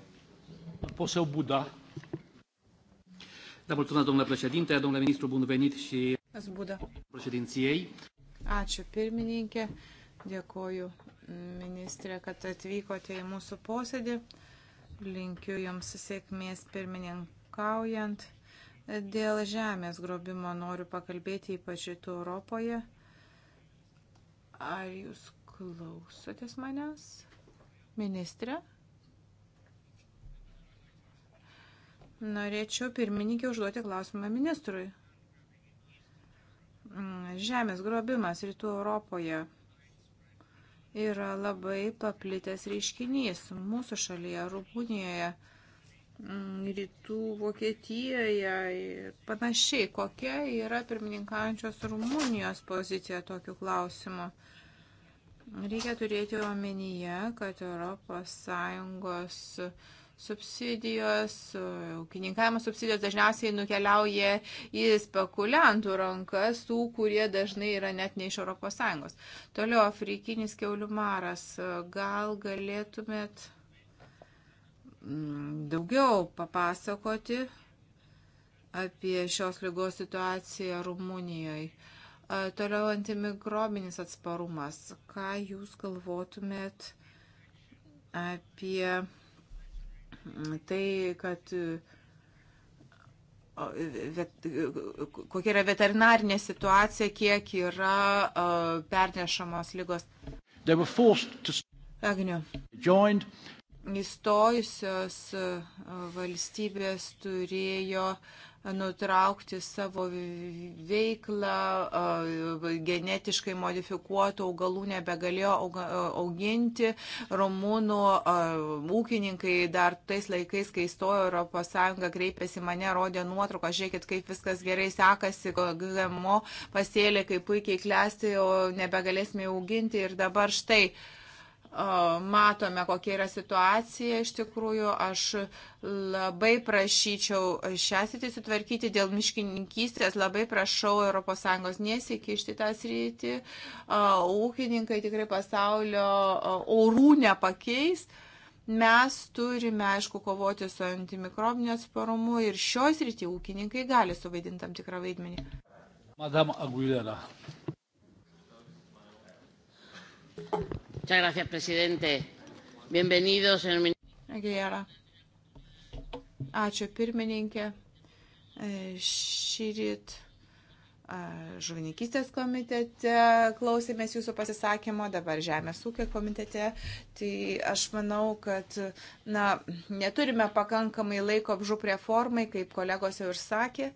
Poseu Buda. Da, mulțumesc, domnule președinte, domnule ministru, bun venit și președinției. Ačiū, pirmininkė. Dėkoju, ministrė, kad atvykote į mūsų posėdį. Linkiu Jums sėkmės pirmininkaujant. Dėl žemės grobimo noriu pakalbėti ypač rytų Europoje. Ar jūs klausotės manęs, ministrė? Norėčiau pirmininkį užduoti klausimą ministrui. Mm, žemės grobimas rytų Europoje yra labai paplitęs reiškinys mūsų šalyje, Rupūnijoje Mm, rytų Vokietijoje ir panašiai. Kokia yra pirmininkaujančios Rumunijos pozicija tokiu klausimu? Reikia turėti omenyje, kad ES subsidijos, ūkininkavimo subsidijos dažniausiai nukeliauja į spekuliantų rankas, tų, kurie dažnai yra net ne iš ES. Toliau, afrikinis keulių maras. Gal galėtumėt Mm, daugiau papasakoti apie šios lygos situaciją Rumunijoje. Toliau antimikrobinis atsparumas. Ką jūs galvotumėt apie mm, tai, kad vet, kokia yra veterinarinė situacija, kiek yra uh, pernešamos lygos. Agniu įstojusios e, valstybės turėjo nutraukti savo veiklą, e, genetiškai modifikuotų augalų nebegalėjo auginti. Rumūnų e, ūkininkai dar tais laikais, kai įstojo Europos Sąjunga, kreipėsi mane, rodė nuotrauką, žiūrėkit, kaip viskas gerai sekasi, GMO pasėlė, kaip puikiai klesti, o nebegalėsime auginti ir dabar štai matome, kokia yra situacija iš tikrųjų. Aš labai prašyčiau šią sritį sutvarkyti dėl miškininkystės, labai prašau ES nesikišti tą sritį. Ūkininkai tikrai pasaulio orų nepakeis. Mes turime, aišku, kovoti su antimikrobinio atsparumu ir šios rytį ūkininkai gali suvaidinti tam tikrą vaidmenį. Madame Aguilera. Señor presidente, bienvenido, señor ministro. Gera. Ačiū pirmininkė. Šį rytą žuvininkystės komitete klausėmės jūsų pasisakymo, dabar žemės ūkio komitete. Tai aš manau, kad na, neturime pakankamai laiko apžūp reformai, kaip kolegos jau ir sakė.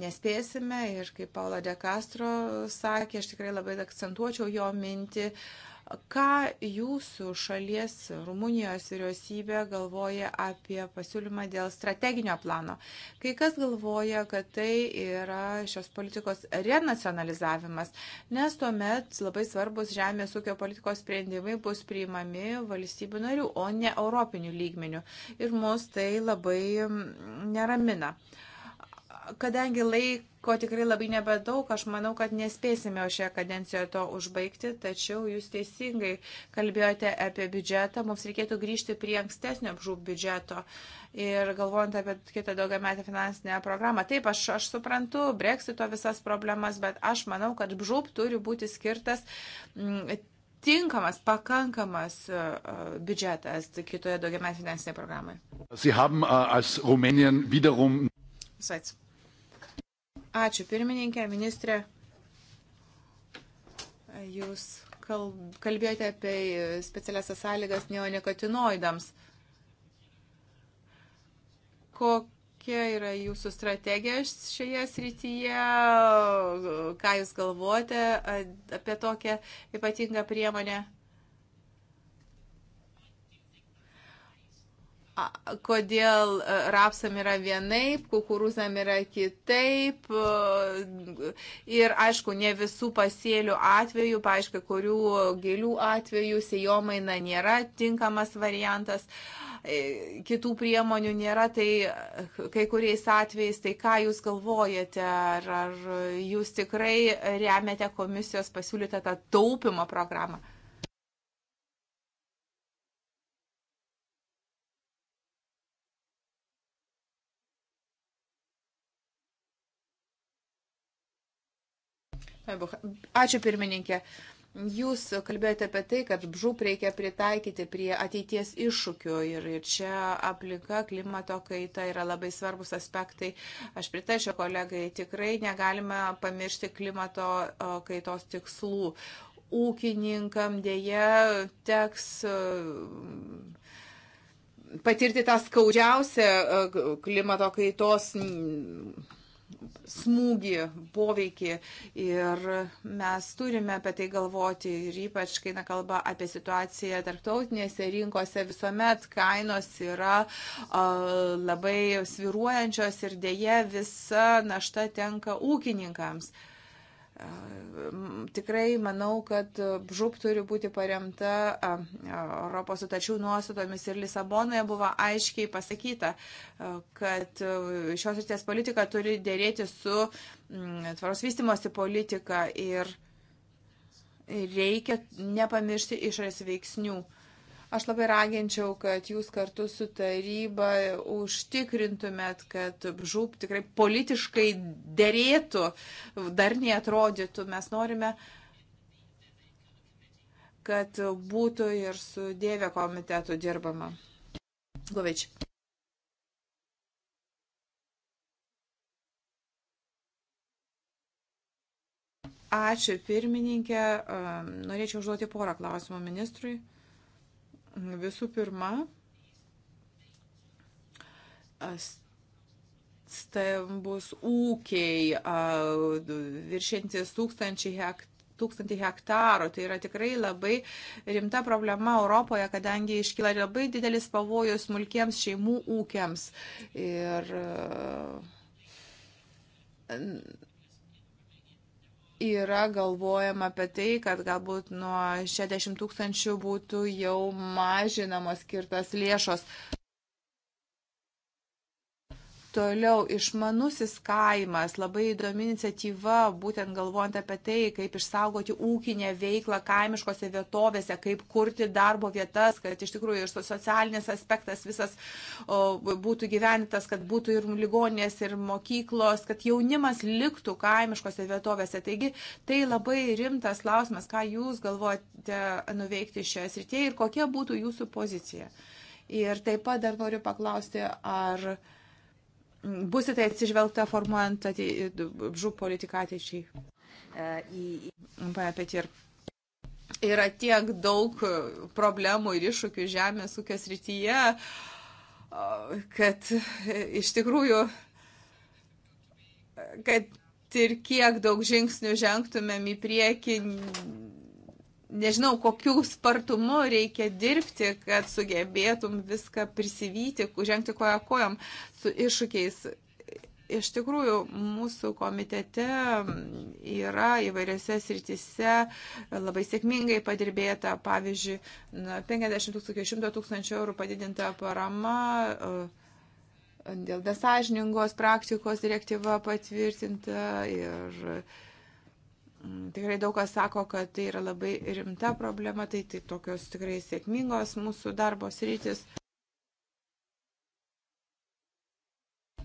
Nespėsime ir kaip Paula De Castro sakė, aš tikrai labai akcentuočiau jo mintį, uh, Ką jūsų šalies Rumunijos vyriausybė galvoja apie pasiūlymą dėl strateginio plano? Kai kas galvoja, kad tai yra šios politikos renacionalizavimas, nes tuomet labai svarbus žemės ūkio politikos sprendimai bus priimami valstybių narių, o ne europinių lygmenių. Ir mus tai labai neramina kadangi laik ko tikrai labai nebedaug, aš manau, kad nespėsime šioje kadencijoje to užbaigti, tačiau jūs teisingai kalbėjote apie biudžetą, mums reikėtų grįžti prie ankstesnio žūb biudžeto ir galvojant apie kitą daugiametę finansinę programą. Taip, aš, aš suprantu breksito visas problemas, bet aš manau, kad žūb turi būti skirtas. M, mm, tinkamas, pakankamas e, e, biudžetas kitoje daugiametinėje finansinėje programoje. Sie haben äh, als Rumänien wiederum. Sveiki. Ačiū pirmininkė, ministrė. Jūs kalbėjote apie specialias sąlygas neonikotinoidams. Kokia yra jūsų strategija šioje srityje? Ką jūs galvojate apie tokią ypatingą priemonę? kodėl e, rapsam yra vienaip, kukurūzam yra kitaip. E, ir aišku, ne visų pasėlių atveju, paaiškiai, kurių gėlių atveju sėjomaina nėra tinkamas variantas, e, kitų priemonių nėra, tai kai kuriais atvejais, tai ką jūs galvojate, ar, ar jūs tikrai remiate komisijos pasiūlytą tą taupimo programą? Ačiū pirmininkė. Jūs kalbėjote apie tai, kad žūp reikia pritaikyti prie ateities iššūkių ir čia aplinka, klimato kaita yra labai svarbus aspektai. Aš pritaišiu kolegai, tikrai negalime pamiršti klimato kaitos tikslų. Ūkininkam dėje teks patirti tą skaudžiausią klimato kaitos smūgį, poveikį ir mes turime apie tai galvoti ir ypač, kai na, kalba apie situaciją tarptautinėse rinkose, visuomet kainos yra a, labai sviruojančios ir dėje visa našta tenka ūkininkams. Tikrai manau, kad žūp turi būti paremta Europos sutačių nuostatomis ir Lisabonoje buvo aiškiai pasakyta, e, kad e, šios ryties politika turi dėrėti su tvaros vystimosi politika ir reikia nepamiršti išorės veiksnių. Aš labai raginčiau, kad jūs kartu su taryba užtikrintumėt, kad žūp tikrai politiškai dėrėtų, dar neatrodytų. Mes norime kad būtų ir su Dievė komitetu dirbama. Govič. Ačiū pirmininkė. Norėčiau užduoti porą klausimų ministrui. Visų pirma, stambus ūkiai, viršintis tūkstančiai hektarų tūkstantį hektarų. Tai yra tikrai labai rimta problema Europoje, kadangi iškyla labai didelis pavojus smulkiems šeimų ūkiams. Ir yra galvojama apie tai, kad galbūt nuo 60 tūkstančių būtų jau mažinamos skirtos lėšos. Toliau išmanusis kaimas, labai įdomi iniciatyva, būtent galvojant apie tai, kaip išsaugoti ūkinę veiklą kaimiškose vietovėse, kaip kurti darbo vietas, kad iš tikrųjų ir socialinis aspektas visas o, būtų gyventas, kad būtų ir ligoninės, ir mokyklos, kad jaunimas liktų kaimiškose vietovėse. Taigi tai labai rimtas klausimas, ką jūs galvojate nuveikti šioje srityje ir kokia būtų jūsų pozicija. Ir taip pat dar noriu paklausti, ar bus į tai atsižvelgta formuojant atei, žų politiką ateičiai. E, Pane Petir, yra tiek daug problemų ir iššūkių žemės ūkio srityje, kad iš tikrųjų, kad ir kiek daug žingsnių žengtumėm į priekį, nežinau, kokiu spartumu reikia dirbti, kad sugebėtum viską prisivyti, žengti koja kojam su iššūkiais. Iš tikrųjų, mūsų komitete yra įvairiose srityse labai sėkmingai padirbėta, pavyzdžiui, 50 tūkstančių, 100 tūkstančių eurų padidinta parama e, dėl desažiningos praktikos direktyva patvirtinta ir Mm, tikrai daug kas sako, kad tai yra labai rimta problema, tai, tai tokios tikrai sėkmingos mūsų darbos rytis.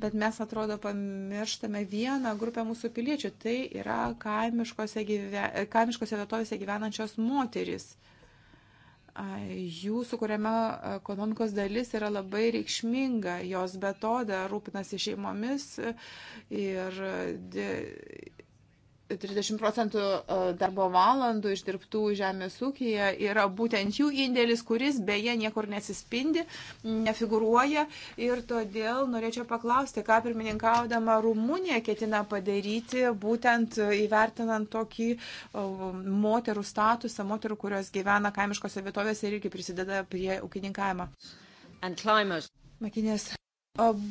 Bet mes, atrodo, pamirštame vieną grupę mūsų piliečių. Tai yra kaimiškose, gyve, kaimiškose vietovėse gyvenančios moteris. Jų sukūrėme ekonomikos dalis yra labai reikšminga. Jos betoda rūpinasi šeimomis ir 30 procentų e, darbo valandų išdirbtų žemės ūkija yra būtent jų indėlis, kuris beje niekur nesispindi, nefiguruoja. Ir todėl norėčiau paklausti, ką pirmininkaudama Rumunija ketina padaryti, būtent įvertinant tokį e, moterų statusą, moterų, kurios gyvena kaimiškose vietovėse ir irgi prisideda prie ūkininkavimo. Makinės.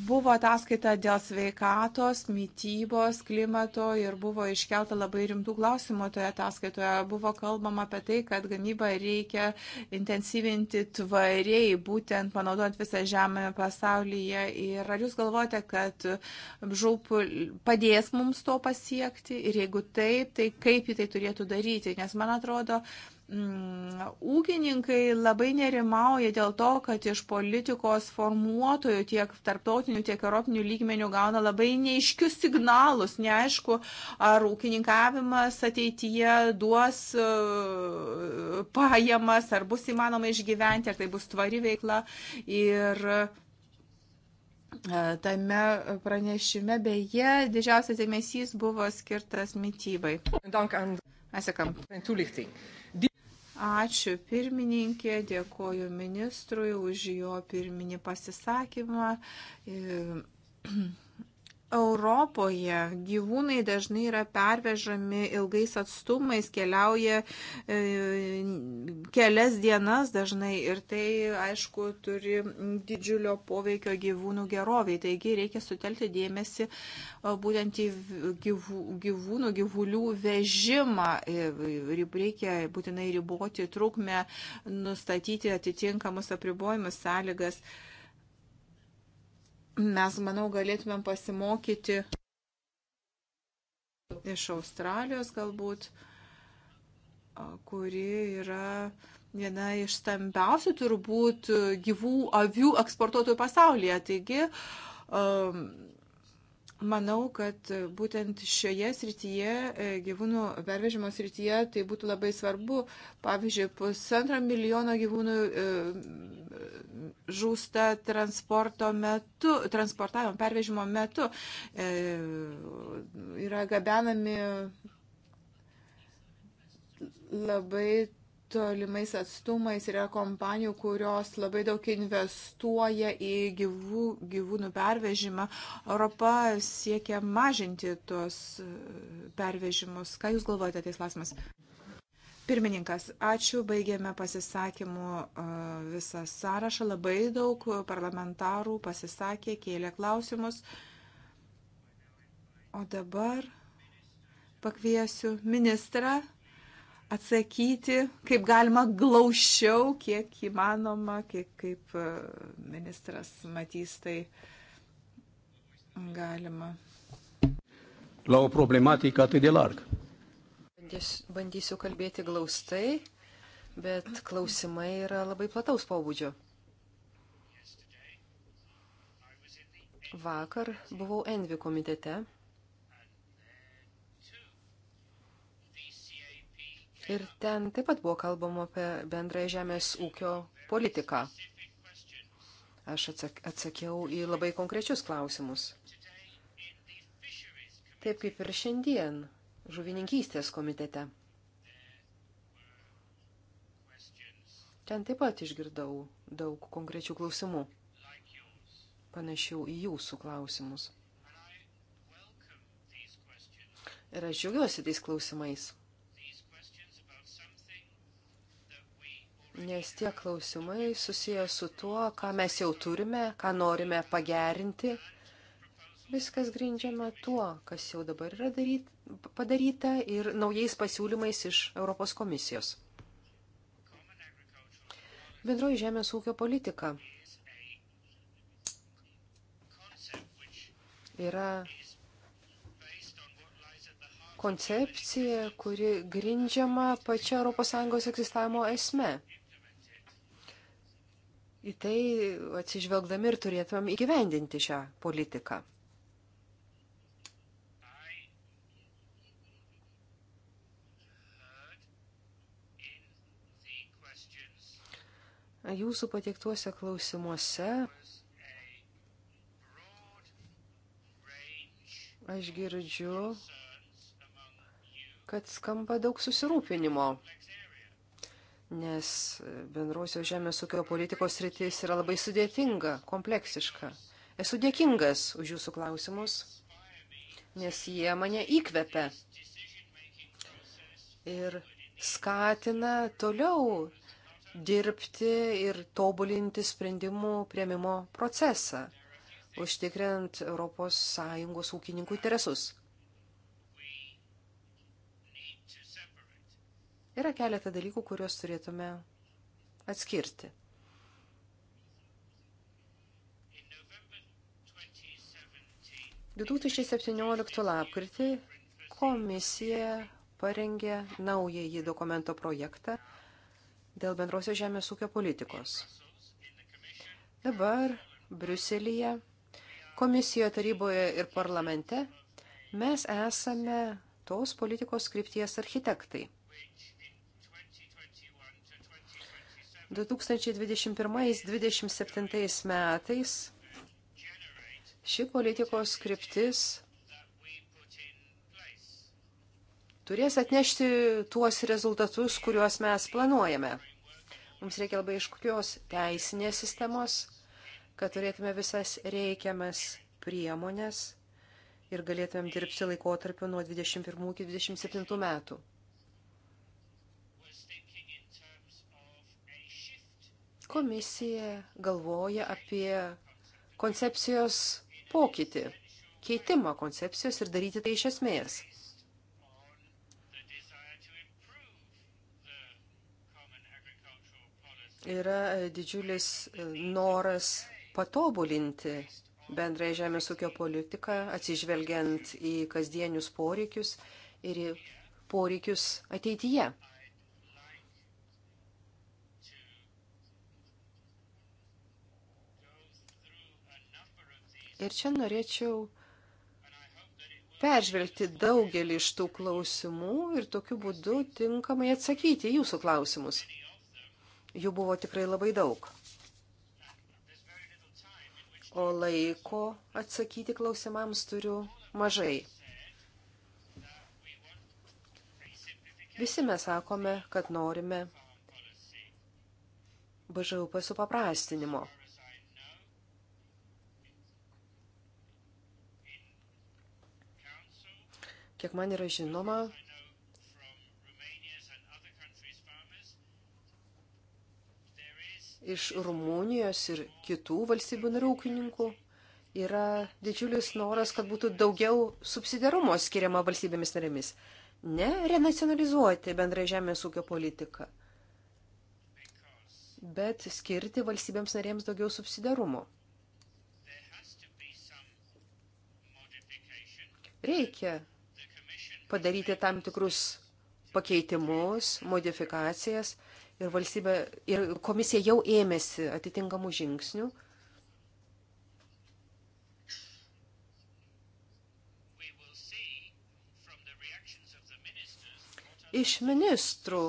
Buvo ataskaita dėl sveikatos, mytybos, klimato ir buvo iškelta labai rimtų klausimų toje ataskaitoje. Buvo kalbama apie tai, kad gamybą reikia intensyvinti tvariai, būtent panaudojant visą žemę pasaulyje. Ir ar jūs galvojate, kad žūp padės mums to pasiekti? Ir jeigu taip, tai kaip jį tai turėtų daryti? Nes man atrodo, Mm, ūkininkai labai nerimauja dėl to, kad iš politikos formuotojų tiek tarptautinių, tiek europinių lygmenių gauna labai neiškius signalus. Neaišku, ar ūkininkavimas ateityje duos uh, pajamas, ar bus įmanoma išgyventi, ar tai bus tvari veikla. Ir uh, Tame pranešime beje didžiausias dėmesys buvo skirtas mytybai. Dank an Asekam. Toelichting. Ačiū pirmininkė, dėkoju ministrui už jo pirminį pasisakymą. E, [CLEARS THROAT] Europoje gyvūnai dažnai yra pervežami ilgais atstumais, keliauja e, kelias dienas dažnai ir tai, aišku, turi didžiulio poveikio gyvūnų geroviai. Taigi reikia sutelti dėmesį būtent į gyvūnų, gyvulių vežimą. E, reikia būtinai riboti trukmę, nustatyti atitinkamus apribojimus sąlygas mes, manau, galėtumėm pasimokyti iš Australijos galbūt, kuri yra viena iš stambiausių turbūt gyvų avių eksportuotojų pasaulyje. Taigi, um, Manau, kad būtent šioje srityje, e, gyvūnų pervežimo srityje, tai būtų labai svarbu. Pavyzdžiui, pusantro milijono gyvūnų e, žūsta transporto metu, transportavimo pervežimo metu. E, yra gabenami labai tolimais atstumais yra kompanijų, kurios labai daug investuoja į gyvų, gyvūnų pervežimą. Europa siekia mažinti tuos e, pervežimus. Ką Jūs galvojate tais klausimas? Pirmininkas, ačiū, baigėme pasisakymų e, visą sąrašą. Labai daug parlamentarų pasisakė, kėlė klausimus. O dabar pakviesiu ministrą atsakyti kaip galima glaušiau, kiek įmanoma, kiek kaip e, ministras matys tai galima. La o problematică atât de largă. Bandysiu kalbėti glaustai, bet klausimai yra labai plataus pobūdžio. Vakar buvau Envi komitete Ir ten taip pat buvo kalbama apie bendrąją žemės ūkio politiką. Aš atsakiau į labai konkrečius klausimus. Taip kaip ir šiandien žuvininkystės komitete. Ten taip pat išgirdau daug konkrečių klausimų, panašių į jūsų klausimus. Ir aš džiaugiuosi tais klausimais. nes tie klausimai susiję su tuo, ką mes jau turime, ką norime pagerinti. Viskas grindžiama tuo, kas jau dabar yra daryt, padaryta ir naujais pasiūlymais iš Europos komisijos. Bendroji žemės ūkio politika yra koncepcija, kuri grindžiama pačia ES egzistavimo esme į tai atsižvelgdami ir turėtumėm įgyvendinti šią politiką. Jūsų pateiktuose klausimuose aš girdžiu, kad skamba daug susirūpinimo nes bendrosios žemės ūkio politikos rytis yra labai sudėtinga, kompleksiška. Esu dėkingas už jūsų klausimus, nes jie mane įkvepia ir skatina toliau dirbti ir tobulinti sprendimų prieimimo procesą, užtikrint ES ūkininkų interesus. Yra keletą dalykų, kuriuos turėtume atskirti. Du 2017 lapkritį komisija parengė naująjį dokumento projektą dėl bendrosios žemės ūkio politikos. Dabar Briuselyje, komisijoje, taryboje ir parlamente mes esame tos politikos skripties architektai. 2021-2027 metais ši politikos skriptis turės atnešti tuos rezultatus, kuriuos mes planuojame. Mums reikia labai iškokios teisinės sistemos, kad turėtume visas reikiamas priemonės ir galėtumėm dirbti laikotarpiu nuo 21 iki 27 metų. Komisija galvoja apie koncepcijos pokytį, keitimą koncepcijos ir daryti tai iš esmės. Yra e, didžiulis e, noras patobulinti bendrąją žemės ūkio politiką, atsižvelgiant į kasdienius poreikius ir į poreikius ateityje. Ir čia norėčiau peržvelgti daugelį iš tų klausimų ir tokiu būdu tinkamai atsakyti jūsų klausimus. Jų buvo tikrai labai daug. O laiko atsakyti klausimams turiu mažai. Visi mes sakome, kad norime BŽUP supaprastinimo. paprastinimo. Kiek man yra žinoma, iš Rumunijos ir kitų valstybių narių ūkininkų yra didžiulis noras, kad būtų daugiau subsidiarumo skiriama valstybėmis narėmis. Ne renacionalizuoti bendrą žemės ūkio politiką, bet skirti valstybėms narėms daugiau subsidiarumo. Reikia padaryti tam tikrus pakeitimus, modifikacijas ir, valstybė, ir komisija jau ėmėsi atitinkamų žingsnių. Iš ministrų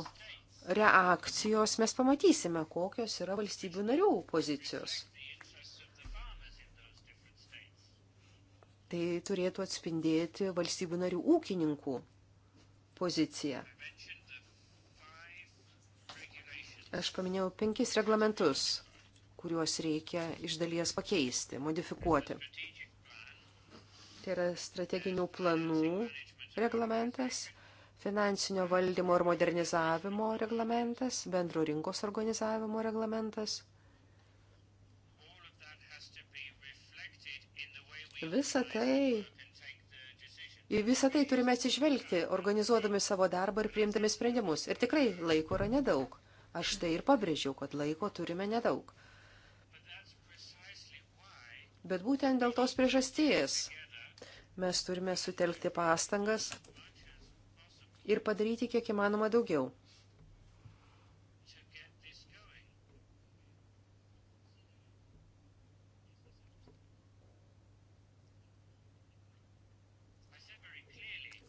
reakcijos mes pamatysime, kokios yra valstybių narių pozicijos. Tai turėtų atspindėti valstybių narių ūkininkų poziciją. Aš paminėjau penkis reglamentus, kuriuos reikia iš dalies pakeisti, modifikuoti. Tai yra strateginių planų reglamentas, finansinio valdymo ir modernizavimo reglamentas, bendro rinkos organizavimo reglamentas – Visą tai, į visą tai turime atsižvelgti, organizuodami savo darbą ir priimdami sprendimus. Ir tikrai laiko yra nedaug. Aš tai ir pabrėžiau, kad laiko turime nedaug. Bet būtent dėl tos priežasties mes turime sutelkti pastangas ir padaryti kiek įmanoma daugiau.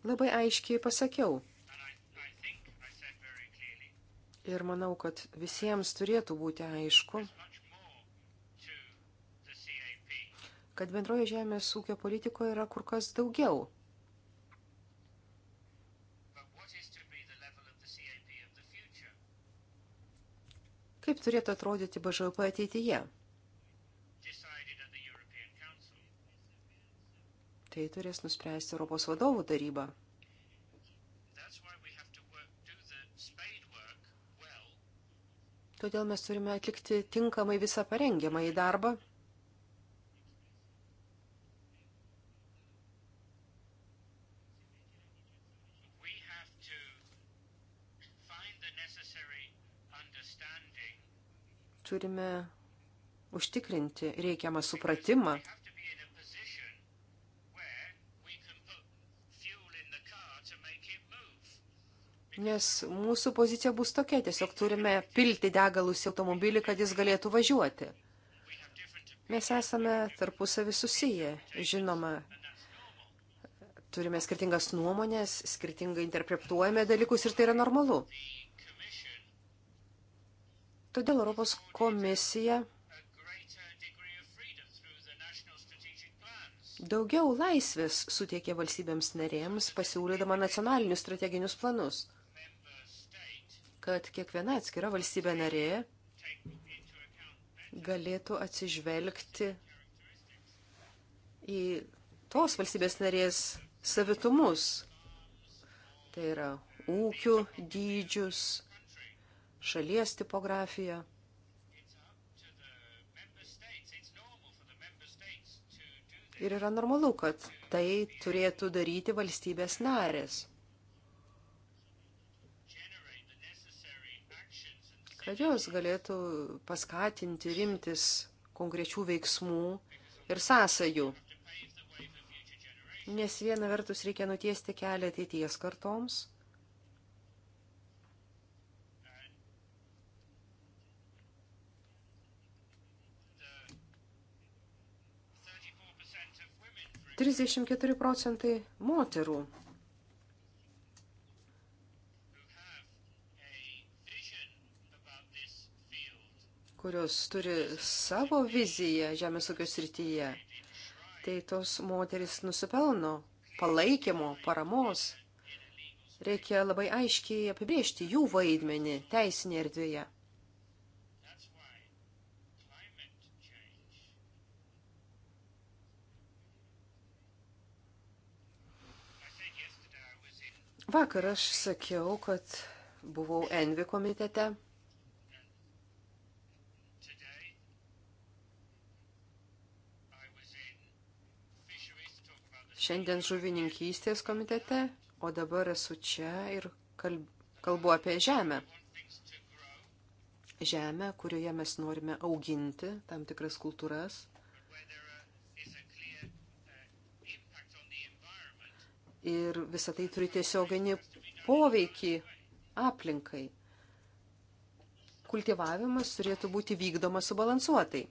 Labai aiškiai pasakiau. Ir manau, kad visiems turėtų būti aišku, kad bendroje žemės ūkio politikoje yra kur kas daugiau. Kaip turėtų atrodyti BŽP ateityje? Tai turės nuspręsti Europos vadovų taryba. Todėl mes turime atlikti tinkamai visą parengiamą į darbą. Turime užtikrinti reikiamą supratimą Nes mūsų pozicija bus tokia, tiesiog turime pilti degalus į automobilį, kad jis galėtų važiuoti. Mes esame tarpusavį susiję, žinoma, turime skirtingas nuomonės, skirtingai interpretuojame dalykus ir tai yra normalu. Todėl Europos komisija daugiau laisvės suteikė valstybėms narėms, pasiūlydama nacionalinius strateginius planus kad kiekviena atskira valstybė narė galėtų atsižvelgti į tos valstybės narės savitumus. Tai yra ūkių dydžius, šalies tipografiją. Ir yra normalu, kad tai turėtų daryti valstybės narės. kad jos galėtų paskatinti rimtis konkrečių veiksmų ir sąsajų. Nes viena vertus reikia nutiesti kelią ateities kartoms, Trisdešimt keturi procentai moterų kurios turi savo viziją žemės ūkio srityje, tai tos moteris nusipelno palaikymo, paramos. Reikia labai aiškiai apibriežti jų vaidmenį teisinėje erdvėje. Vakar aš sakiau, kad buvau Envi komitete šiandien žuvininkystės komitete, o dabar esu čia ir kalbu apie žemę. Žemę, kurioje mes norime auginti tam tikras kultūras. Ir visą tai turi tiesioginį poveikį aplinkai. Kultivavimas turėtų būti vykdomas subalansuotai.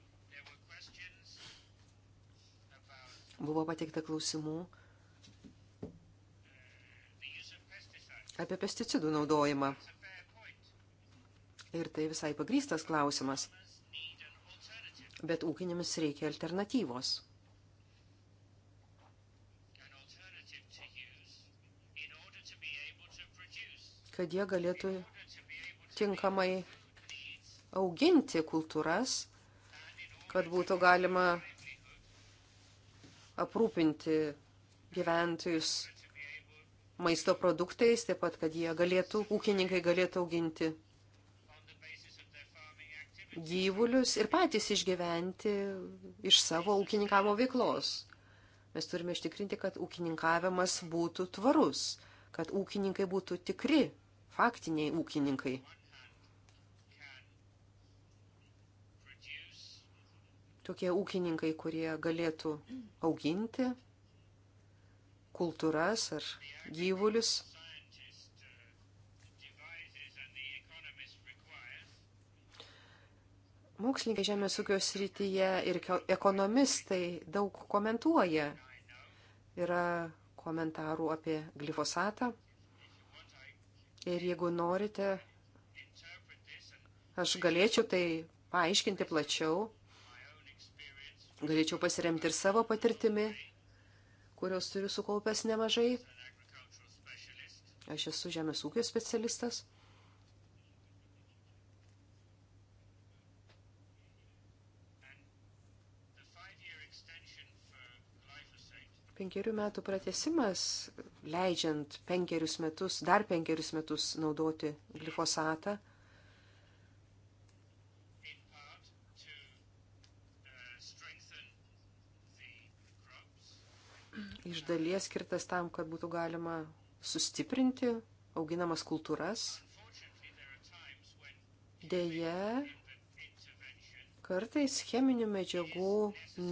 Buvo pateikta klausimų apie pesticidų naudojimą. Ir tai visai pagrystas klausimas. Bet ūkinėmis reikia alternatyvos. Kad jie galėtų tinkamai auginti kultūras, kad būtų galima aprūpinti gyventojus maisto produktais, taip pat, kad jie galėtų, ūkininkai galėtų auginti gyvulius ir patys išgyventi iš savo ūkininkavimo veiklos. Mes turime ištikrinti, kad ūkininkavimas būtų tvarus, kad ūkininkai būtų tikri, faktiniai ūkininkai. tokie ūkininkai, kurie galėtų auginti kultūras ar gyvulius. Mokslininkai žemės ūkio srityje ir ekonomistai daug komentuoja. Yra komentarų apie glifosatą. Ir jeigu norite, aš galėčiau tai paaiškinti plačiau, Norėčiau pasiremti ir savo patirtimi, kurios turiu sukaupęs nemažai. Aš esu žemės ūkio specialistas. Penkerių metų pratesimas, leidžiant penkerius metus, dar penkerius metus naudoti glifosatą, iš dalies skirtas tam, kad būtų galima sustiprinti auginamas kultūras. Deja, kartais cheminių medžiagų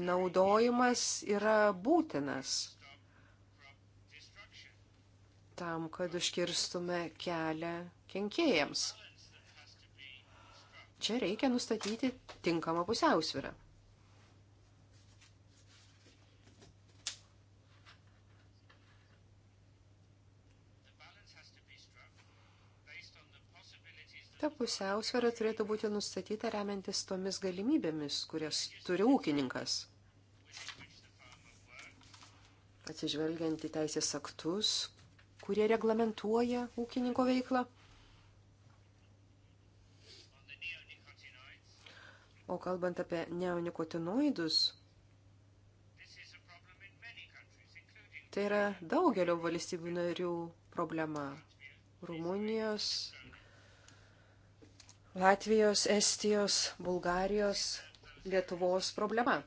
naudojimas yra būtinas tam, kad užkirstume kelią kenkėjams. Čia reikia nustatyti tinkamą pusiausvyrą. Ta pusiausvėra turėtų būti nustatyta remiantis tomis galimybėmis, kurias turi ūkininkas. Atsižvelgiant į teisės aktus, kurie reglamentuoja ūkininko veiklą. O kalbant apie neonikotinoidus, tai yra daugelio valstybių narių problema. Rumunijos, Latvijos, Estijos, Bulgarijos, Lietuvos problema.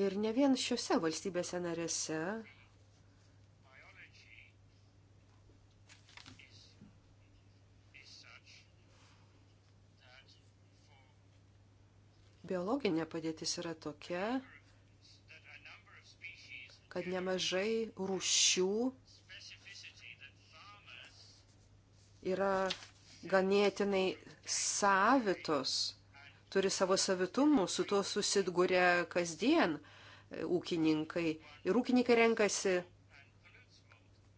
Ir ne vien šiuose valstybėse narėse biologinė padėtis yra tokia, kad nemažai rūšių yra ganėtinai savitos, turi savo savitumų, su tuo susidūrė kasdien e, ūkininkai. Ir ūkininkai renkasi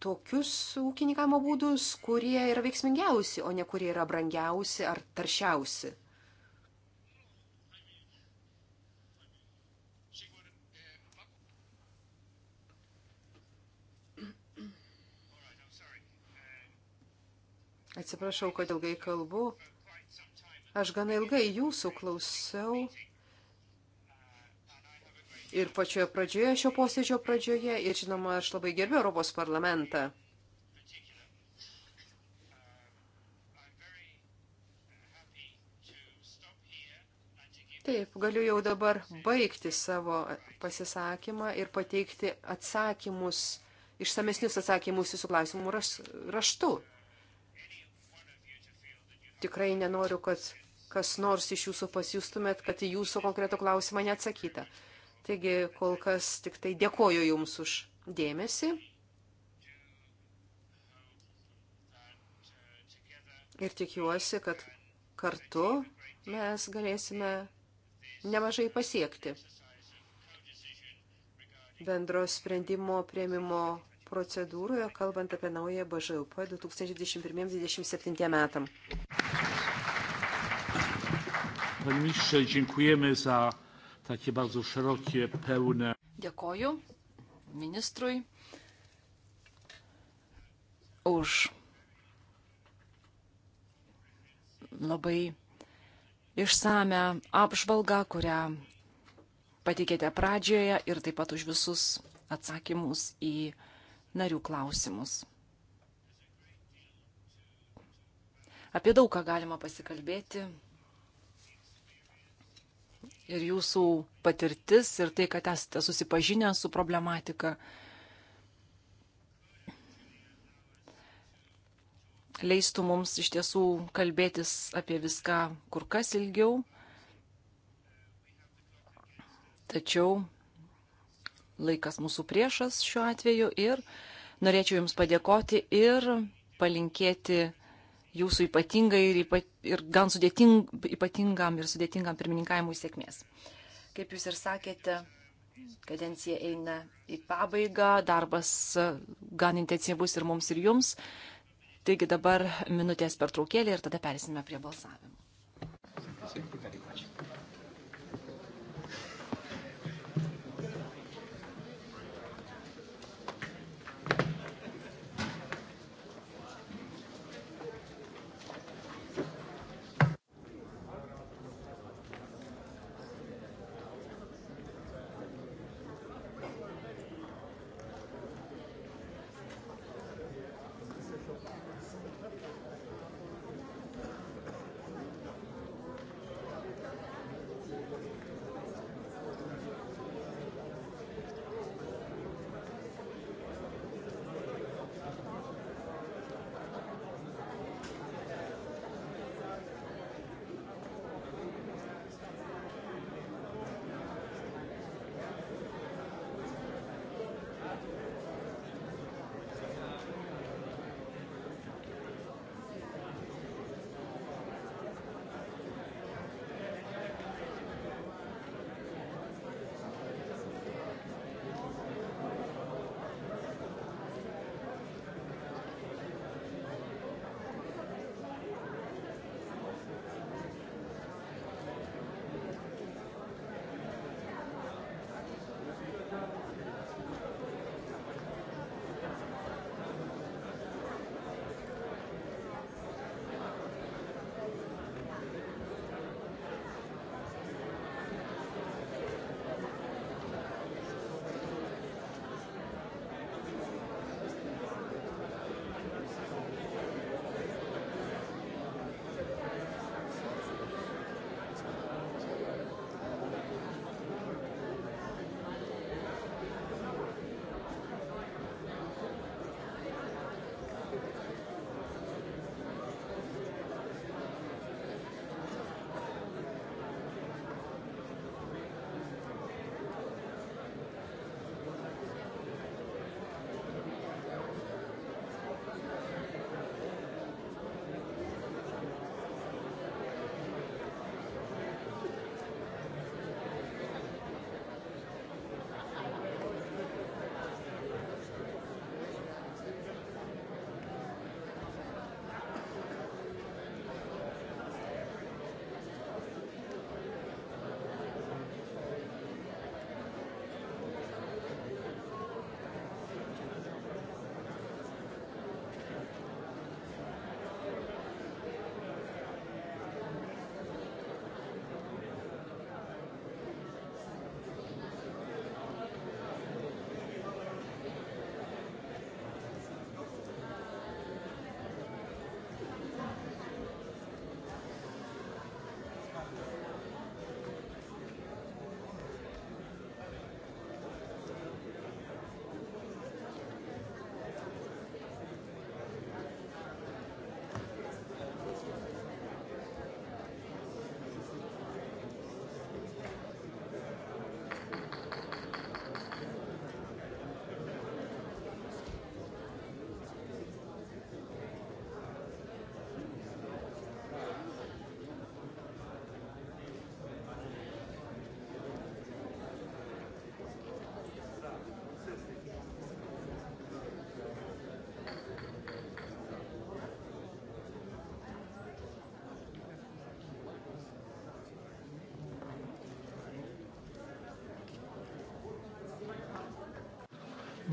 tokius ūkininkavimo būdus, kurie yra veiksmingiausi, o ne kurie yra brangiausi ar taršiausi. Atsiprašau, kad ilgai kalbu. Aš gana ilgai jūsų klausiau. Ir pačioje pradžioje, šio posėdžio pradžioje, ir žinoma, aš labai gerbiu Europos parlamentą. Taip, galiu jau dabar baigti savo pasisakymą ir pateikti atsakymus, išsamesnius atsakymus jūsų klausimų raštu tikrai nenoriu, kad kas nors iš jūsų pasijustumėt, kad į jūsų konkretų klausimą neatsakyta. Taigi kol kas tik tai dėkoju Jums už dėmesį. Ir tikiuosi, kad kartu mes galėsime nemažai pasiekti bendro sprendimo prieimimo procedūroje, kalbant apie naują BŽUP 2021-2027 metam. Panie ministrze, dziękujemy za takie bardzo szerokie, pełne. Dėkoju ministrui už labai išsame apžvalgą, kurią patikėte pradžioje ir taip pat už visus atsakymus į klausimus narių klausimus. Apie daug ką galima pasikalbėti. Ir jūsų patirtis ir tai, kad esate susipažinę su problematika, leistų mums iš tiesų kalbėtis apie viską kur kas ilgiau. Tačiau laikas mūsų priešas šiuo atveju ir norėčiau Jums padėkoti ir palinkėti Jūsų ypatingai ir, ypa, ir gan sudėting, ypatingam ir sudėtingam pirmininkavimui sėkmės. Kaip Jūs ir sakėte, kadencija eina į pabaigą, darbas gan intensyvus ir mums ir Jums. Taigi dabar minutės pertraukėlė ir tada persime prie balsavimo. Thank you.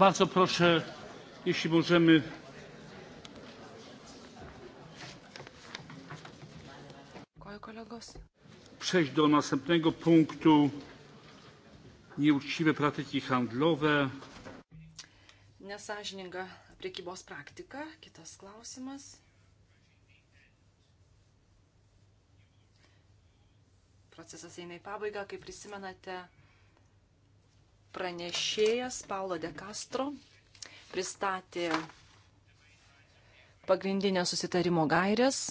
Bardzo proszę, jeśli możemy. Przejść do następnego punktu. Nieuczciwe praktyki handlowe. Nesažininga priekybos praktika. Kitas klausimas. Procesas eina į pabaigą, kaip prisimenate pranešėjas Paulo De Castro pristatė pagrindinę susitarimo gairės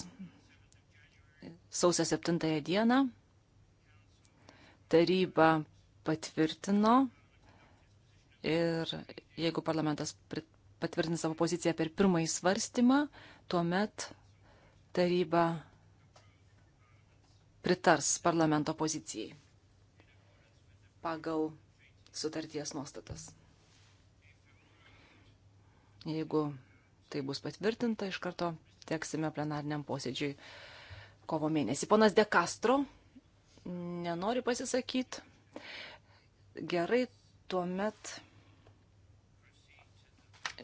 sausio 7 dieną. Taryba patvirtino ir jeigu parlamentas patvirtins savo poziciją per pirmąjį svarstymą, tuomet taryba pritars parlamento pozicijai pagal sutarties nuostatas. Jeigu tai bus patvirtinta, iš karto teksime plenariniam posėdžiui kovo mėnesį. Ponas De Castro nenori pasisakyti. Gerai, tuomet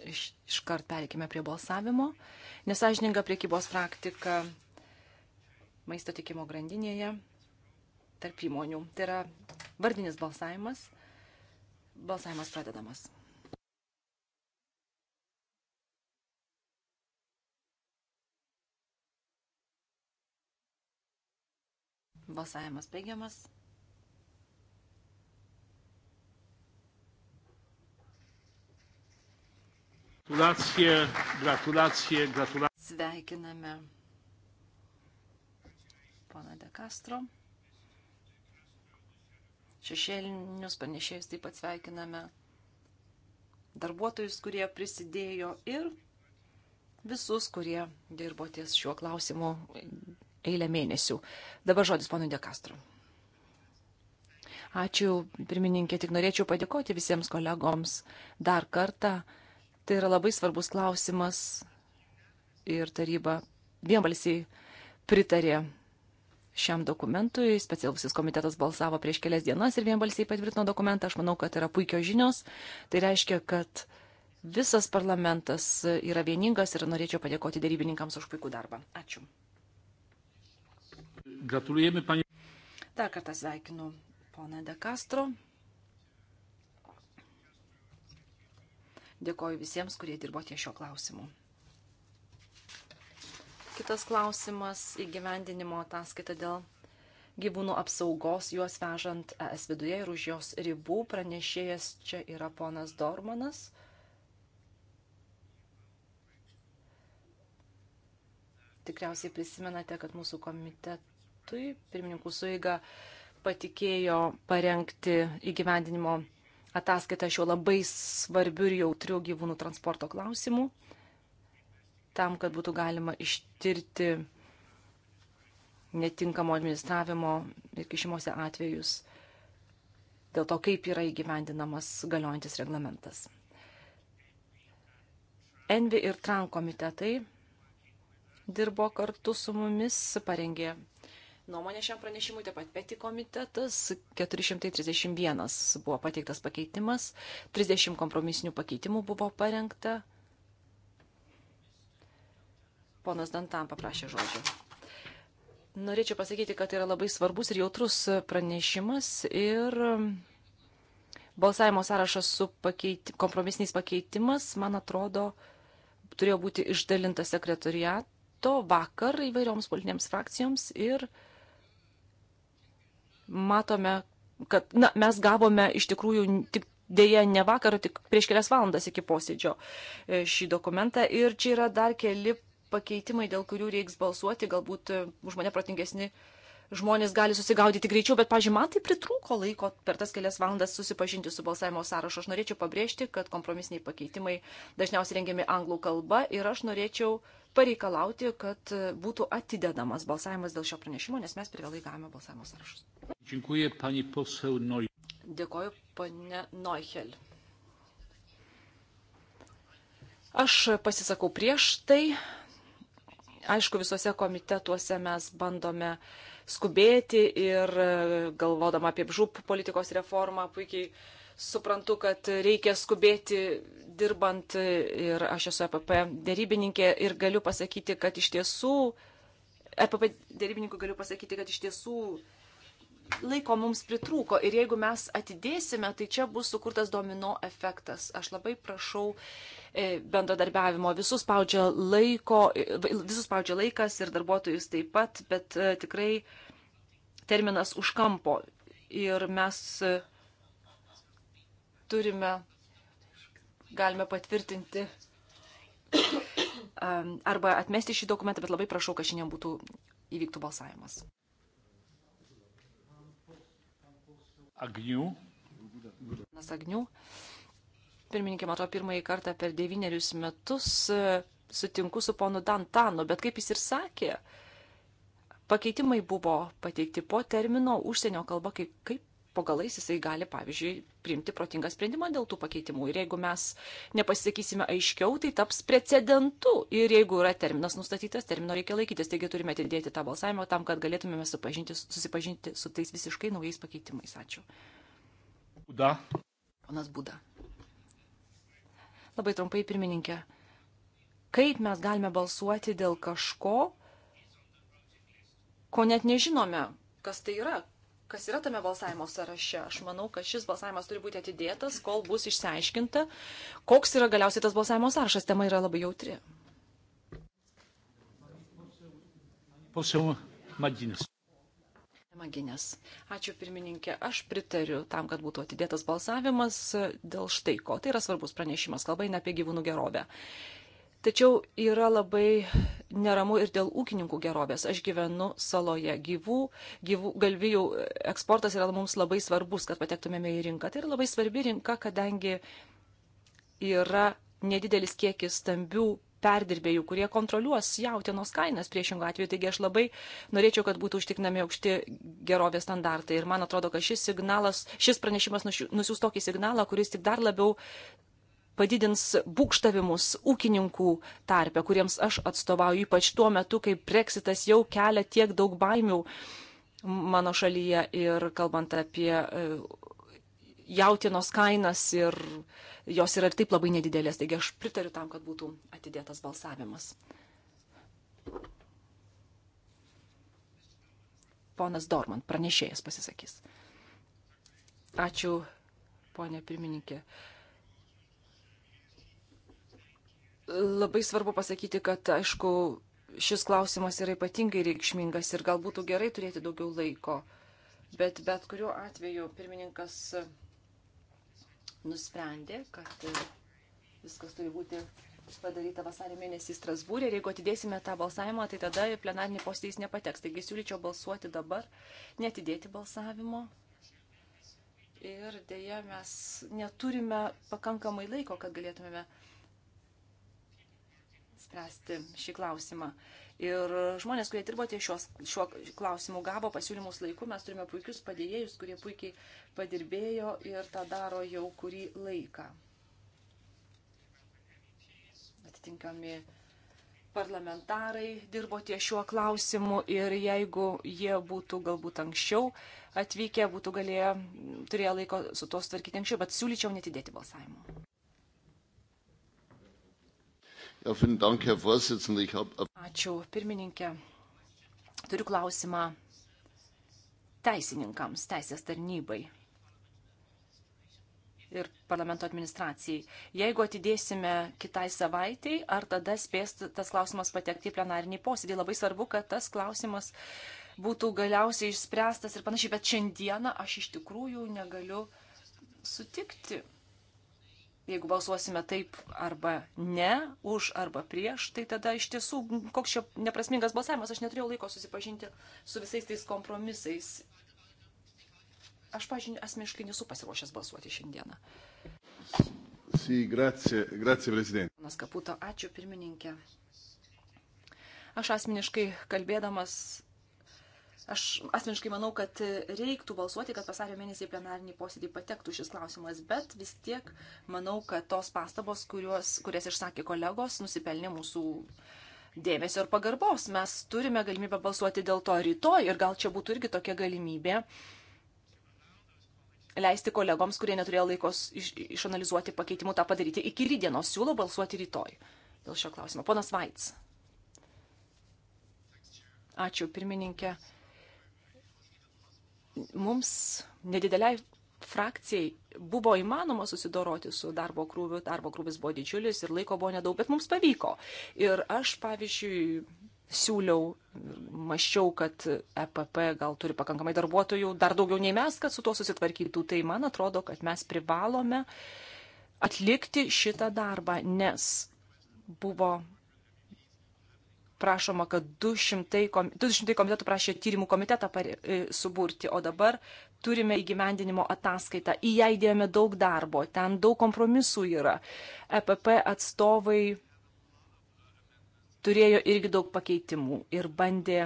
iš, iškart perikime prie balsavimo. Nesažininga priekybos praktika maisto tikimo grandinėje tarp įmonių. Tai yra vardinis balsavimas. Balsavimas pradedamas. Balsavimas baigiamas. Gratulacje, gratulacje, gratulacje. Sveikiname pana De Castro šešėlinius panešėjus taip pat sveikiname, darbuotojus, kurie prisidėjo ir visus, kurie dirbo ties šiuo klausimu eilę mėnesių. Dabar žodis ponui Dekastro. Ačiū, pirmininkė, tik norėčiau padėkoti visiems kolegoms dar kartą. Tai yra labai svarbus klausimas ir taryba vienbalsiai pritarė šiam dokumentui. Specialusis komitetas balsavo prieš kelias dienas ir vienbalsiai patvirtino dokumentą. Aš manau, kad yra puikios žinios. Tai reiškia, kad visas parlamentas yra vieningas ir norėčiau padėkoti dėrybininkams už puikų darbą. Ačiū. Gratulujame, panie. Dar kartą sveikinu poną De Castro. Dėkoju visiems, kurie dirbo ties šio klausimu. Kitas klausimas - įgyvendinimo ataskaita dėl gyvūnų apsaugos, juos vežant ES viduje ir už jos ribų. Pranešėjas čia yra ponas Dormanas. Tikriausiai prisimenate, kad mūsų komitetui pirmininkų suiga patikėjo parengti įgyvendinimo ataskaitą šiuo labai svarbiu ir jautriu gyvūnų transporto klausimu tam, kad būtų galima ištirti netinkamo administravimo ir kišimuose atvejus dėl to, kaip yra įgyvendinamas galiojantis reglamentas. Envi ir Tran komitetai dirbo kartu su mumis, parengė nuomonę šiam pranešimui, taip pat peti komitetas, 431 buvo pateiktas pakeitimas, 30 kompromisinių pakeitimų buvo parengta Ponas Dantam paprašė žodžio. Norėčiau pasakyti, kad tai yra labai svarbus ir jautrus pranešimas ir balsavimo sąrašas su pakeiti, kompromisiniais pakeitimas, man atrodo, turėjo būti išdalintas sekretoriato vakar įvairioms politinėms frakcijoms ir matome, kad na, mes gavome iš tikrųjų tik dėje ne vakar, tik prieš kelias valandas iki posėdžio e, šį dokumentą. Ir čia yra dar keli pakeitimai, dėl kurių reiks balsuoti, galbūt e, už mane protingesni žmonės gali susigaudyti greičiau, bet, pažiūrėjau, man tai pritrūko laiko per tas kelias valandas susipažinti su balsavimo sąrašu. Aš norėčiau pabrėžti, kad kompromisiniai pakeitimai dažniausiai rengiami anglų kalba ir aš norėčiau pareikalauti, kad e, būtų atidedamas balsavimas dėl šio pranešimo, nes mes privėlai gavome balsavimo sąrašus. Dėkuoju, pani posel Neuchel. Dėkuoju, pane Neuchel. Aš pasisakau prieš tai, Aišku, visose komitetuose mes bandome skubėti ir e, galvodama apie žūp politikos reformą puikiai suprantu, kad reikia skubėti dirbant e, ir aš esu EPP dėrybininkė ir galiu pasakyti, kad iš tiesų, EPP dėrybininkų galiu pasakyti, kad iš tiesų laiko mums pritrūko ir jeigu mes atidėsime, tai čia bus sukurtas domino efektas. Aš labai prašau e, bendradarbiavimo. Visus spaudžia, laiko, e, visus spaudžia laikas ir darbuotojus taip pat, bet e, tikrai terminas už kampo. Ir mes turime, galime patvirtinti [COUGHS] arba atmesti šį dokumentą, bet labai prašau, kad šiandien būtų įvyktų balsavimas. Agnių. Nas Agnių. Pirmininkė, matau, pirmąjį kartą per devynerius metus e, sutinku su ponu Dantanu, bet kaip jis ir sakė, pakeitimai buvo pateikti po termino užsienio kalba, kaip, kaip po galais jisai gali, pavyzdžiui, priimti protingą sprendimą dėl tų pakeitimų. Ir jeigu mes nepasisakysime aiškiau, tai taps precedentu. Ir jeigu yra terminas nustatytas, termino reikia laikytis. Taigi turime atidėti tą balsavimą tam, kad galėtumėme susipažinti su tais visiškai naujais pakeitimais. Ačiū. Būda. Ponas Būda. Labai trumpai, pirmininkė. Kaip mes galime balsuoti dėl kažko, ko net nežinome, kas tai yra, kas yra tame balsavimo sąraše. Aš manau, kad šis balsavimas turi būti atidėtas, kol bus išsiaiškinta, koks yra galiausiai tas balsavimo sąrašas. Tema yra labai jautri. Maginės. Ačiū pirmininkė. Aš pritariu tam, kad būtų atidėtas balsavimas dėl štai ko. Tai yra svarbus pranešimas, kalba eina apie gyvūnų gerovę. Tačiau yra labai neramu ir dėl ūkininkų gerovės. Aš gyvenu saloje. Gyvų, gyvų galvijų eksportas yra mums labai svarbus, kad patektumėme į rinką. Tai yra labai svarbi rinka, kadangi yra nedidelis kiekis stambių perdirbėjų, kurie kontroliuos jautienos kainas priešingų atveju. Taigi aš labai norėčiau, kad būtų užtiknami aukšti gerovės standartai. Ir man atrodo, kad šis signalas, šis pranešimas nusiūs tokį signalą, kuris tik dar labiau padidins būkštavimus ūkininkų tarpe, kuriems aš atstovauju, ypač tuo metu, kai breksitas jau kelia tiek daug baimių mano šalyje ir kalbant apie e, jautienos kainas ir jos yra ir taip labai nedidelės, taigi aš pritariu tam, kad būtų atidėtas balsavimas. Ponas Dorman, pranešėjas pasisakys. Ačiū, ponė pirmininkė. Uh, Labai svarbu pasakyti, kad, aišku, šis klausimas yra ypatingai reikšmingas ir gal būtų gerai turėti daugiau laiko. Bet bet kuriuo atveju pirmininkas nusprendė, kad e, viskas turi būti padaryta vasario mėnesį Strasbūrė ir jeigu atidėsime tą balsavimą, tai tada plenarinį posėdį jis nepateks. Taigi siūlyčiau balsuoti dabar, netidėti balsavimo. Ir dėja mes neturime pakankamai laiko, kad galėtumėme uh, spręsti šį klausimą. Ir žmonės, kurie dirbo ties šiuo klausimu, gavo pasiūlymus laiku, mes turime puikius padėjėjus, kurie puikiai padirbėjo ir tą daro jau kurį laiką. Atitinkami parlamentarai dirbo ties šiuo klausimu ir jeigu jie būtų galbūt anksčiau atvykę, būtų galėję, turėjo laiko su to sutvarkyti anksčiau, bet siūlyčiau netidėti balsavimo. Äh, Ačiū, pirmininkė. Turiu klausimą teisininkams, teisės tarnybai ir parlamento administracijai. Jeigu atidėsime kitai savaitėjai, ar tada spės tas klausimas patekti į plenarinį posėdį? Labai svarbu, kad tas klausimas būtų galiausiai išspręstas ir panašiai, bet šiandieną aš iš tikrųjų negaliu sutikti jeigu balsuosime taip arba ne, už arba prieš, tai tada iš tiesų, koks čia neprasmingas balsavimas, aš neturėjau laiko susipažinti su visais tais kompromisais. Aš, pažiūrėjau, asmeniškai nesu pasiruošęs balsuoti šiandieną. Sì, grazie, grazie Presidente. Panas Kaputo, ačiū pirmininkė. Aš asmeniškai kalbėdamas Aš asmeniškai manau, kad reiktų balsuoti, kad vasario mėnesį į plenarinį posėdį patektų šis klausimas, bet vis tiek manau, kad tos pastabos, kurios, kurias išsakė kolegos, nusipelnė mūsų dėmesio ir pagarbos. Mes turime galimybę balsuoti dėl to rytoj ir gal čia būtų irgi tokia galimybė leisti kolegoms, kurie neturėjo laikos iš, išanalizuoti pakeitimų, tą padaryti iki rydienos. Siūlau balsuoti rytoj dėl šio klausimo. Ponas Vaits. Ačiū, pirmininkė mums nedideliai frakcijai buvo įmanoma susidoroti su darbo krūviu, darbo krūvis buvo didžiulis ir laiko buvo nedaug, bet mums pavyko. Ir aš, pavyzdžiui, siūliau, maščiau, kad EPP gal turi pakankamai darbuotojų, dar daugiau nei mes, kad su tuo susitvarkytų. Tai man atrodo, kad mes privalome atlikti šitą darbą, nes buvo prašoma, kad 200, kom, 200 komitetų prašė tyrimų komitetą pari, e, suburti, o dabar turime įgyvendinimo ataskaitą. Į ją įdėjome daug darbo, ten daug kompromisų yra. EPP atstovai turėjo irgi daug pakeitimų ir bandė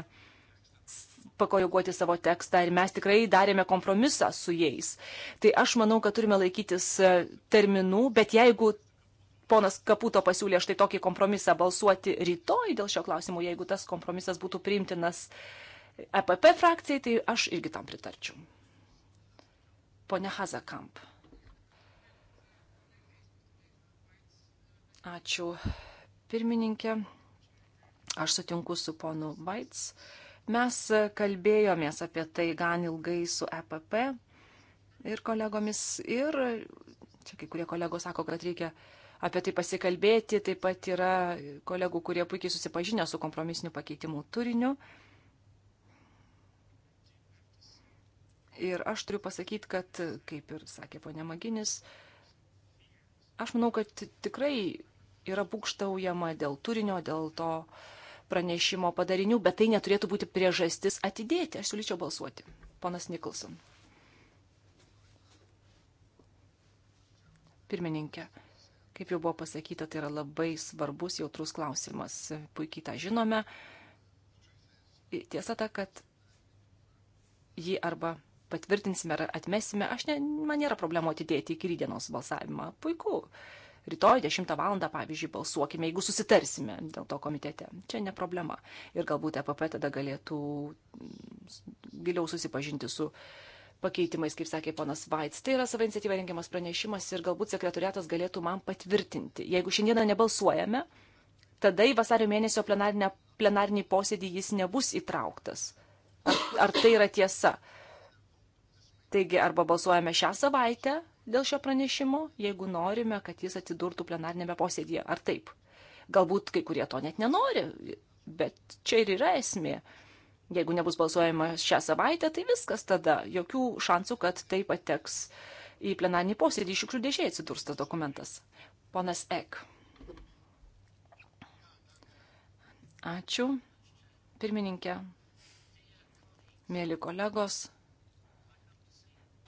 pakoreguoti savo tekstą ir mes tikrai darėme kompromisą su jais. Tai aš manau, kad turime laikytis e, terminų, bet jeigu ponas Kaputo pasiūlė štai tokį kompromisą balsuoti rytoj dėl šio klausimo, jeigu tas kompromisas būtų priimtinas EPP frakcijai, tai aš irgi tam pritarčiau. Pone Hazakamp. Ačiū, pirmininkė. Aš sutinku su ponu Vaits. Mes kalbėjomės apie tai gan ilgai su EPP ir kolegomis. Ir čia kai kurie kolegos sako, kad reikia uh, apie tai pasikalbėti. Taip pat yra kolegų, kurie puikiai susipažinę su kompromisiniu pakeitimu turiniu. Ir aš turiu pasakyti, kad, kaip ir sakė ponė Maginis, aš manau, kad tikrai yra būkštaujama dėl turinio, dėl to pranešimo padarinių, bet tai neturėtų būti priežastis atidėti. Aš siūlyčiau balsuoti. Ponas Nikolson. Pirmininkė, Kaip jau buvo pasakyta, tai yra labai svarbus, jautrus klausimas. Puikiai tą žinome. Tiesa ta, kad jį arba patvirtinsime ar atmesime, aš ne, man nėra problemo atidėti iki rydienos balsavimą. Puiku. Rytoj 10 val. pavyzdžiui, balsuokime, jeigu susitarsime dėl to komitete. Čia ne problema. Ir galbūt EPP tada galėtų mm, giliau susipažinti su uh, pakeitimais, kaip sakė ponas Vaits. Tai yra savo iniciatyvą rengiamas pranešimas ir galbūt sekretoriatas galėtų man patvirtinti. Jeigu šiandieną nebalsuojame, tada į vasario mėnesio plenarinį posėdį jis nebus įtrauktas. Ar, ar tai yra tiesa? Taigi, arba balsuojame šią savaitę dėl šio pranešimo, jeigu norime, kad jis atsidurtų plenarinėme posėdėje. Ar taip? Galbūt kai kurie to net nenori, bet čia ir yra esmė. Uh, Jeigu nebus balsuojama šią savaitę, tai viskas tada. Jokių šansų, kad tai pateks į plenarinį posėdį. Iš šiukšlių dėžėje atsidurs tas dokumentas. Ponas Ek. Ačiū, pirmininkė. Mėly kolegos,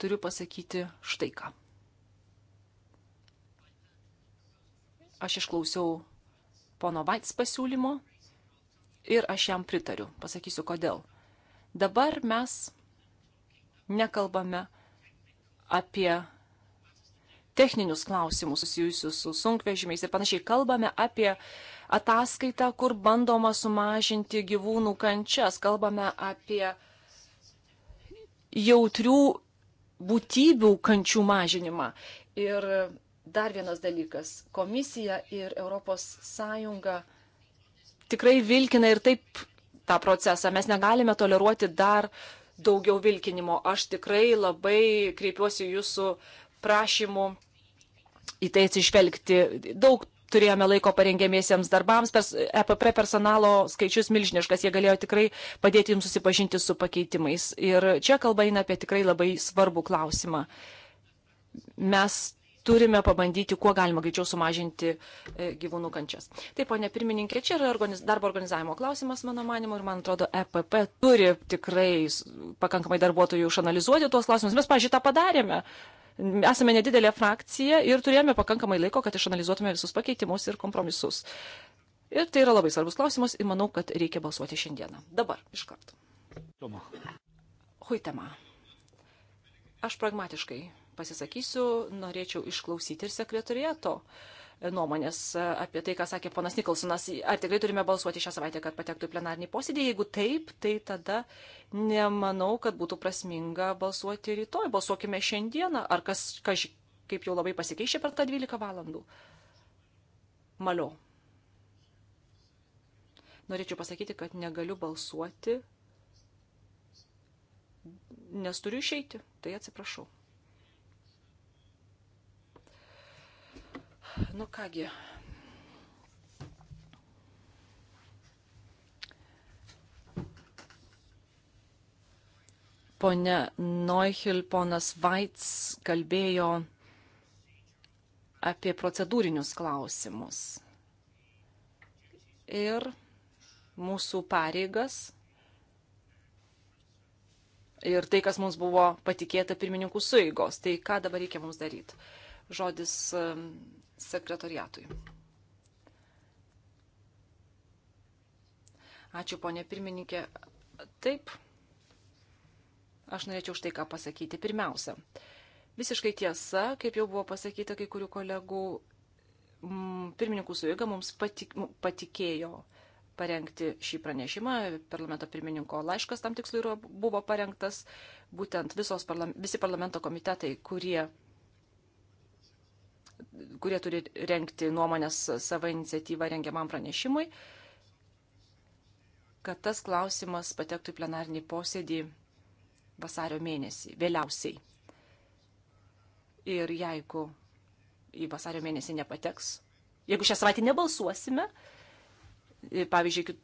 turiu pasakyti štai ką. Aš išklausiau pono Vaits pasiūlymo ir aš jam pritariu. Pasakysiu kodėl. Dabar mes nekalbame apie techninius klausimus susijusius su sunkvežimiais ir panašiai. Kalbame apie ataskaitą, kur bandoma sumažinti gyvūnų kančias. Kalbame apie jautrių būtybių kančių mažinimą. Ir dar vienas dalykas. Komisija ir Europos Sąjunga tikrai vilkina ir taip tą procesą. Mes negalime toleruoti dar daugiau vilkinimo. Aš tikrai labai kreipiuosi jūsų prašymu į tai atsižvelgti. Daug turėjome laiko parengėmiesiems darbams, pers, EPP personalo skaičius milžiniškas, jie galėjo tikrai padėti jums susipažinti su pakeitimais. Ir čia kalba eina apie tikrai labai svarbų klausimą. Mes turime pabandyti kuo galima greičiau sumažinti e, gyvūnų kančias. Taip, ponė pirmininkė, čia yra organiz, darbo organizavimo klausimas, mano manimu, ir man atrodo, EPP turi tikrai pakankamai darbuotojų išanalizuoti tuos klausimus. Mes, pažiūrėjau, tą padarėme. Esame nedidelė frakcija ir turėjome pakankamai laiko, kad išanalizuotume visus pakeitimus ir kompromisus. Ir tai yra labai svarbus klausimas ir manau, kad reikia balsuoti šiandieną. Dabar, iš karto. Toma. Huitema. Aš pragmatiškai pasisakysiu, norėčiau išklausyti ir sekretorieto nuomonės apie tai, ką sakė ponas Nikolsonas. Ar tikrai turime balsuoti šią savaitę, kad patektų į plenarnį posėdį? Jeigu taip, tai tada nemanau, kad būtų prasminga balsuoti rytoj. Balsuokime šiandieną. Ar kas, kaž, kaip jau labai pasikeičia per tą 12 valandų? Maliau. Norėčiau pasakyti, kad negaliu balsuoti, nes turiu išeiti. Tai atsiprašau. Nu kągi. Pone Neuchil, ponas Vaits kalbėjo apie procedūrinius klausimus ir mūsų pareigas ir tai, kas mums buvo patikėta pirmininkų suigos. Tai ką dabar reikia mums daryti? Žodis sekretoriatui. Ačiū, ponė pirmininkė. Taip, aš norėčiau štai ką pasakyti. Pirmiausia, visiškai tiesa, kaip jau buvo pasakyta kai kurių kolegų, pirmininkų suėga mums patik, patikėjo parengti šį pranešimą. Parlamento pirmininko laiškas tam tikslui buvo parengtas. Būtent visos, visi parlamento komitetai, kurie kurie turi renkti nuomonės savo iniciatyvą rengiamam pranešimui, kad tas klausimas patektų į plenarnį posėdį vasario mėnesį, vėliausiai. Ir jeigu į vasario mėnesį nepateks, jeigu šią savaitę nebalsuosime, pavyzdžiui,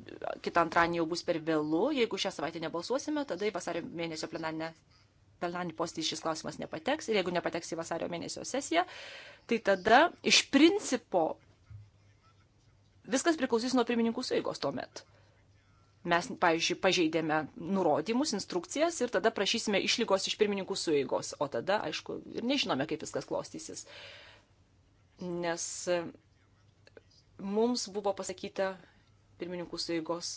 kitą antradienį jau bus per vėlų, jeigu šią savaitę nebalsuosime, tada į vasario mėnesio plenarinę plenarnį postį šis klausimas nepateks ir jeigu nepateks į vasario mėnesio sesiją, tai tada iš principo viskas priklausys nuo pirmininkų sueigos tuo metu. Mes, pavyzdžiui, pažeidėme nurodymus, instrukcijas ir tada prašysime išlygos iš pirmininkų sueigos, o tada, aišku, ir nežinome, kaip viskas klostysis. Nes mums buvo pasakyta pirmininkų sueigos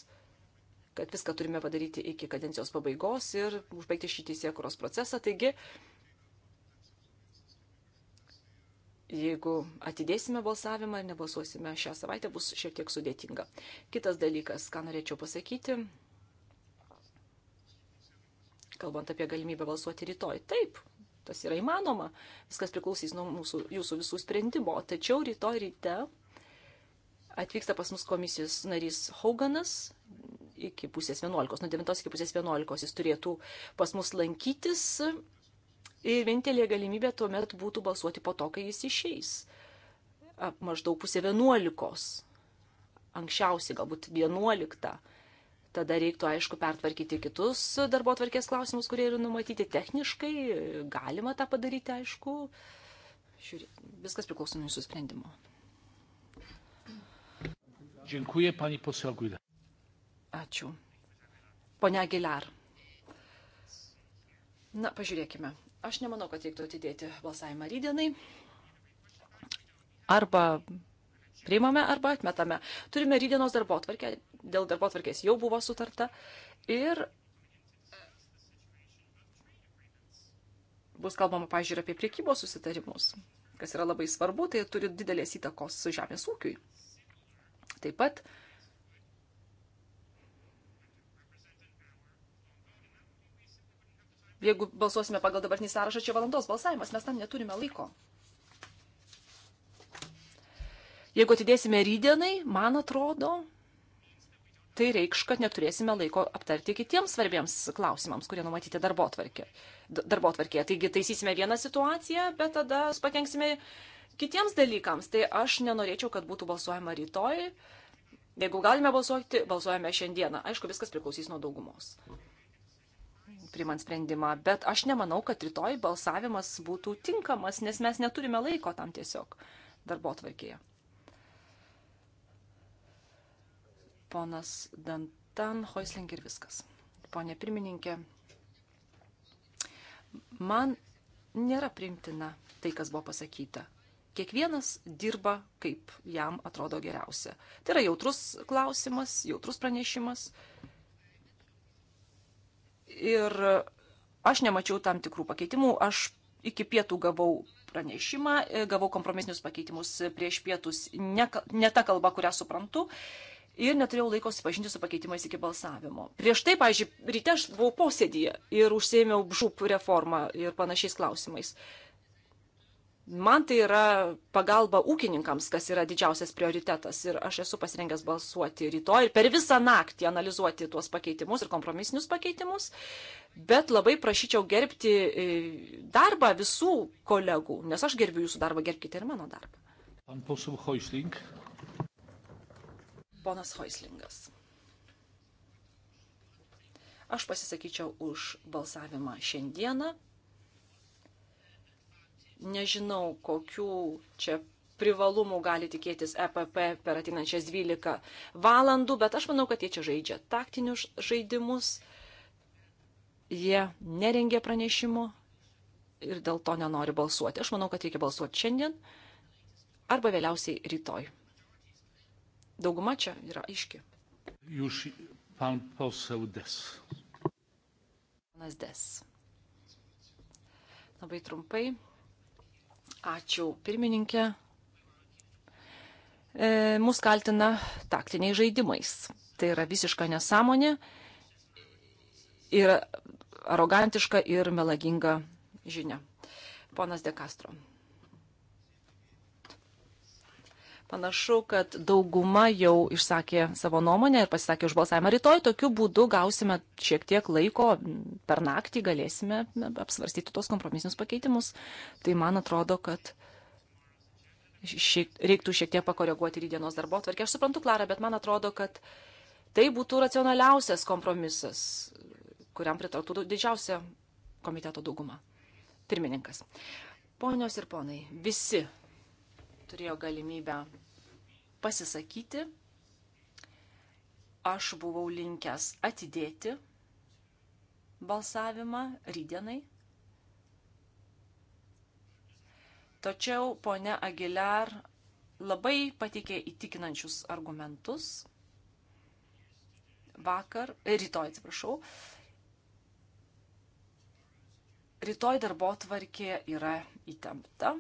kad viską turime padaryti iki kadencijos pabaigos ir užbaigti šį teisėkuros procesą. Taigi, jeigu atidėsime balsavimą ir nebalsuosime šią savaitę, bus šiek tiek sudėtinga. Kitas dalykas, ką norėčiau pasakyti, kalbant apie galimybę balsuoti rytoj. Taip, tas yra įmanoma, viskas priklausys nuo mūsų, jūsų visų sprendimo, tačiau rytoj ryte atvyksta pas mus komisijos narys Hauganas, iki pusės 11, nuo 9 iki pusės 11 jis turėtų pas mus lankytis ir vienintelė galimybė tuomet būtų balsuoti po to, kai jis išeis. Maždaug pusė 11, anksčiausiai galbūt 11. Tada reiktų, aišku, pertvarkyti kitus darbo atvarkės klausimus, kurie yra numatyti techniškai. Galima tą padaryti, aišku. Žiūrėk, viskas priklauso nuo jūsų sprendimo. Dziękuję pani poseł Aguilera. Ačiū. Pone Aguilar. Na, pažiūrėkime. Aš nemanau, kad reiktų atidėti balsavimą rydienai. Arba priimame, arba atmetame. Turime rydienos darbo atvarkę. Dėl darbo atvarkės jau buvo sutarta. Ir bus kalbama, pažiūrėjau, apie priekybos susitarimus, kas yra labai svarbu, tai turi didelės įtakos žemės ūkiui. Taip pat jeigu balsuosime pagal dabartinį sąrašą, čia valandos balsavimas, mes tam neturime laiko. Jeigu atidėsime rydienai, man atrodo, tai reikš, kad neturėsime laiko aptarti kitiems svarbiems klausimams, kurie numatyti darbo atvarkėje. Taigi taisysime vieną situaciją, bet tada pakenksime kitiems dalykams. Tai aš nenorėčiau, kad būtų balsuojama rytoj. Jeigu galime balsuoti, balsuojame šiandieną. Aišku, viskas priklausys nuo daugumos primant sprendimą, bet aš nemanau, kad rytoj balsavimas būtų tinkamas, nes mes neturime laiko tam tiesiog darbo atvarkėje. Ponas Dantan, Hoisling ir viskas. Pone pirmininkė, man nėra primtina tai, kas buvo pasakyta. Kiekvienas dirba, kaip jam atrodo geriausia. Tai yra jautrus klausimas, jautrus pranešimas ir aš nemačiau tam tikrų pakeitimų. Aš iki pietų gavau pranešimą, e, gavau kompromisinius pakeitimus prieš pietus, ne, ne ta kalba, kurią suprantu. Ir neturėjau laiko susipažinti su pakeitimais iki balsavimo. Prieš tai, pažiūrėjau, ryte aš buvau posėdėje ir užsėmiau žūp reformą ir panašiais klausimais. Uh, Man tai yra pagalba ūkininkams, kas yra didžiausias prioritetas. Ir aš esu pasirengęs balsuoti rytoj ir per visą naktį analizuoti tuos pakeitimus ir kompromisinius pakeitimus. Bet labai prašyčiau gerbti e, darbą visų kolegų, nes aš gerbiu jūsų darbą, gerbkite ir mano darbą. Ponas Hoislingas. Aš pasisakyčiau už balsavimą šiandieną Nežinau, kokių čia privalumų gali tikėtis EPP per ateinančias 12 valandų, bet aš manau, kad jie čia žaidžia taktinius žaidimus, jie nerengė pranešimo ir dėl to nenori balsuoti. Aš manau, kad reikia balsuoti šiandien arba vėliausiai rytoj. Dauguma čia yra aiški. Jūs pan posaudes. Panas des. Labai trumpai. Ačiū, pirmininkė. E, mus kaltina taktiniais žaidimais. Tai yra visiška nesąmonė ir arogantiška ir melaginga žinia. Ponas De Castro. Panašu, kad dauguma jau išsakė savo nuomonę ir pasisakė už balsavimą. Rytoj tokiu būdu gausime šiek tiek laiko, per naktį galėsime apsvarstyti tos kompromisinius pakeitimus. Tai man atrodo, kad šiek, reiktų šiek tiek pakoreguoti rydienos darbo atvarkę. Aš suprantu, Klara, bet man atrodo, kad tai būtų racionaliausias kompromisas, kuriam pritartų didžiausia komiteto dauguma. Pirmininkas. Ponios ir ponai, visi turėjo galimybę pasisakyti. Aš buvau linkęs atidėti balsavimą rydienai. Tačiau ponia Aguilar labai pateikė įtikinančius argumentus vakar, rytoj atsiprašau. Rytoj darbo tvarkė yra įtempta,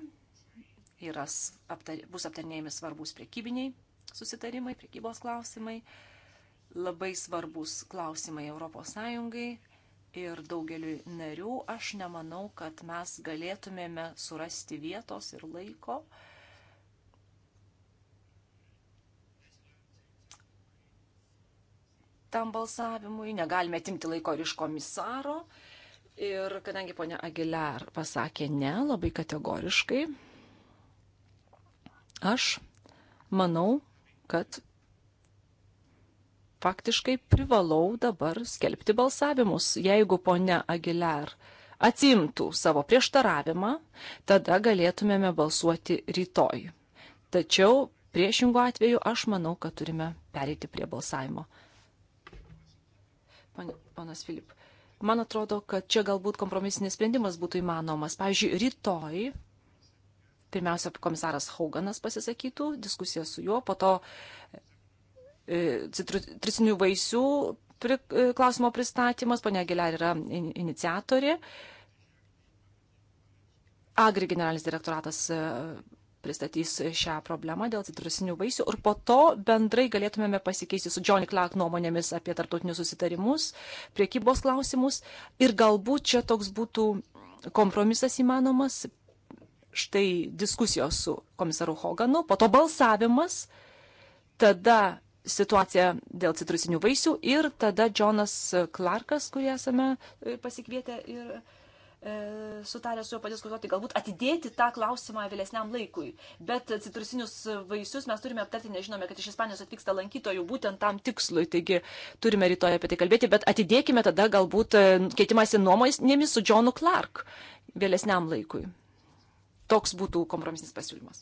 yra, aptar, bus aptarnėjami svarbus priekybiniai susitarimai, priekybos klausimai, labai svarbus klausimai ES ir daugeliu narių. Aš nemanau, kad mes galėtumėme surasti vietos ir laiko. Tam balsavimui negalime timti laiko ir iš komisaro. Ir kadangi ponia Aguilar pasakė ne labai kategoriškai, Aš manau, kad faktiškai privalau dabar skelbti balsavimus. Jeigu ponia Aguilar atsimtų savo prieštaravimą, tada galėtumėme balsuoti rytoj. Tačiau priešingų atveju aš manau, kad turime pereiti prie balsavimo. Ponas Filip, man atrodo, kad čia galbūt kompromisinis sprendimas būtų įmanomas. Pavyzdžiui, rytoj pirmiausia, komisaras Hauganas pasisakytų, diskusija su juo, po to e, tricinių vaisių pri, e, klausimo pristatymas, ponia Giler yra in, iniciatorė. Agri generalinis direktoratas e, pristatys šią problemą dėl citrusinių vaisių ir po to bendrai galėtumėme pasikeisti su Johnny Clark nuomonėmis apie tartutinius susitarimus, priekybos klausimus ir galbūt čia toks būtų kompromisas įmanomas štai diskusijos su komisaru Hoganu, po to balsavimas, tada situacija dėl citrusinių vaisių ir tada Jonas Clarkas, kurį esame e, pasikvietę ir e, sutarę su juo padiskutuoti, galbūt atidėti tą klausimą vėlesniam laikui. Bet citrusinius vaisius mes turime aptarti, nežinome, kad iš Ispanijos atvyksta lankytojų būtent tam tikslui, taigi turime rytoj apie tai kalbėti, bet atidėkime tada galbūt e, keitimąsi nuomonėmis su Johnu Clark vėlesniam laikui. Toks būtų kompromisinis pasiūlymas.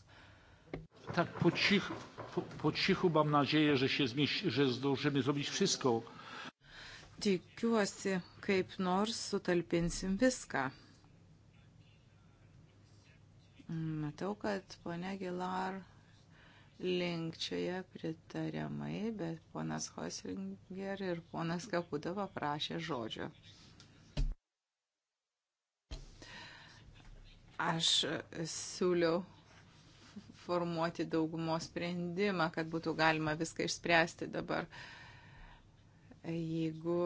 Tak po cichu, po, po cichu mam nadzieję, że, się zmieś, że zdążymy zrobić wszystko. Tikiuosi, kaip nors sutalpinsim viską. Matau, kad ponia Gilar linkčioje pritariamai, bet ponas Hoslinger ir ponas Kapudova prašė žodžio. Aš siūliau formuoti daugumos sprendimą, kad būtų galima viską išspręsti dabar. Jeigu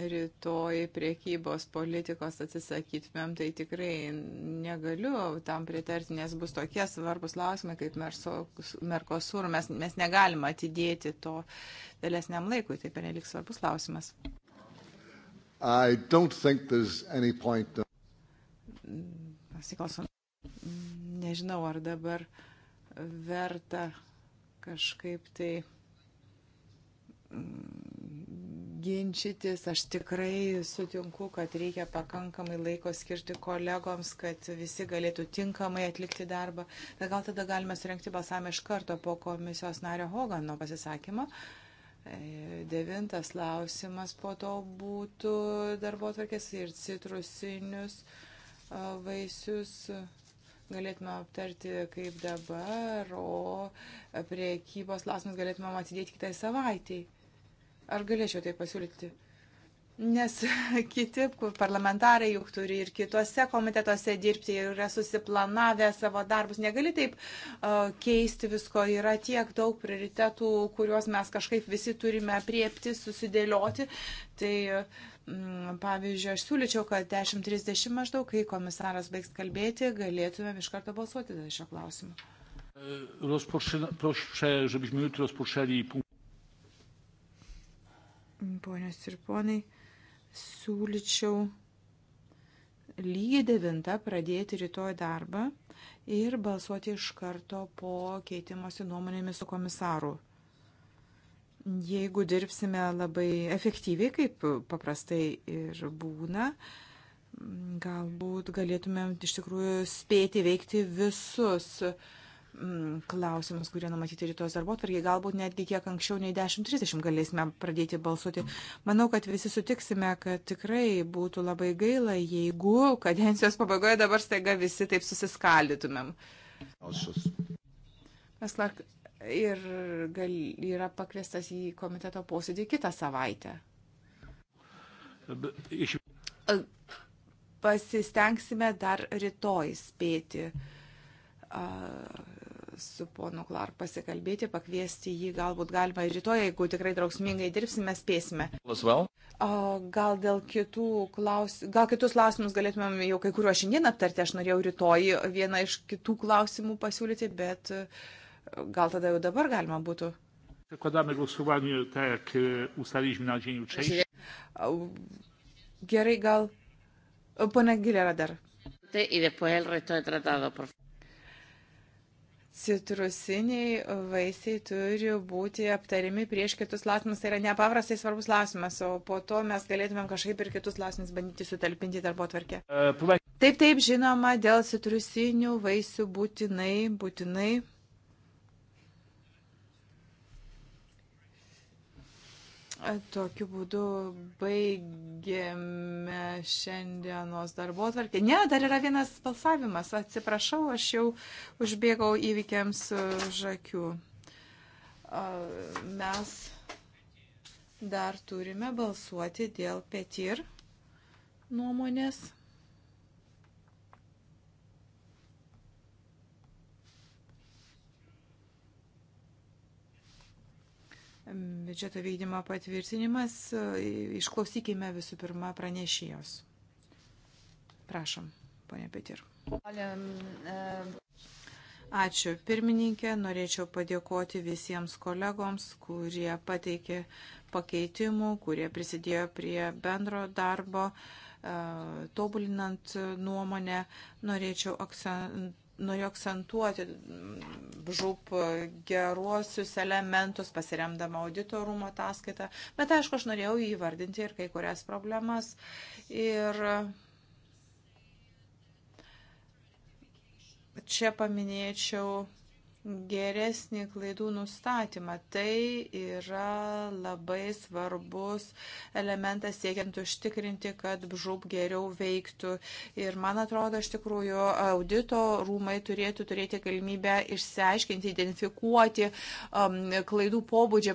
rytoj priekybos politikos atsisakytumėm, tai tikrai negaliu tam pritarti, nes bus tokie svarbus klausimai kaip Merkosur. Mes, mes negalime atidėti to vėlesniam laikui, tai pernelik svarbus klausimas. Sikolson, nežinau, ar dabar verta kažkaip tai mm, ginčytis. Aš tikrai sutinku, kad reikia pakankamai laiko skirti kolegoms, kad visi galėtų tinkamai atlikti darbą. Tai gal tada galime surinkti balsavimą iš karto po komisijos nario Hogano pasisakymą. E, devintas klausimas po to būtų darbo atvarkės ir citrusinius. Uh, vaisius galėtume aptarti kaip dabar, o priekybos klausimus galėtume atidėti kitai savaitėjai. Ar galėčiau tai pasiūlyti? Nes [LAUGHS] kiti parlamentarai juk turi ir kitose komitetuose dirbti, yra susiplanavę savo darbus, negali taip uh, keisti visko, yra tiek daug prioritetų, kuriuos mes kažkaip visi turime priepti, susidėlioti. Tai uh, Mm, pavyzdžiui, aš siūlyčiau, kad 10.30 maždaug, kai komisaras baigs kalbėti, galėtumėm iš karto balsuoti dėl šio klausimo. E, Ponios ir ponai, siūlyčiau lygiai 9 pradėti rytoj darbą ir balsuoti iš karto po keitimosi nuomonėmis su komisaru. Jeigu dirbsime labai efektyviai, kaip paprastai ir būna, galbūt galėtumėm iš tikrųjų spėti veikti visus mm, klausimus, kurie numatyti rytos darbo tvarkiai, galbūt netgi kiek anksčiau nei 10.30 galėsime pradėti balsuoti. Manau, kad visi sutiksime, kad tikrai būtų labai gaila, jeigu kadencijos pabaigoje dabar staiga visi taip susiskaldytumėm. Mes, Lark, ir gal, yra pakviestas į komiteto posėdį kitą savaitę. Pasistengsime dar rytoj spėti a, su ponu Clark pasikalbėti, pakviesti jį, galbūt galima ir rytoj, jeigu tikrai drausmingai dirbsime, spėsime. Well. A, gal dėl kitų klausimų, gal kitus klausimus galėtumėm jau kai kuriuos šiandien aptarti, aš norėjau rytoj vieną iš kitų klausimų pasiūlyti, bet uh, Gal tada jau dabar galima būtų. E, gerai, gal. E, pone Gilera dar. Citrusiniai vaisiai turi būti aptarimi prieš kitus klausimus. Tai yra nepaprastai svarbus klausimas, o po to mes galėtumėm kažkaip ir kitus klausimus bandyti sutalpinti į darbo tvarkę. E, taip, taip, žinoma, dėl citrusinių vaisių būtinai, būtinai Tokiu būdu baigėme šiandienos darbo atvarkę. Ne, dar yra vienas balsavimas. Atsiprašau, aš jau užbėgau įvykiams žakių. Mes dar turime balsuoti dėl Petir nuomonės. biudžeto vykdymo patvirtinimas. E, išklausykime visų pirma pranešėjos. Prašom, ponia Petir. Ačiū pirmininkė, norėčiau padėkoti visiems kolegoms, kurie pateikė pakeitimų, kurie prisidėjo prie bendro darbo, e, tobulinant nuomonę. Norėčiau akcentuoti Noriu akcentuoti mm, žūp geruosius elementus, pasiremdama auditorumo ataskaitą, bet aišku, aš norėjau įvardinti ir kai kurias problemas. Ir čia paminėčiau geresnį klaidų nustatymą. Tai yra labai svarbus elementas siekiant užtikrinti, kad žūb geriau veiktų. Ir man atrodo, iš tikrųjų, audito rūmai turėtų turėti galimybę išsiaiškinti, identifikuoti um, klaidų pobūdžią,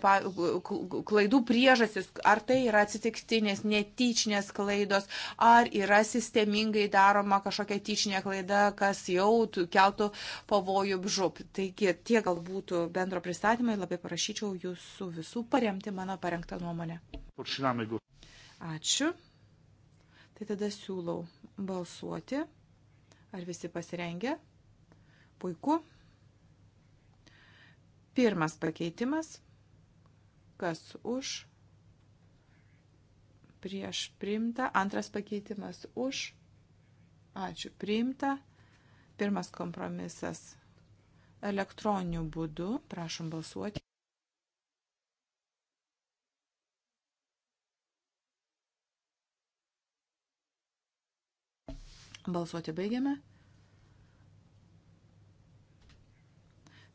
klaidų priežastis, ar tai yra atsitiktinės, netyčinės klaidos, ar yra sistemingai daroma kažkokia tyčinė klaida, kas jau keltų pavojų žūb. Taigi, tie gal būtų bendro pristatymai, labai prašyčiau jūsų visų paremti mano parengtą nuomonę. Ačiū. Tai tada siūlau balsuoti. Ar visi pasirengę? Puiku. Pirmas pakeitimas. Kas už? Prieš priimta. Antras pakeitimas už. Ačiū. Priimta. Pirmas kompromisas elektroniniu būdu. Prašom balsuoti. Balsuoti baigiame.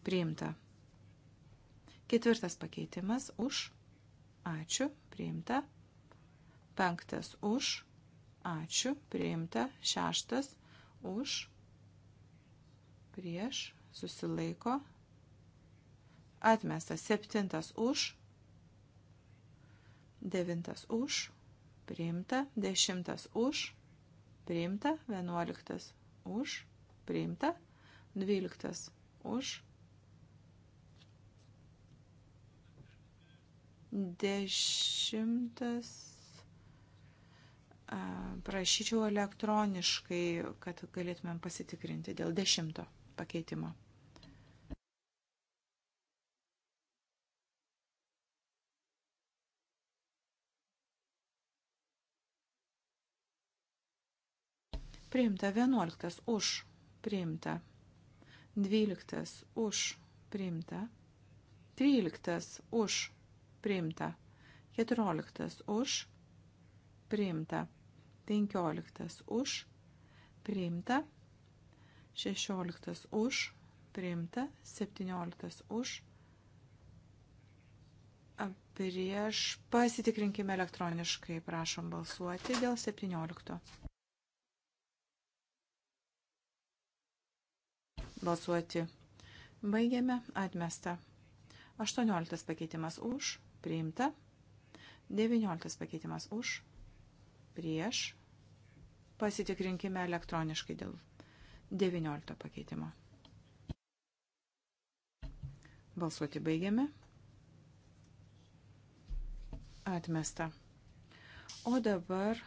Priimta. Ketvirtas pakeitimas už. Ačiū. Priimta. Penktas už. Ačiū. Priimta. Šeštas už. Prieš susilaiko, atmestas septintas už, devintas už, priimta, dešimtas už, priimta, vienuoliktas už, priimta, dvyliktas už, dešimtas prašyčiau elektroniškai, kad galėtumėm pasitikrinti dėl dešimto pakeitimo. priimta, 11 už priimta, 12 už priimta, 13 už priimta, 14 už priimta, 15 už priimta, 16 už priimta, 17 už prieš pasitikrinkime elektroniškai, prašom balsuoti dėl 17. balsuoti. Baigiame atmestą. 18 pakeitimas už, priimta. 19 pakeitimas už, prieš. Pasitikrinkime elektroniškai dėl 19 pakeitimo. Balsuoti baigiame. Atmesta. O dabar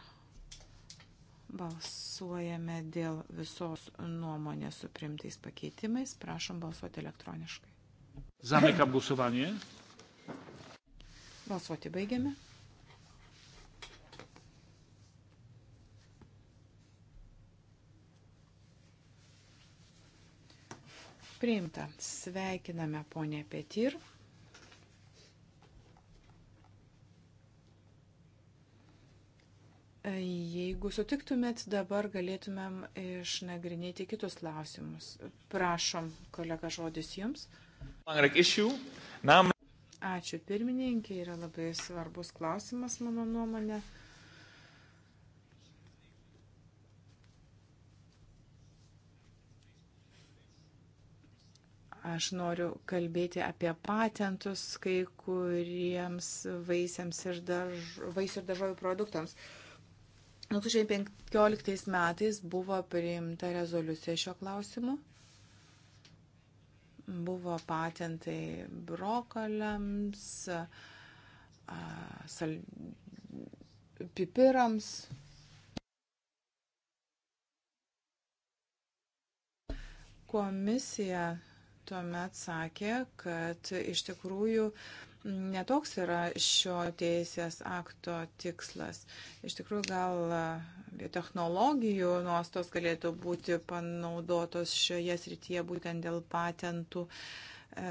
Balsuojame dėl visos nuomonės su primtais pakeitimais. Prašom balsuoti elektroniškai. Zamykam głosowanie. Balsuoti baigiame. Priimta. Sveikiname ponę Petir. Jeigu sutiktumėt, dabar galėtumėm išnagrinėti kitus klausimus. Prašom, kolega, žodis jums. Ačiū pirmininkė, yra labai svarbus klausimas, mano nuomonė. Aš noriu kalbėti apie patentus kai kuriems vaisiams ir, darž... vaisių ir daržovių produktams. Uh, 2015 metais buvo priimta rezoliucija šio klausimu. Buvo patentai brokoliams, sal... pipirams. Komisija tuomet sakė, kad iš tikrųjų uh, netoks yra šio teisės akto tikslas. Iš tikrųjų, gal biotehnologijų e, nuostos galėtų būti panaudotos šioje srityje būtent dėl patentų e,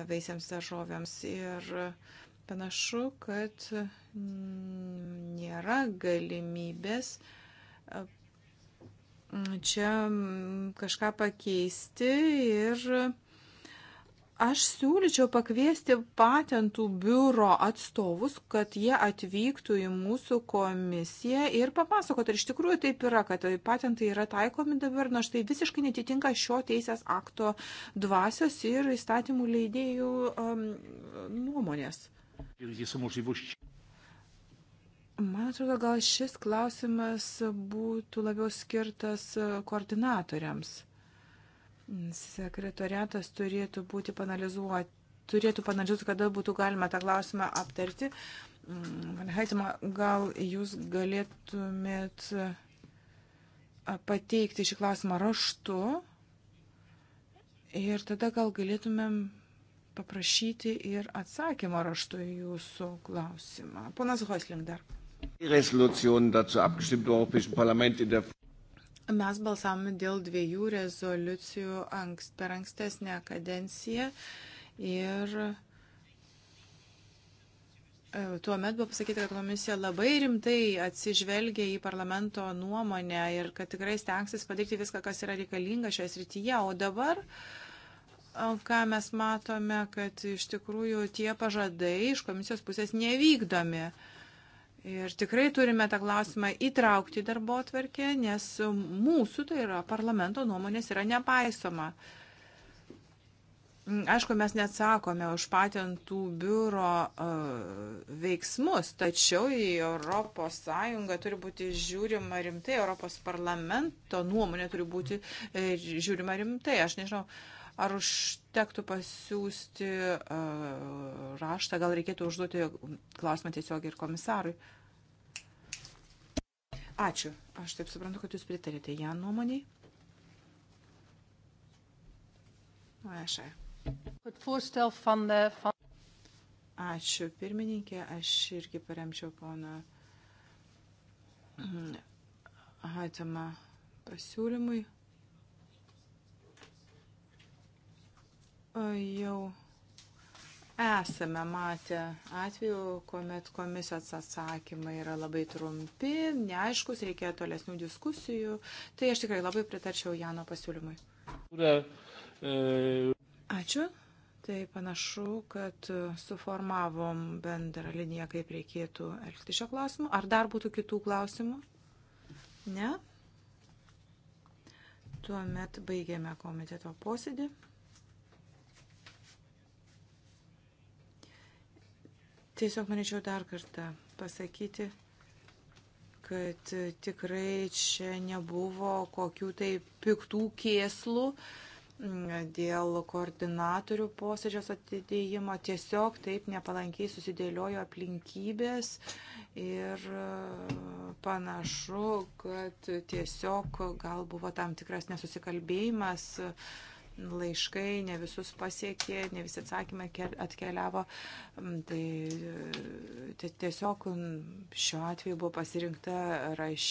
veisiams daržovėms. Ir panašu, kad mm, nėra galimybės e, čia mm, kažką pakeisti ir Aš siūlyčiau pakviesti patentų biuro atstovus, kad jie atvyktų į mūsų komisiją ir papasakotų, ar iš tikrųjų taip yra, kad patentai yra taikomi dabar, nors tai visiškai netitinka šio teisės akto dvasios ir įstatymų leidėjų um, nuomonės. Man atrodo, gal šis klausimas būtų labiau skirtas koordinatoriams. Sekretoriatas turėtų būti panalizuoti, turėtų panalizuoti, kada būtų galima tą klausimą aptarti. Mm, Heitima, gal jūs galėtumėt e, pateikti šį klausimą raštu ir tada gal galėtumėm paprašyti ir atsakymą raštu į jūsų klausimą. Ponas Hosling dar. Die Resolution dazu abgestimmt im Europäischen Parlament in der Mes balsavome dėl dviejų rezoliucijų ankst, per ankstesnę kadenciją ir e, Tuomet buvo pasakyta, kad komisija labai rimtai atsižvelgia į parlamento nuomonę ir kad tikrai stengsis padaryti viską, kas yra reikalinga šioje srityje. O dabar, ką mes matome, kad iš tikrųjų tie pažadai iš komisijos pusės nevykdomi. Uh, Ir tikrai turime tą klausimą įtraukti į darbo atverkę, nes mūsų, tai yra parlamento nuomonės, yra nepaisoma. Aišku, mes neatsakome už patentų biuro uh, veiksmus, tačiau į ES turi būti žiūrima rimtai, ES parlamento nuomonė turi būti e, žiūrima rimtai. Aš nežinau, uh, Ar užtektų pasiūsti e, raštą, gal reikėtų užduoti klausimą tiesiog ir komisarui? Ačiū. Aš taip suprantu, kad jūs pritarėte ją nuomoniai. Aš. E. Ačiū, pirmininkė. Aš irgi paremčiau poną mm, Haitamą pasiūlymui. jau esame matę atvejų, kuomet komisijos atsakymai yra labai trumpi, neaiškus, reikia tolesnių diskusijų. Tai aš tikrai labai pritarčiau Jano pasiūlymui. Ačiū. Tai panašu, kad suformavom bendrą liniją, kaip reikėtų elgti šio klausimu. Ar dar būtų kitų klausimų? Ne? Tuomet baigėme komiteto posėdį. Tiesiog norėčiau dar kartą pasakyti, kad e, tikrai čia nebuvo kokių tai piktų kėslų dėl koordinatorių posėdžios atidėjimo. Tiesiog taip nepalankiai susidėliojo aplinkybės ir e, panašu, kad tiesiog gal buvo tam tikras nesusikalbėjimas laiškai, ne visus pasiekė, ne visi atsakymai atkeliavo. Mm, tai e, tiesiog mm, šiuo atveju buvo pasirinkta raš,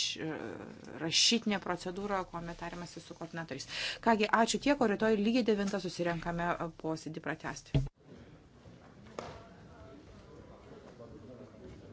rašytinė procedūra, kuomet tariamasi su koordinatoriais. Kągi, ačiū tiek, o rytoj lygiai 9 susirenkame posėdį pratesti.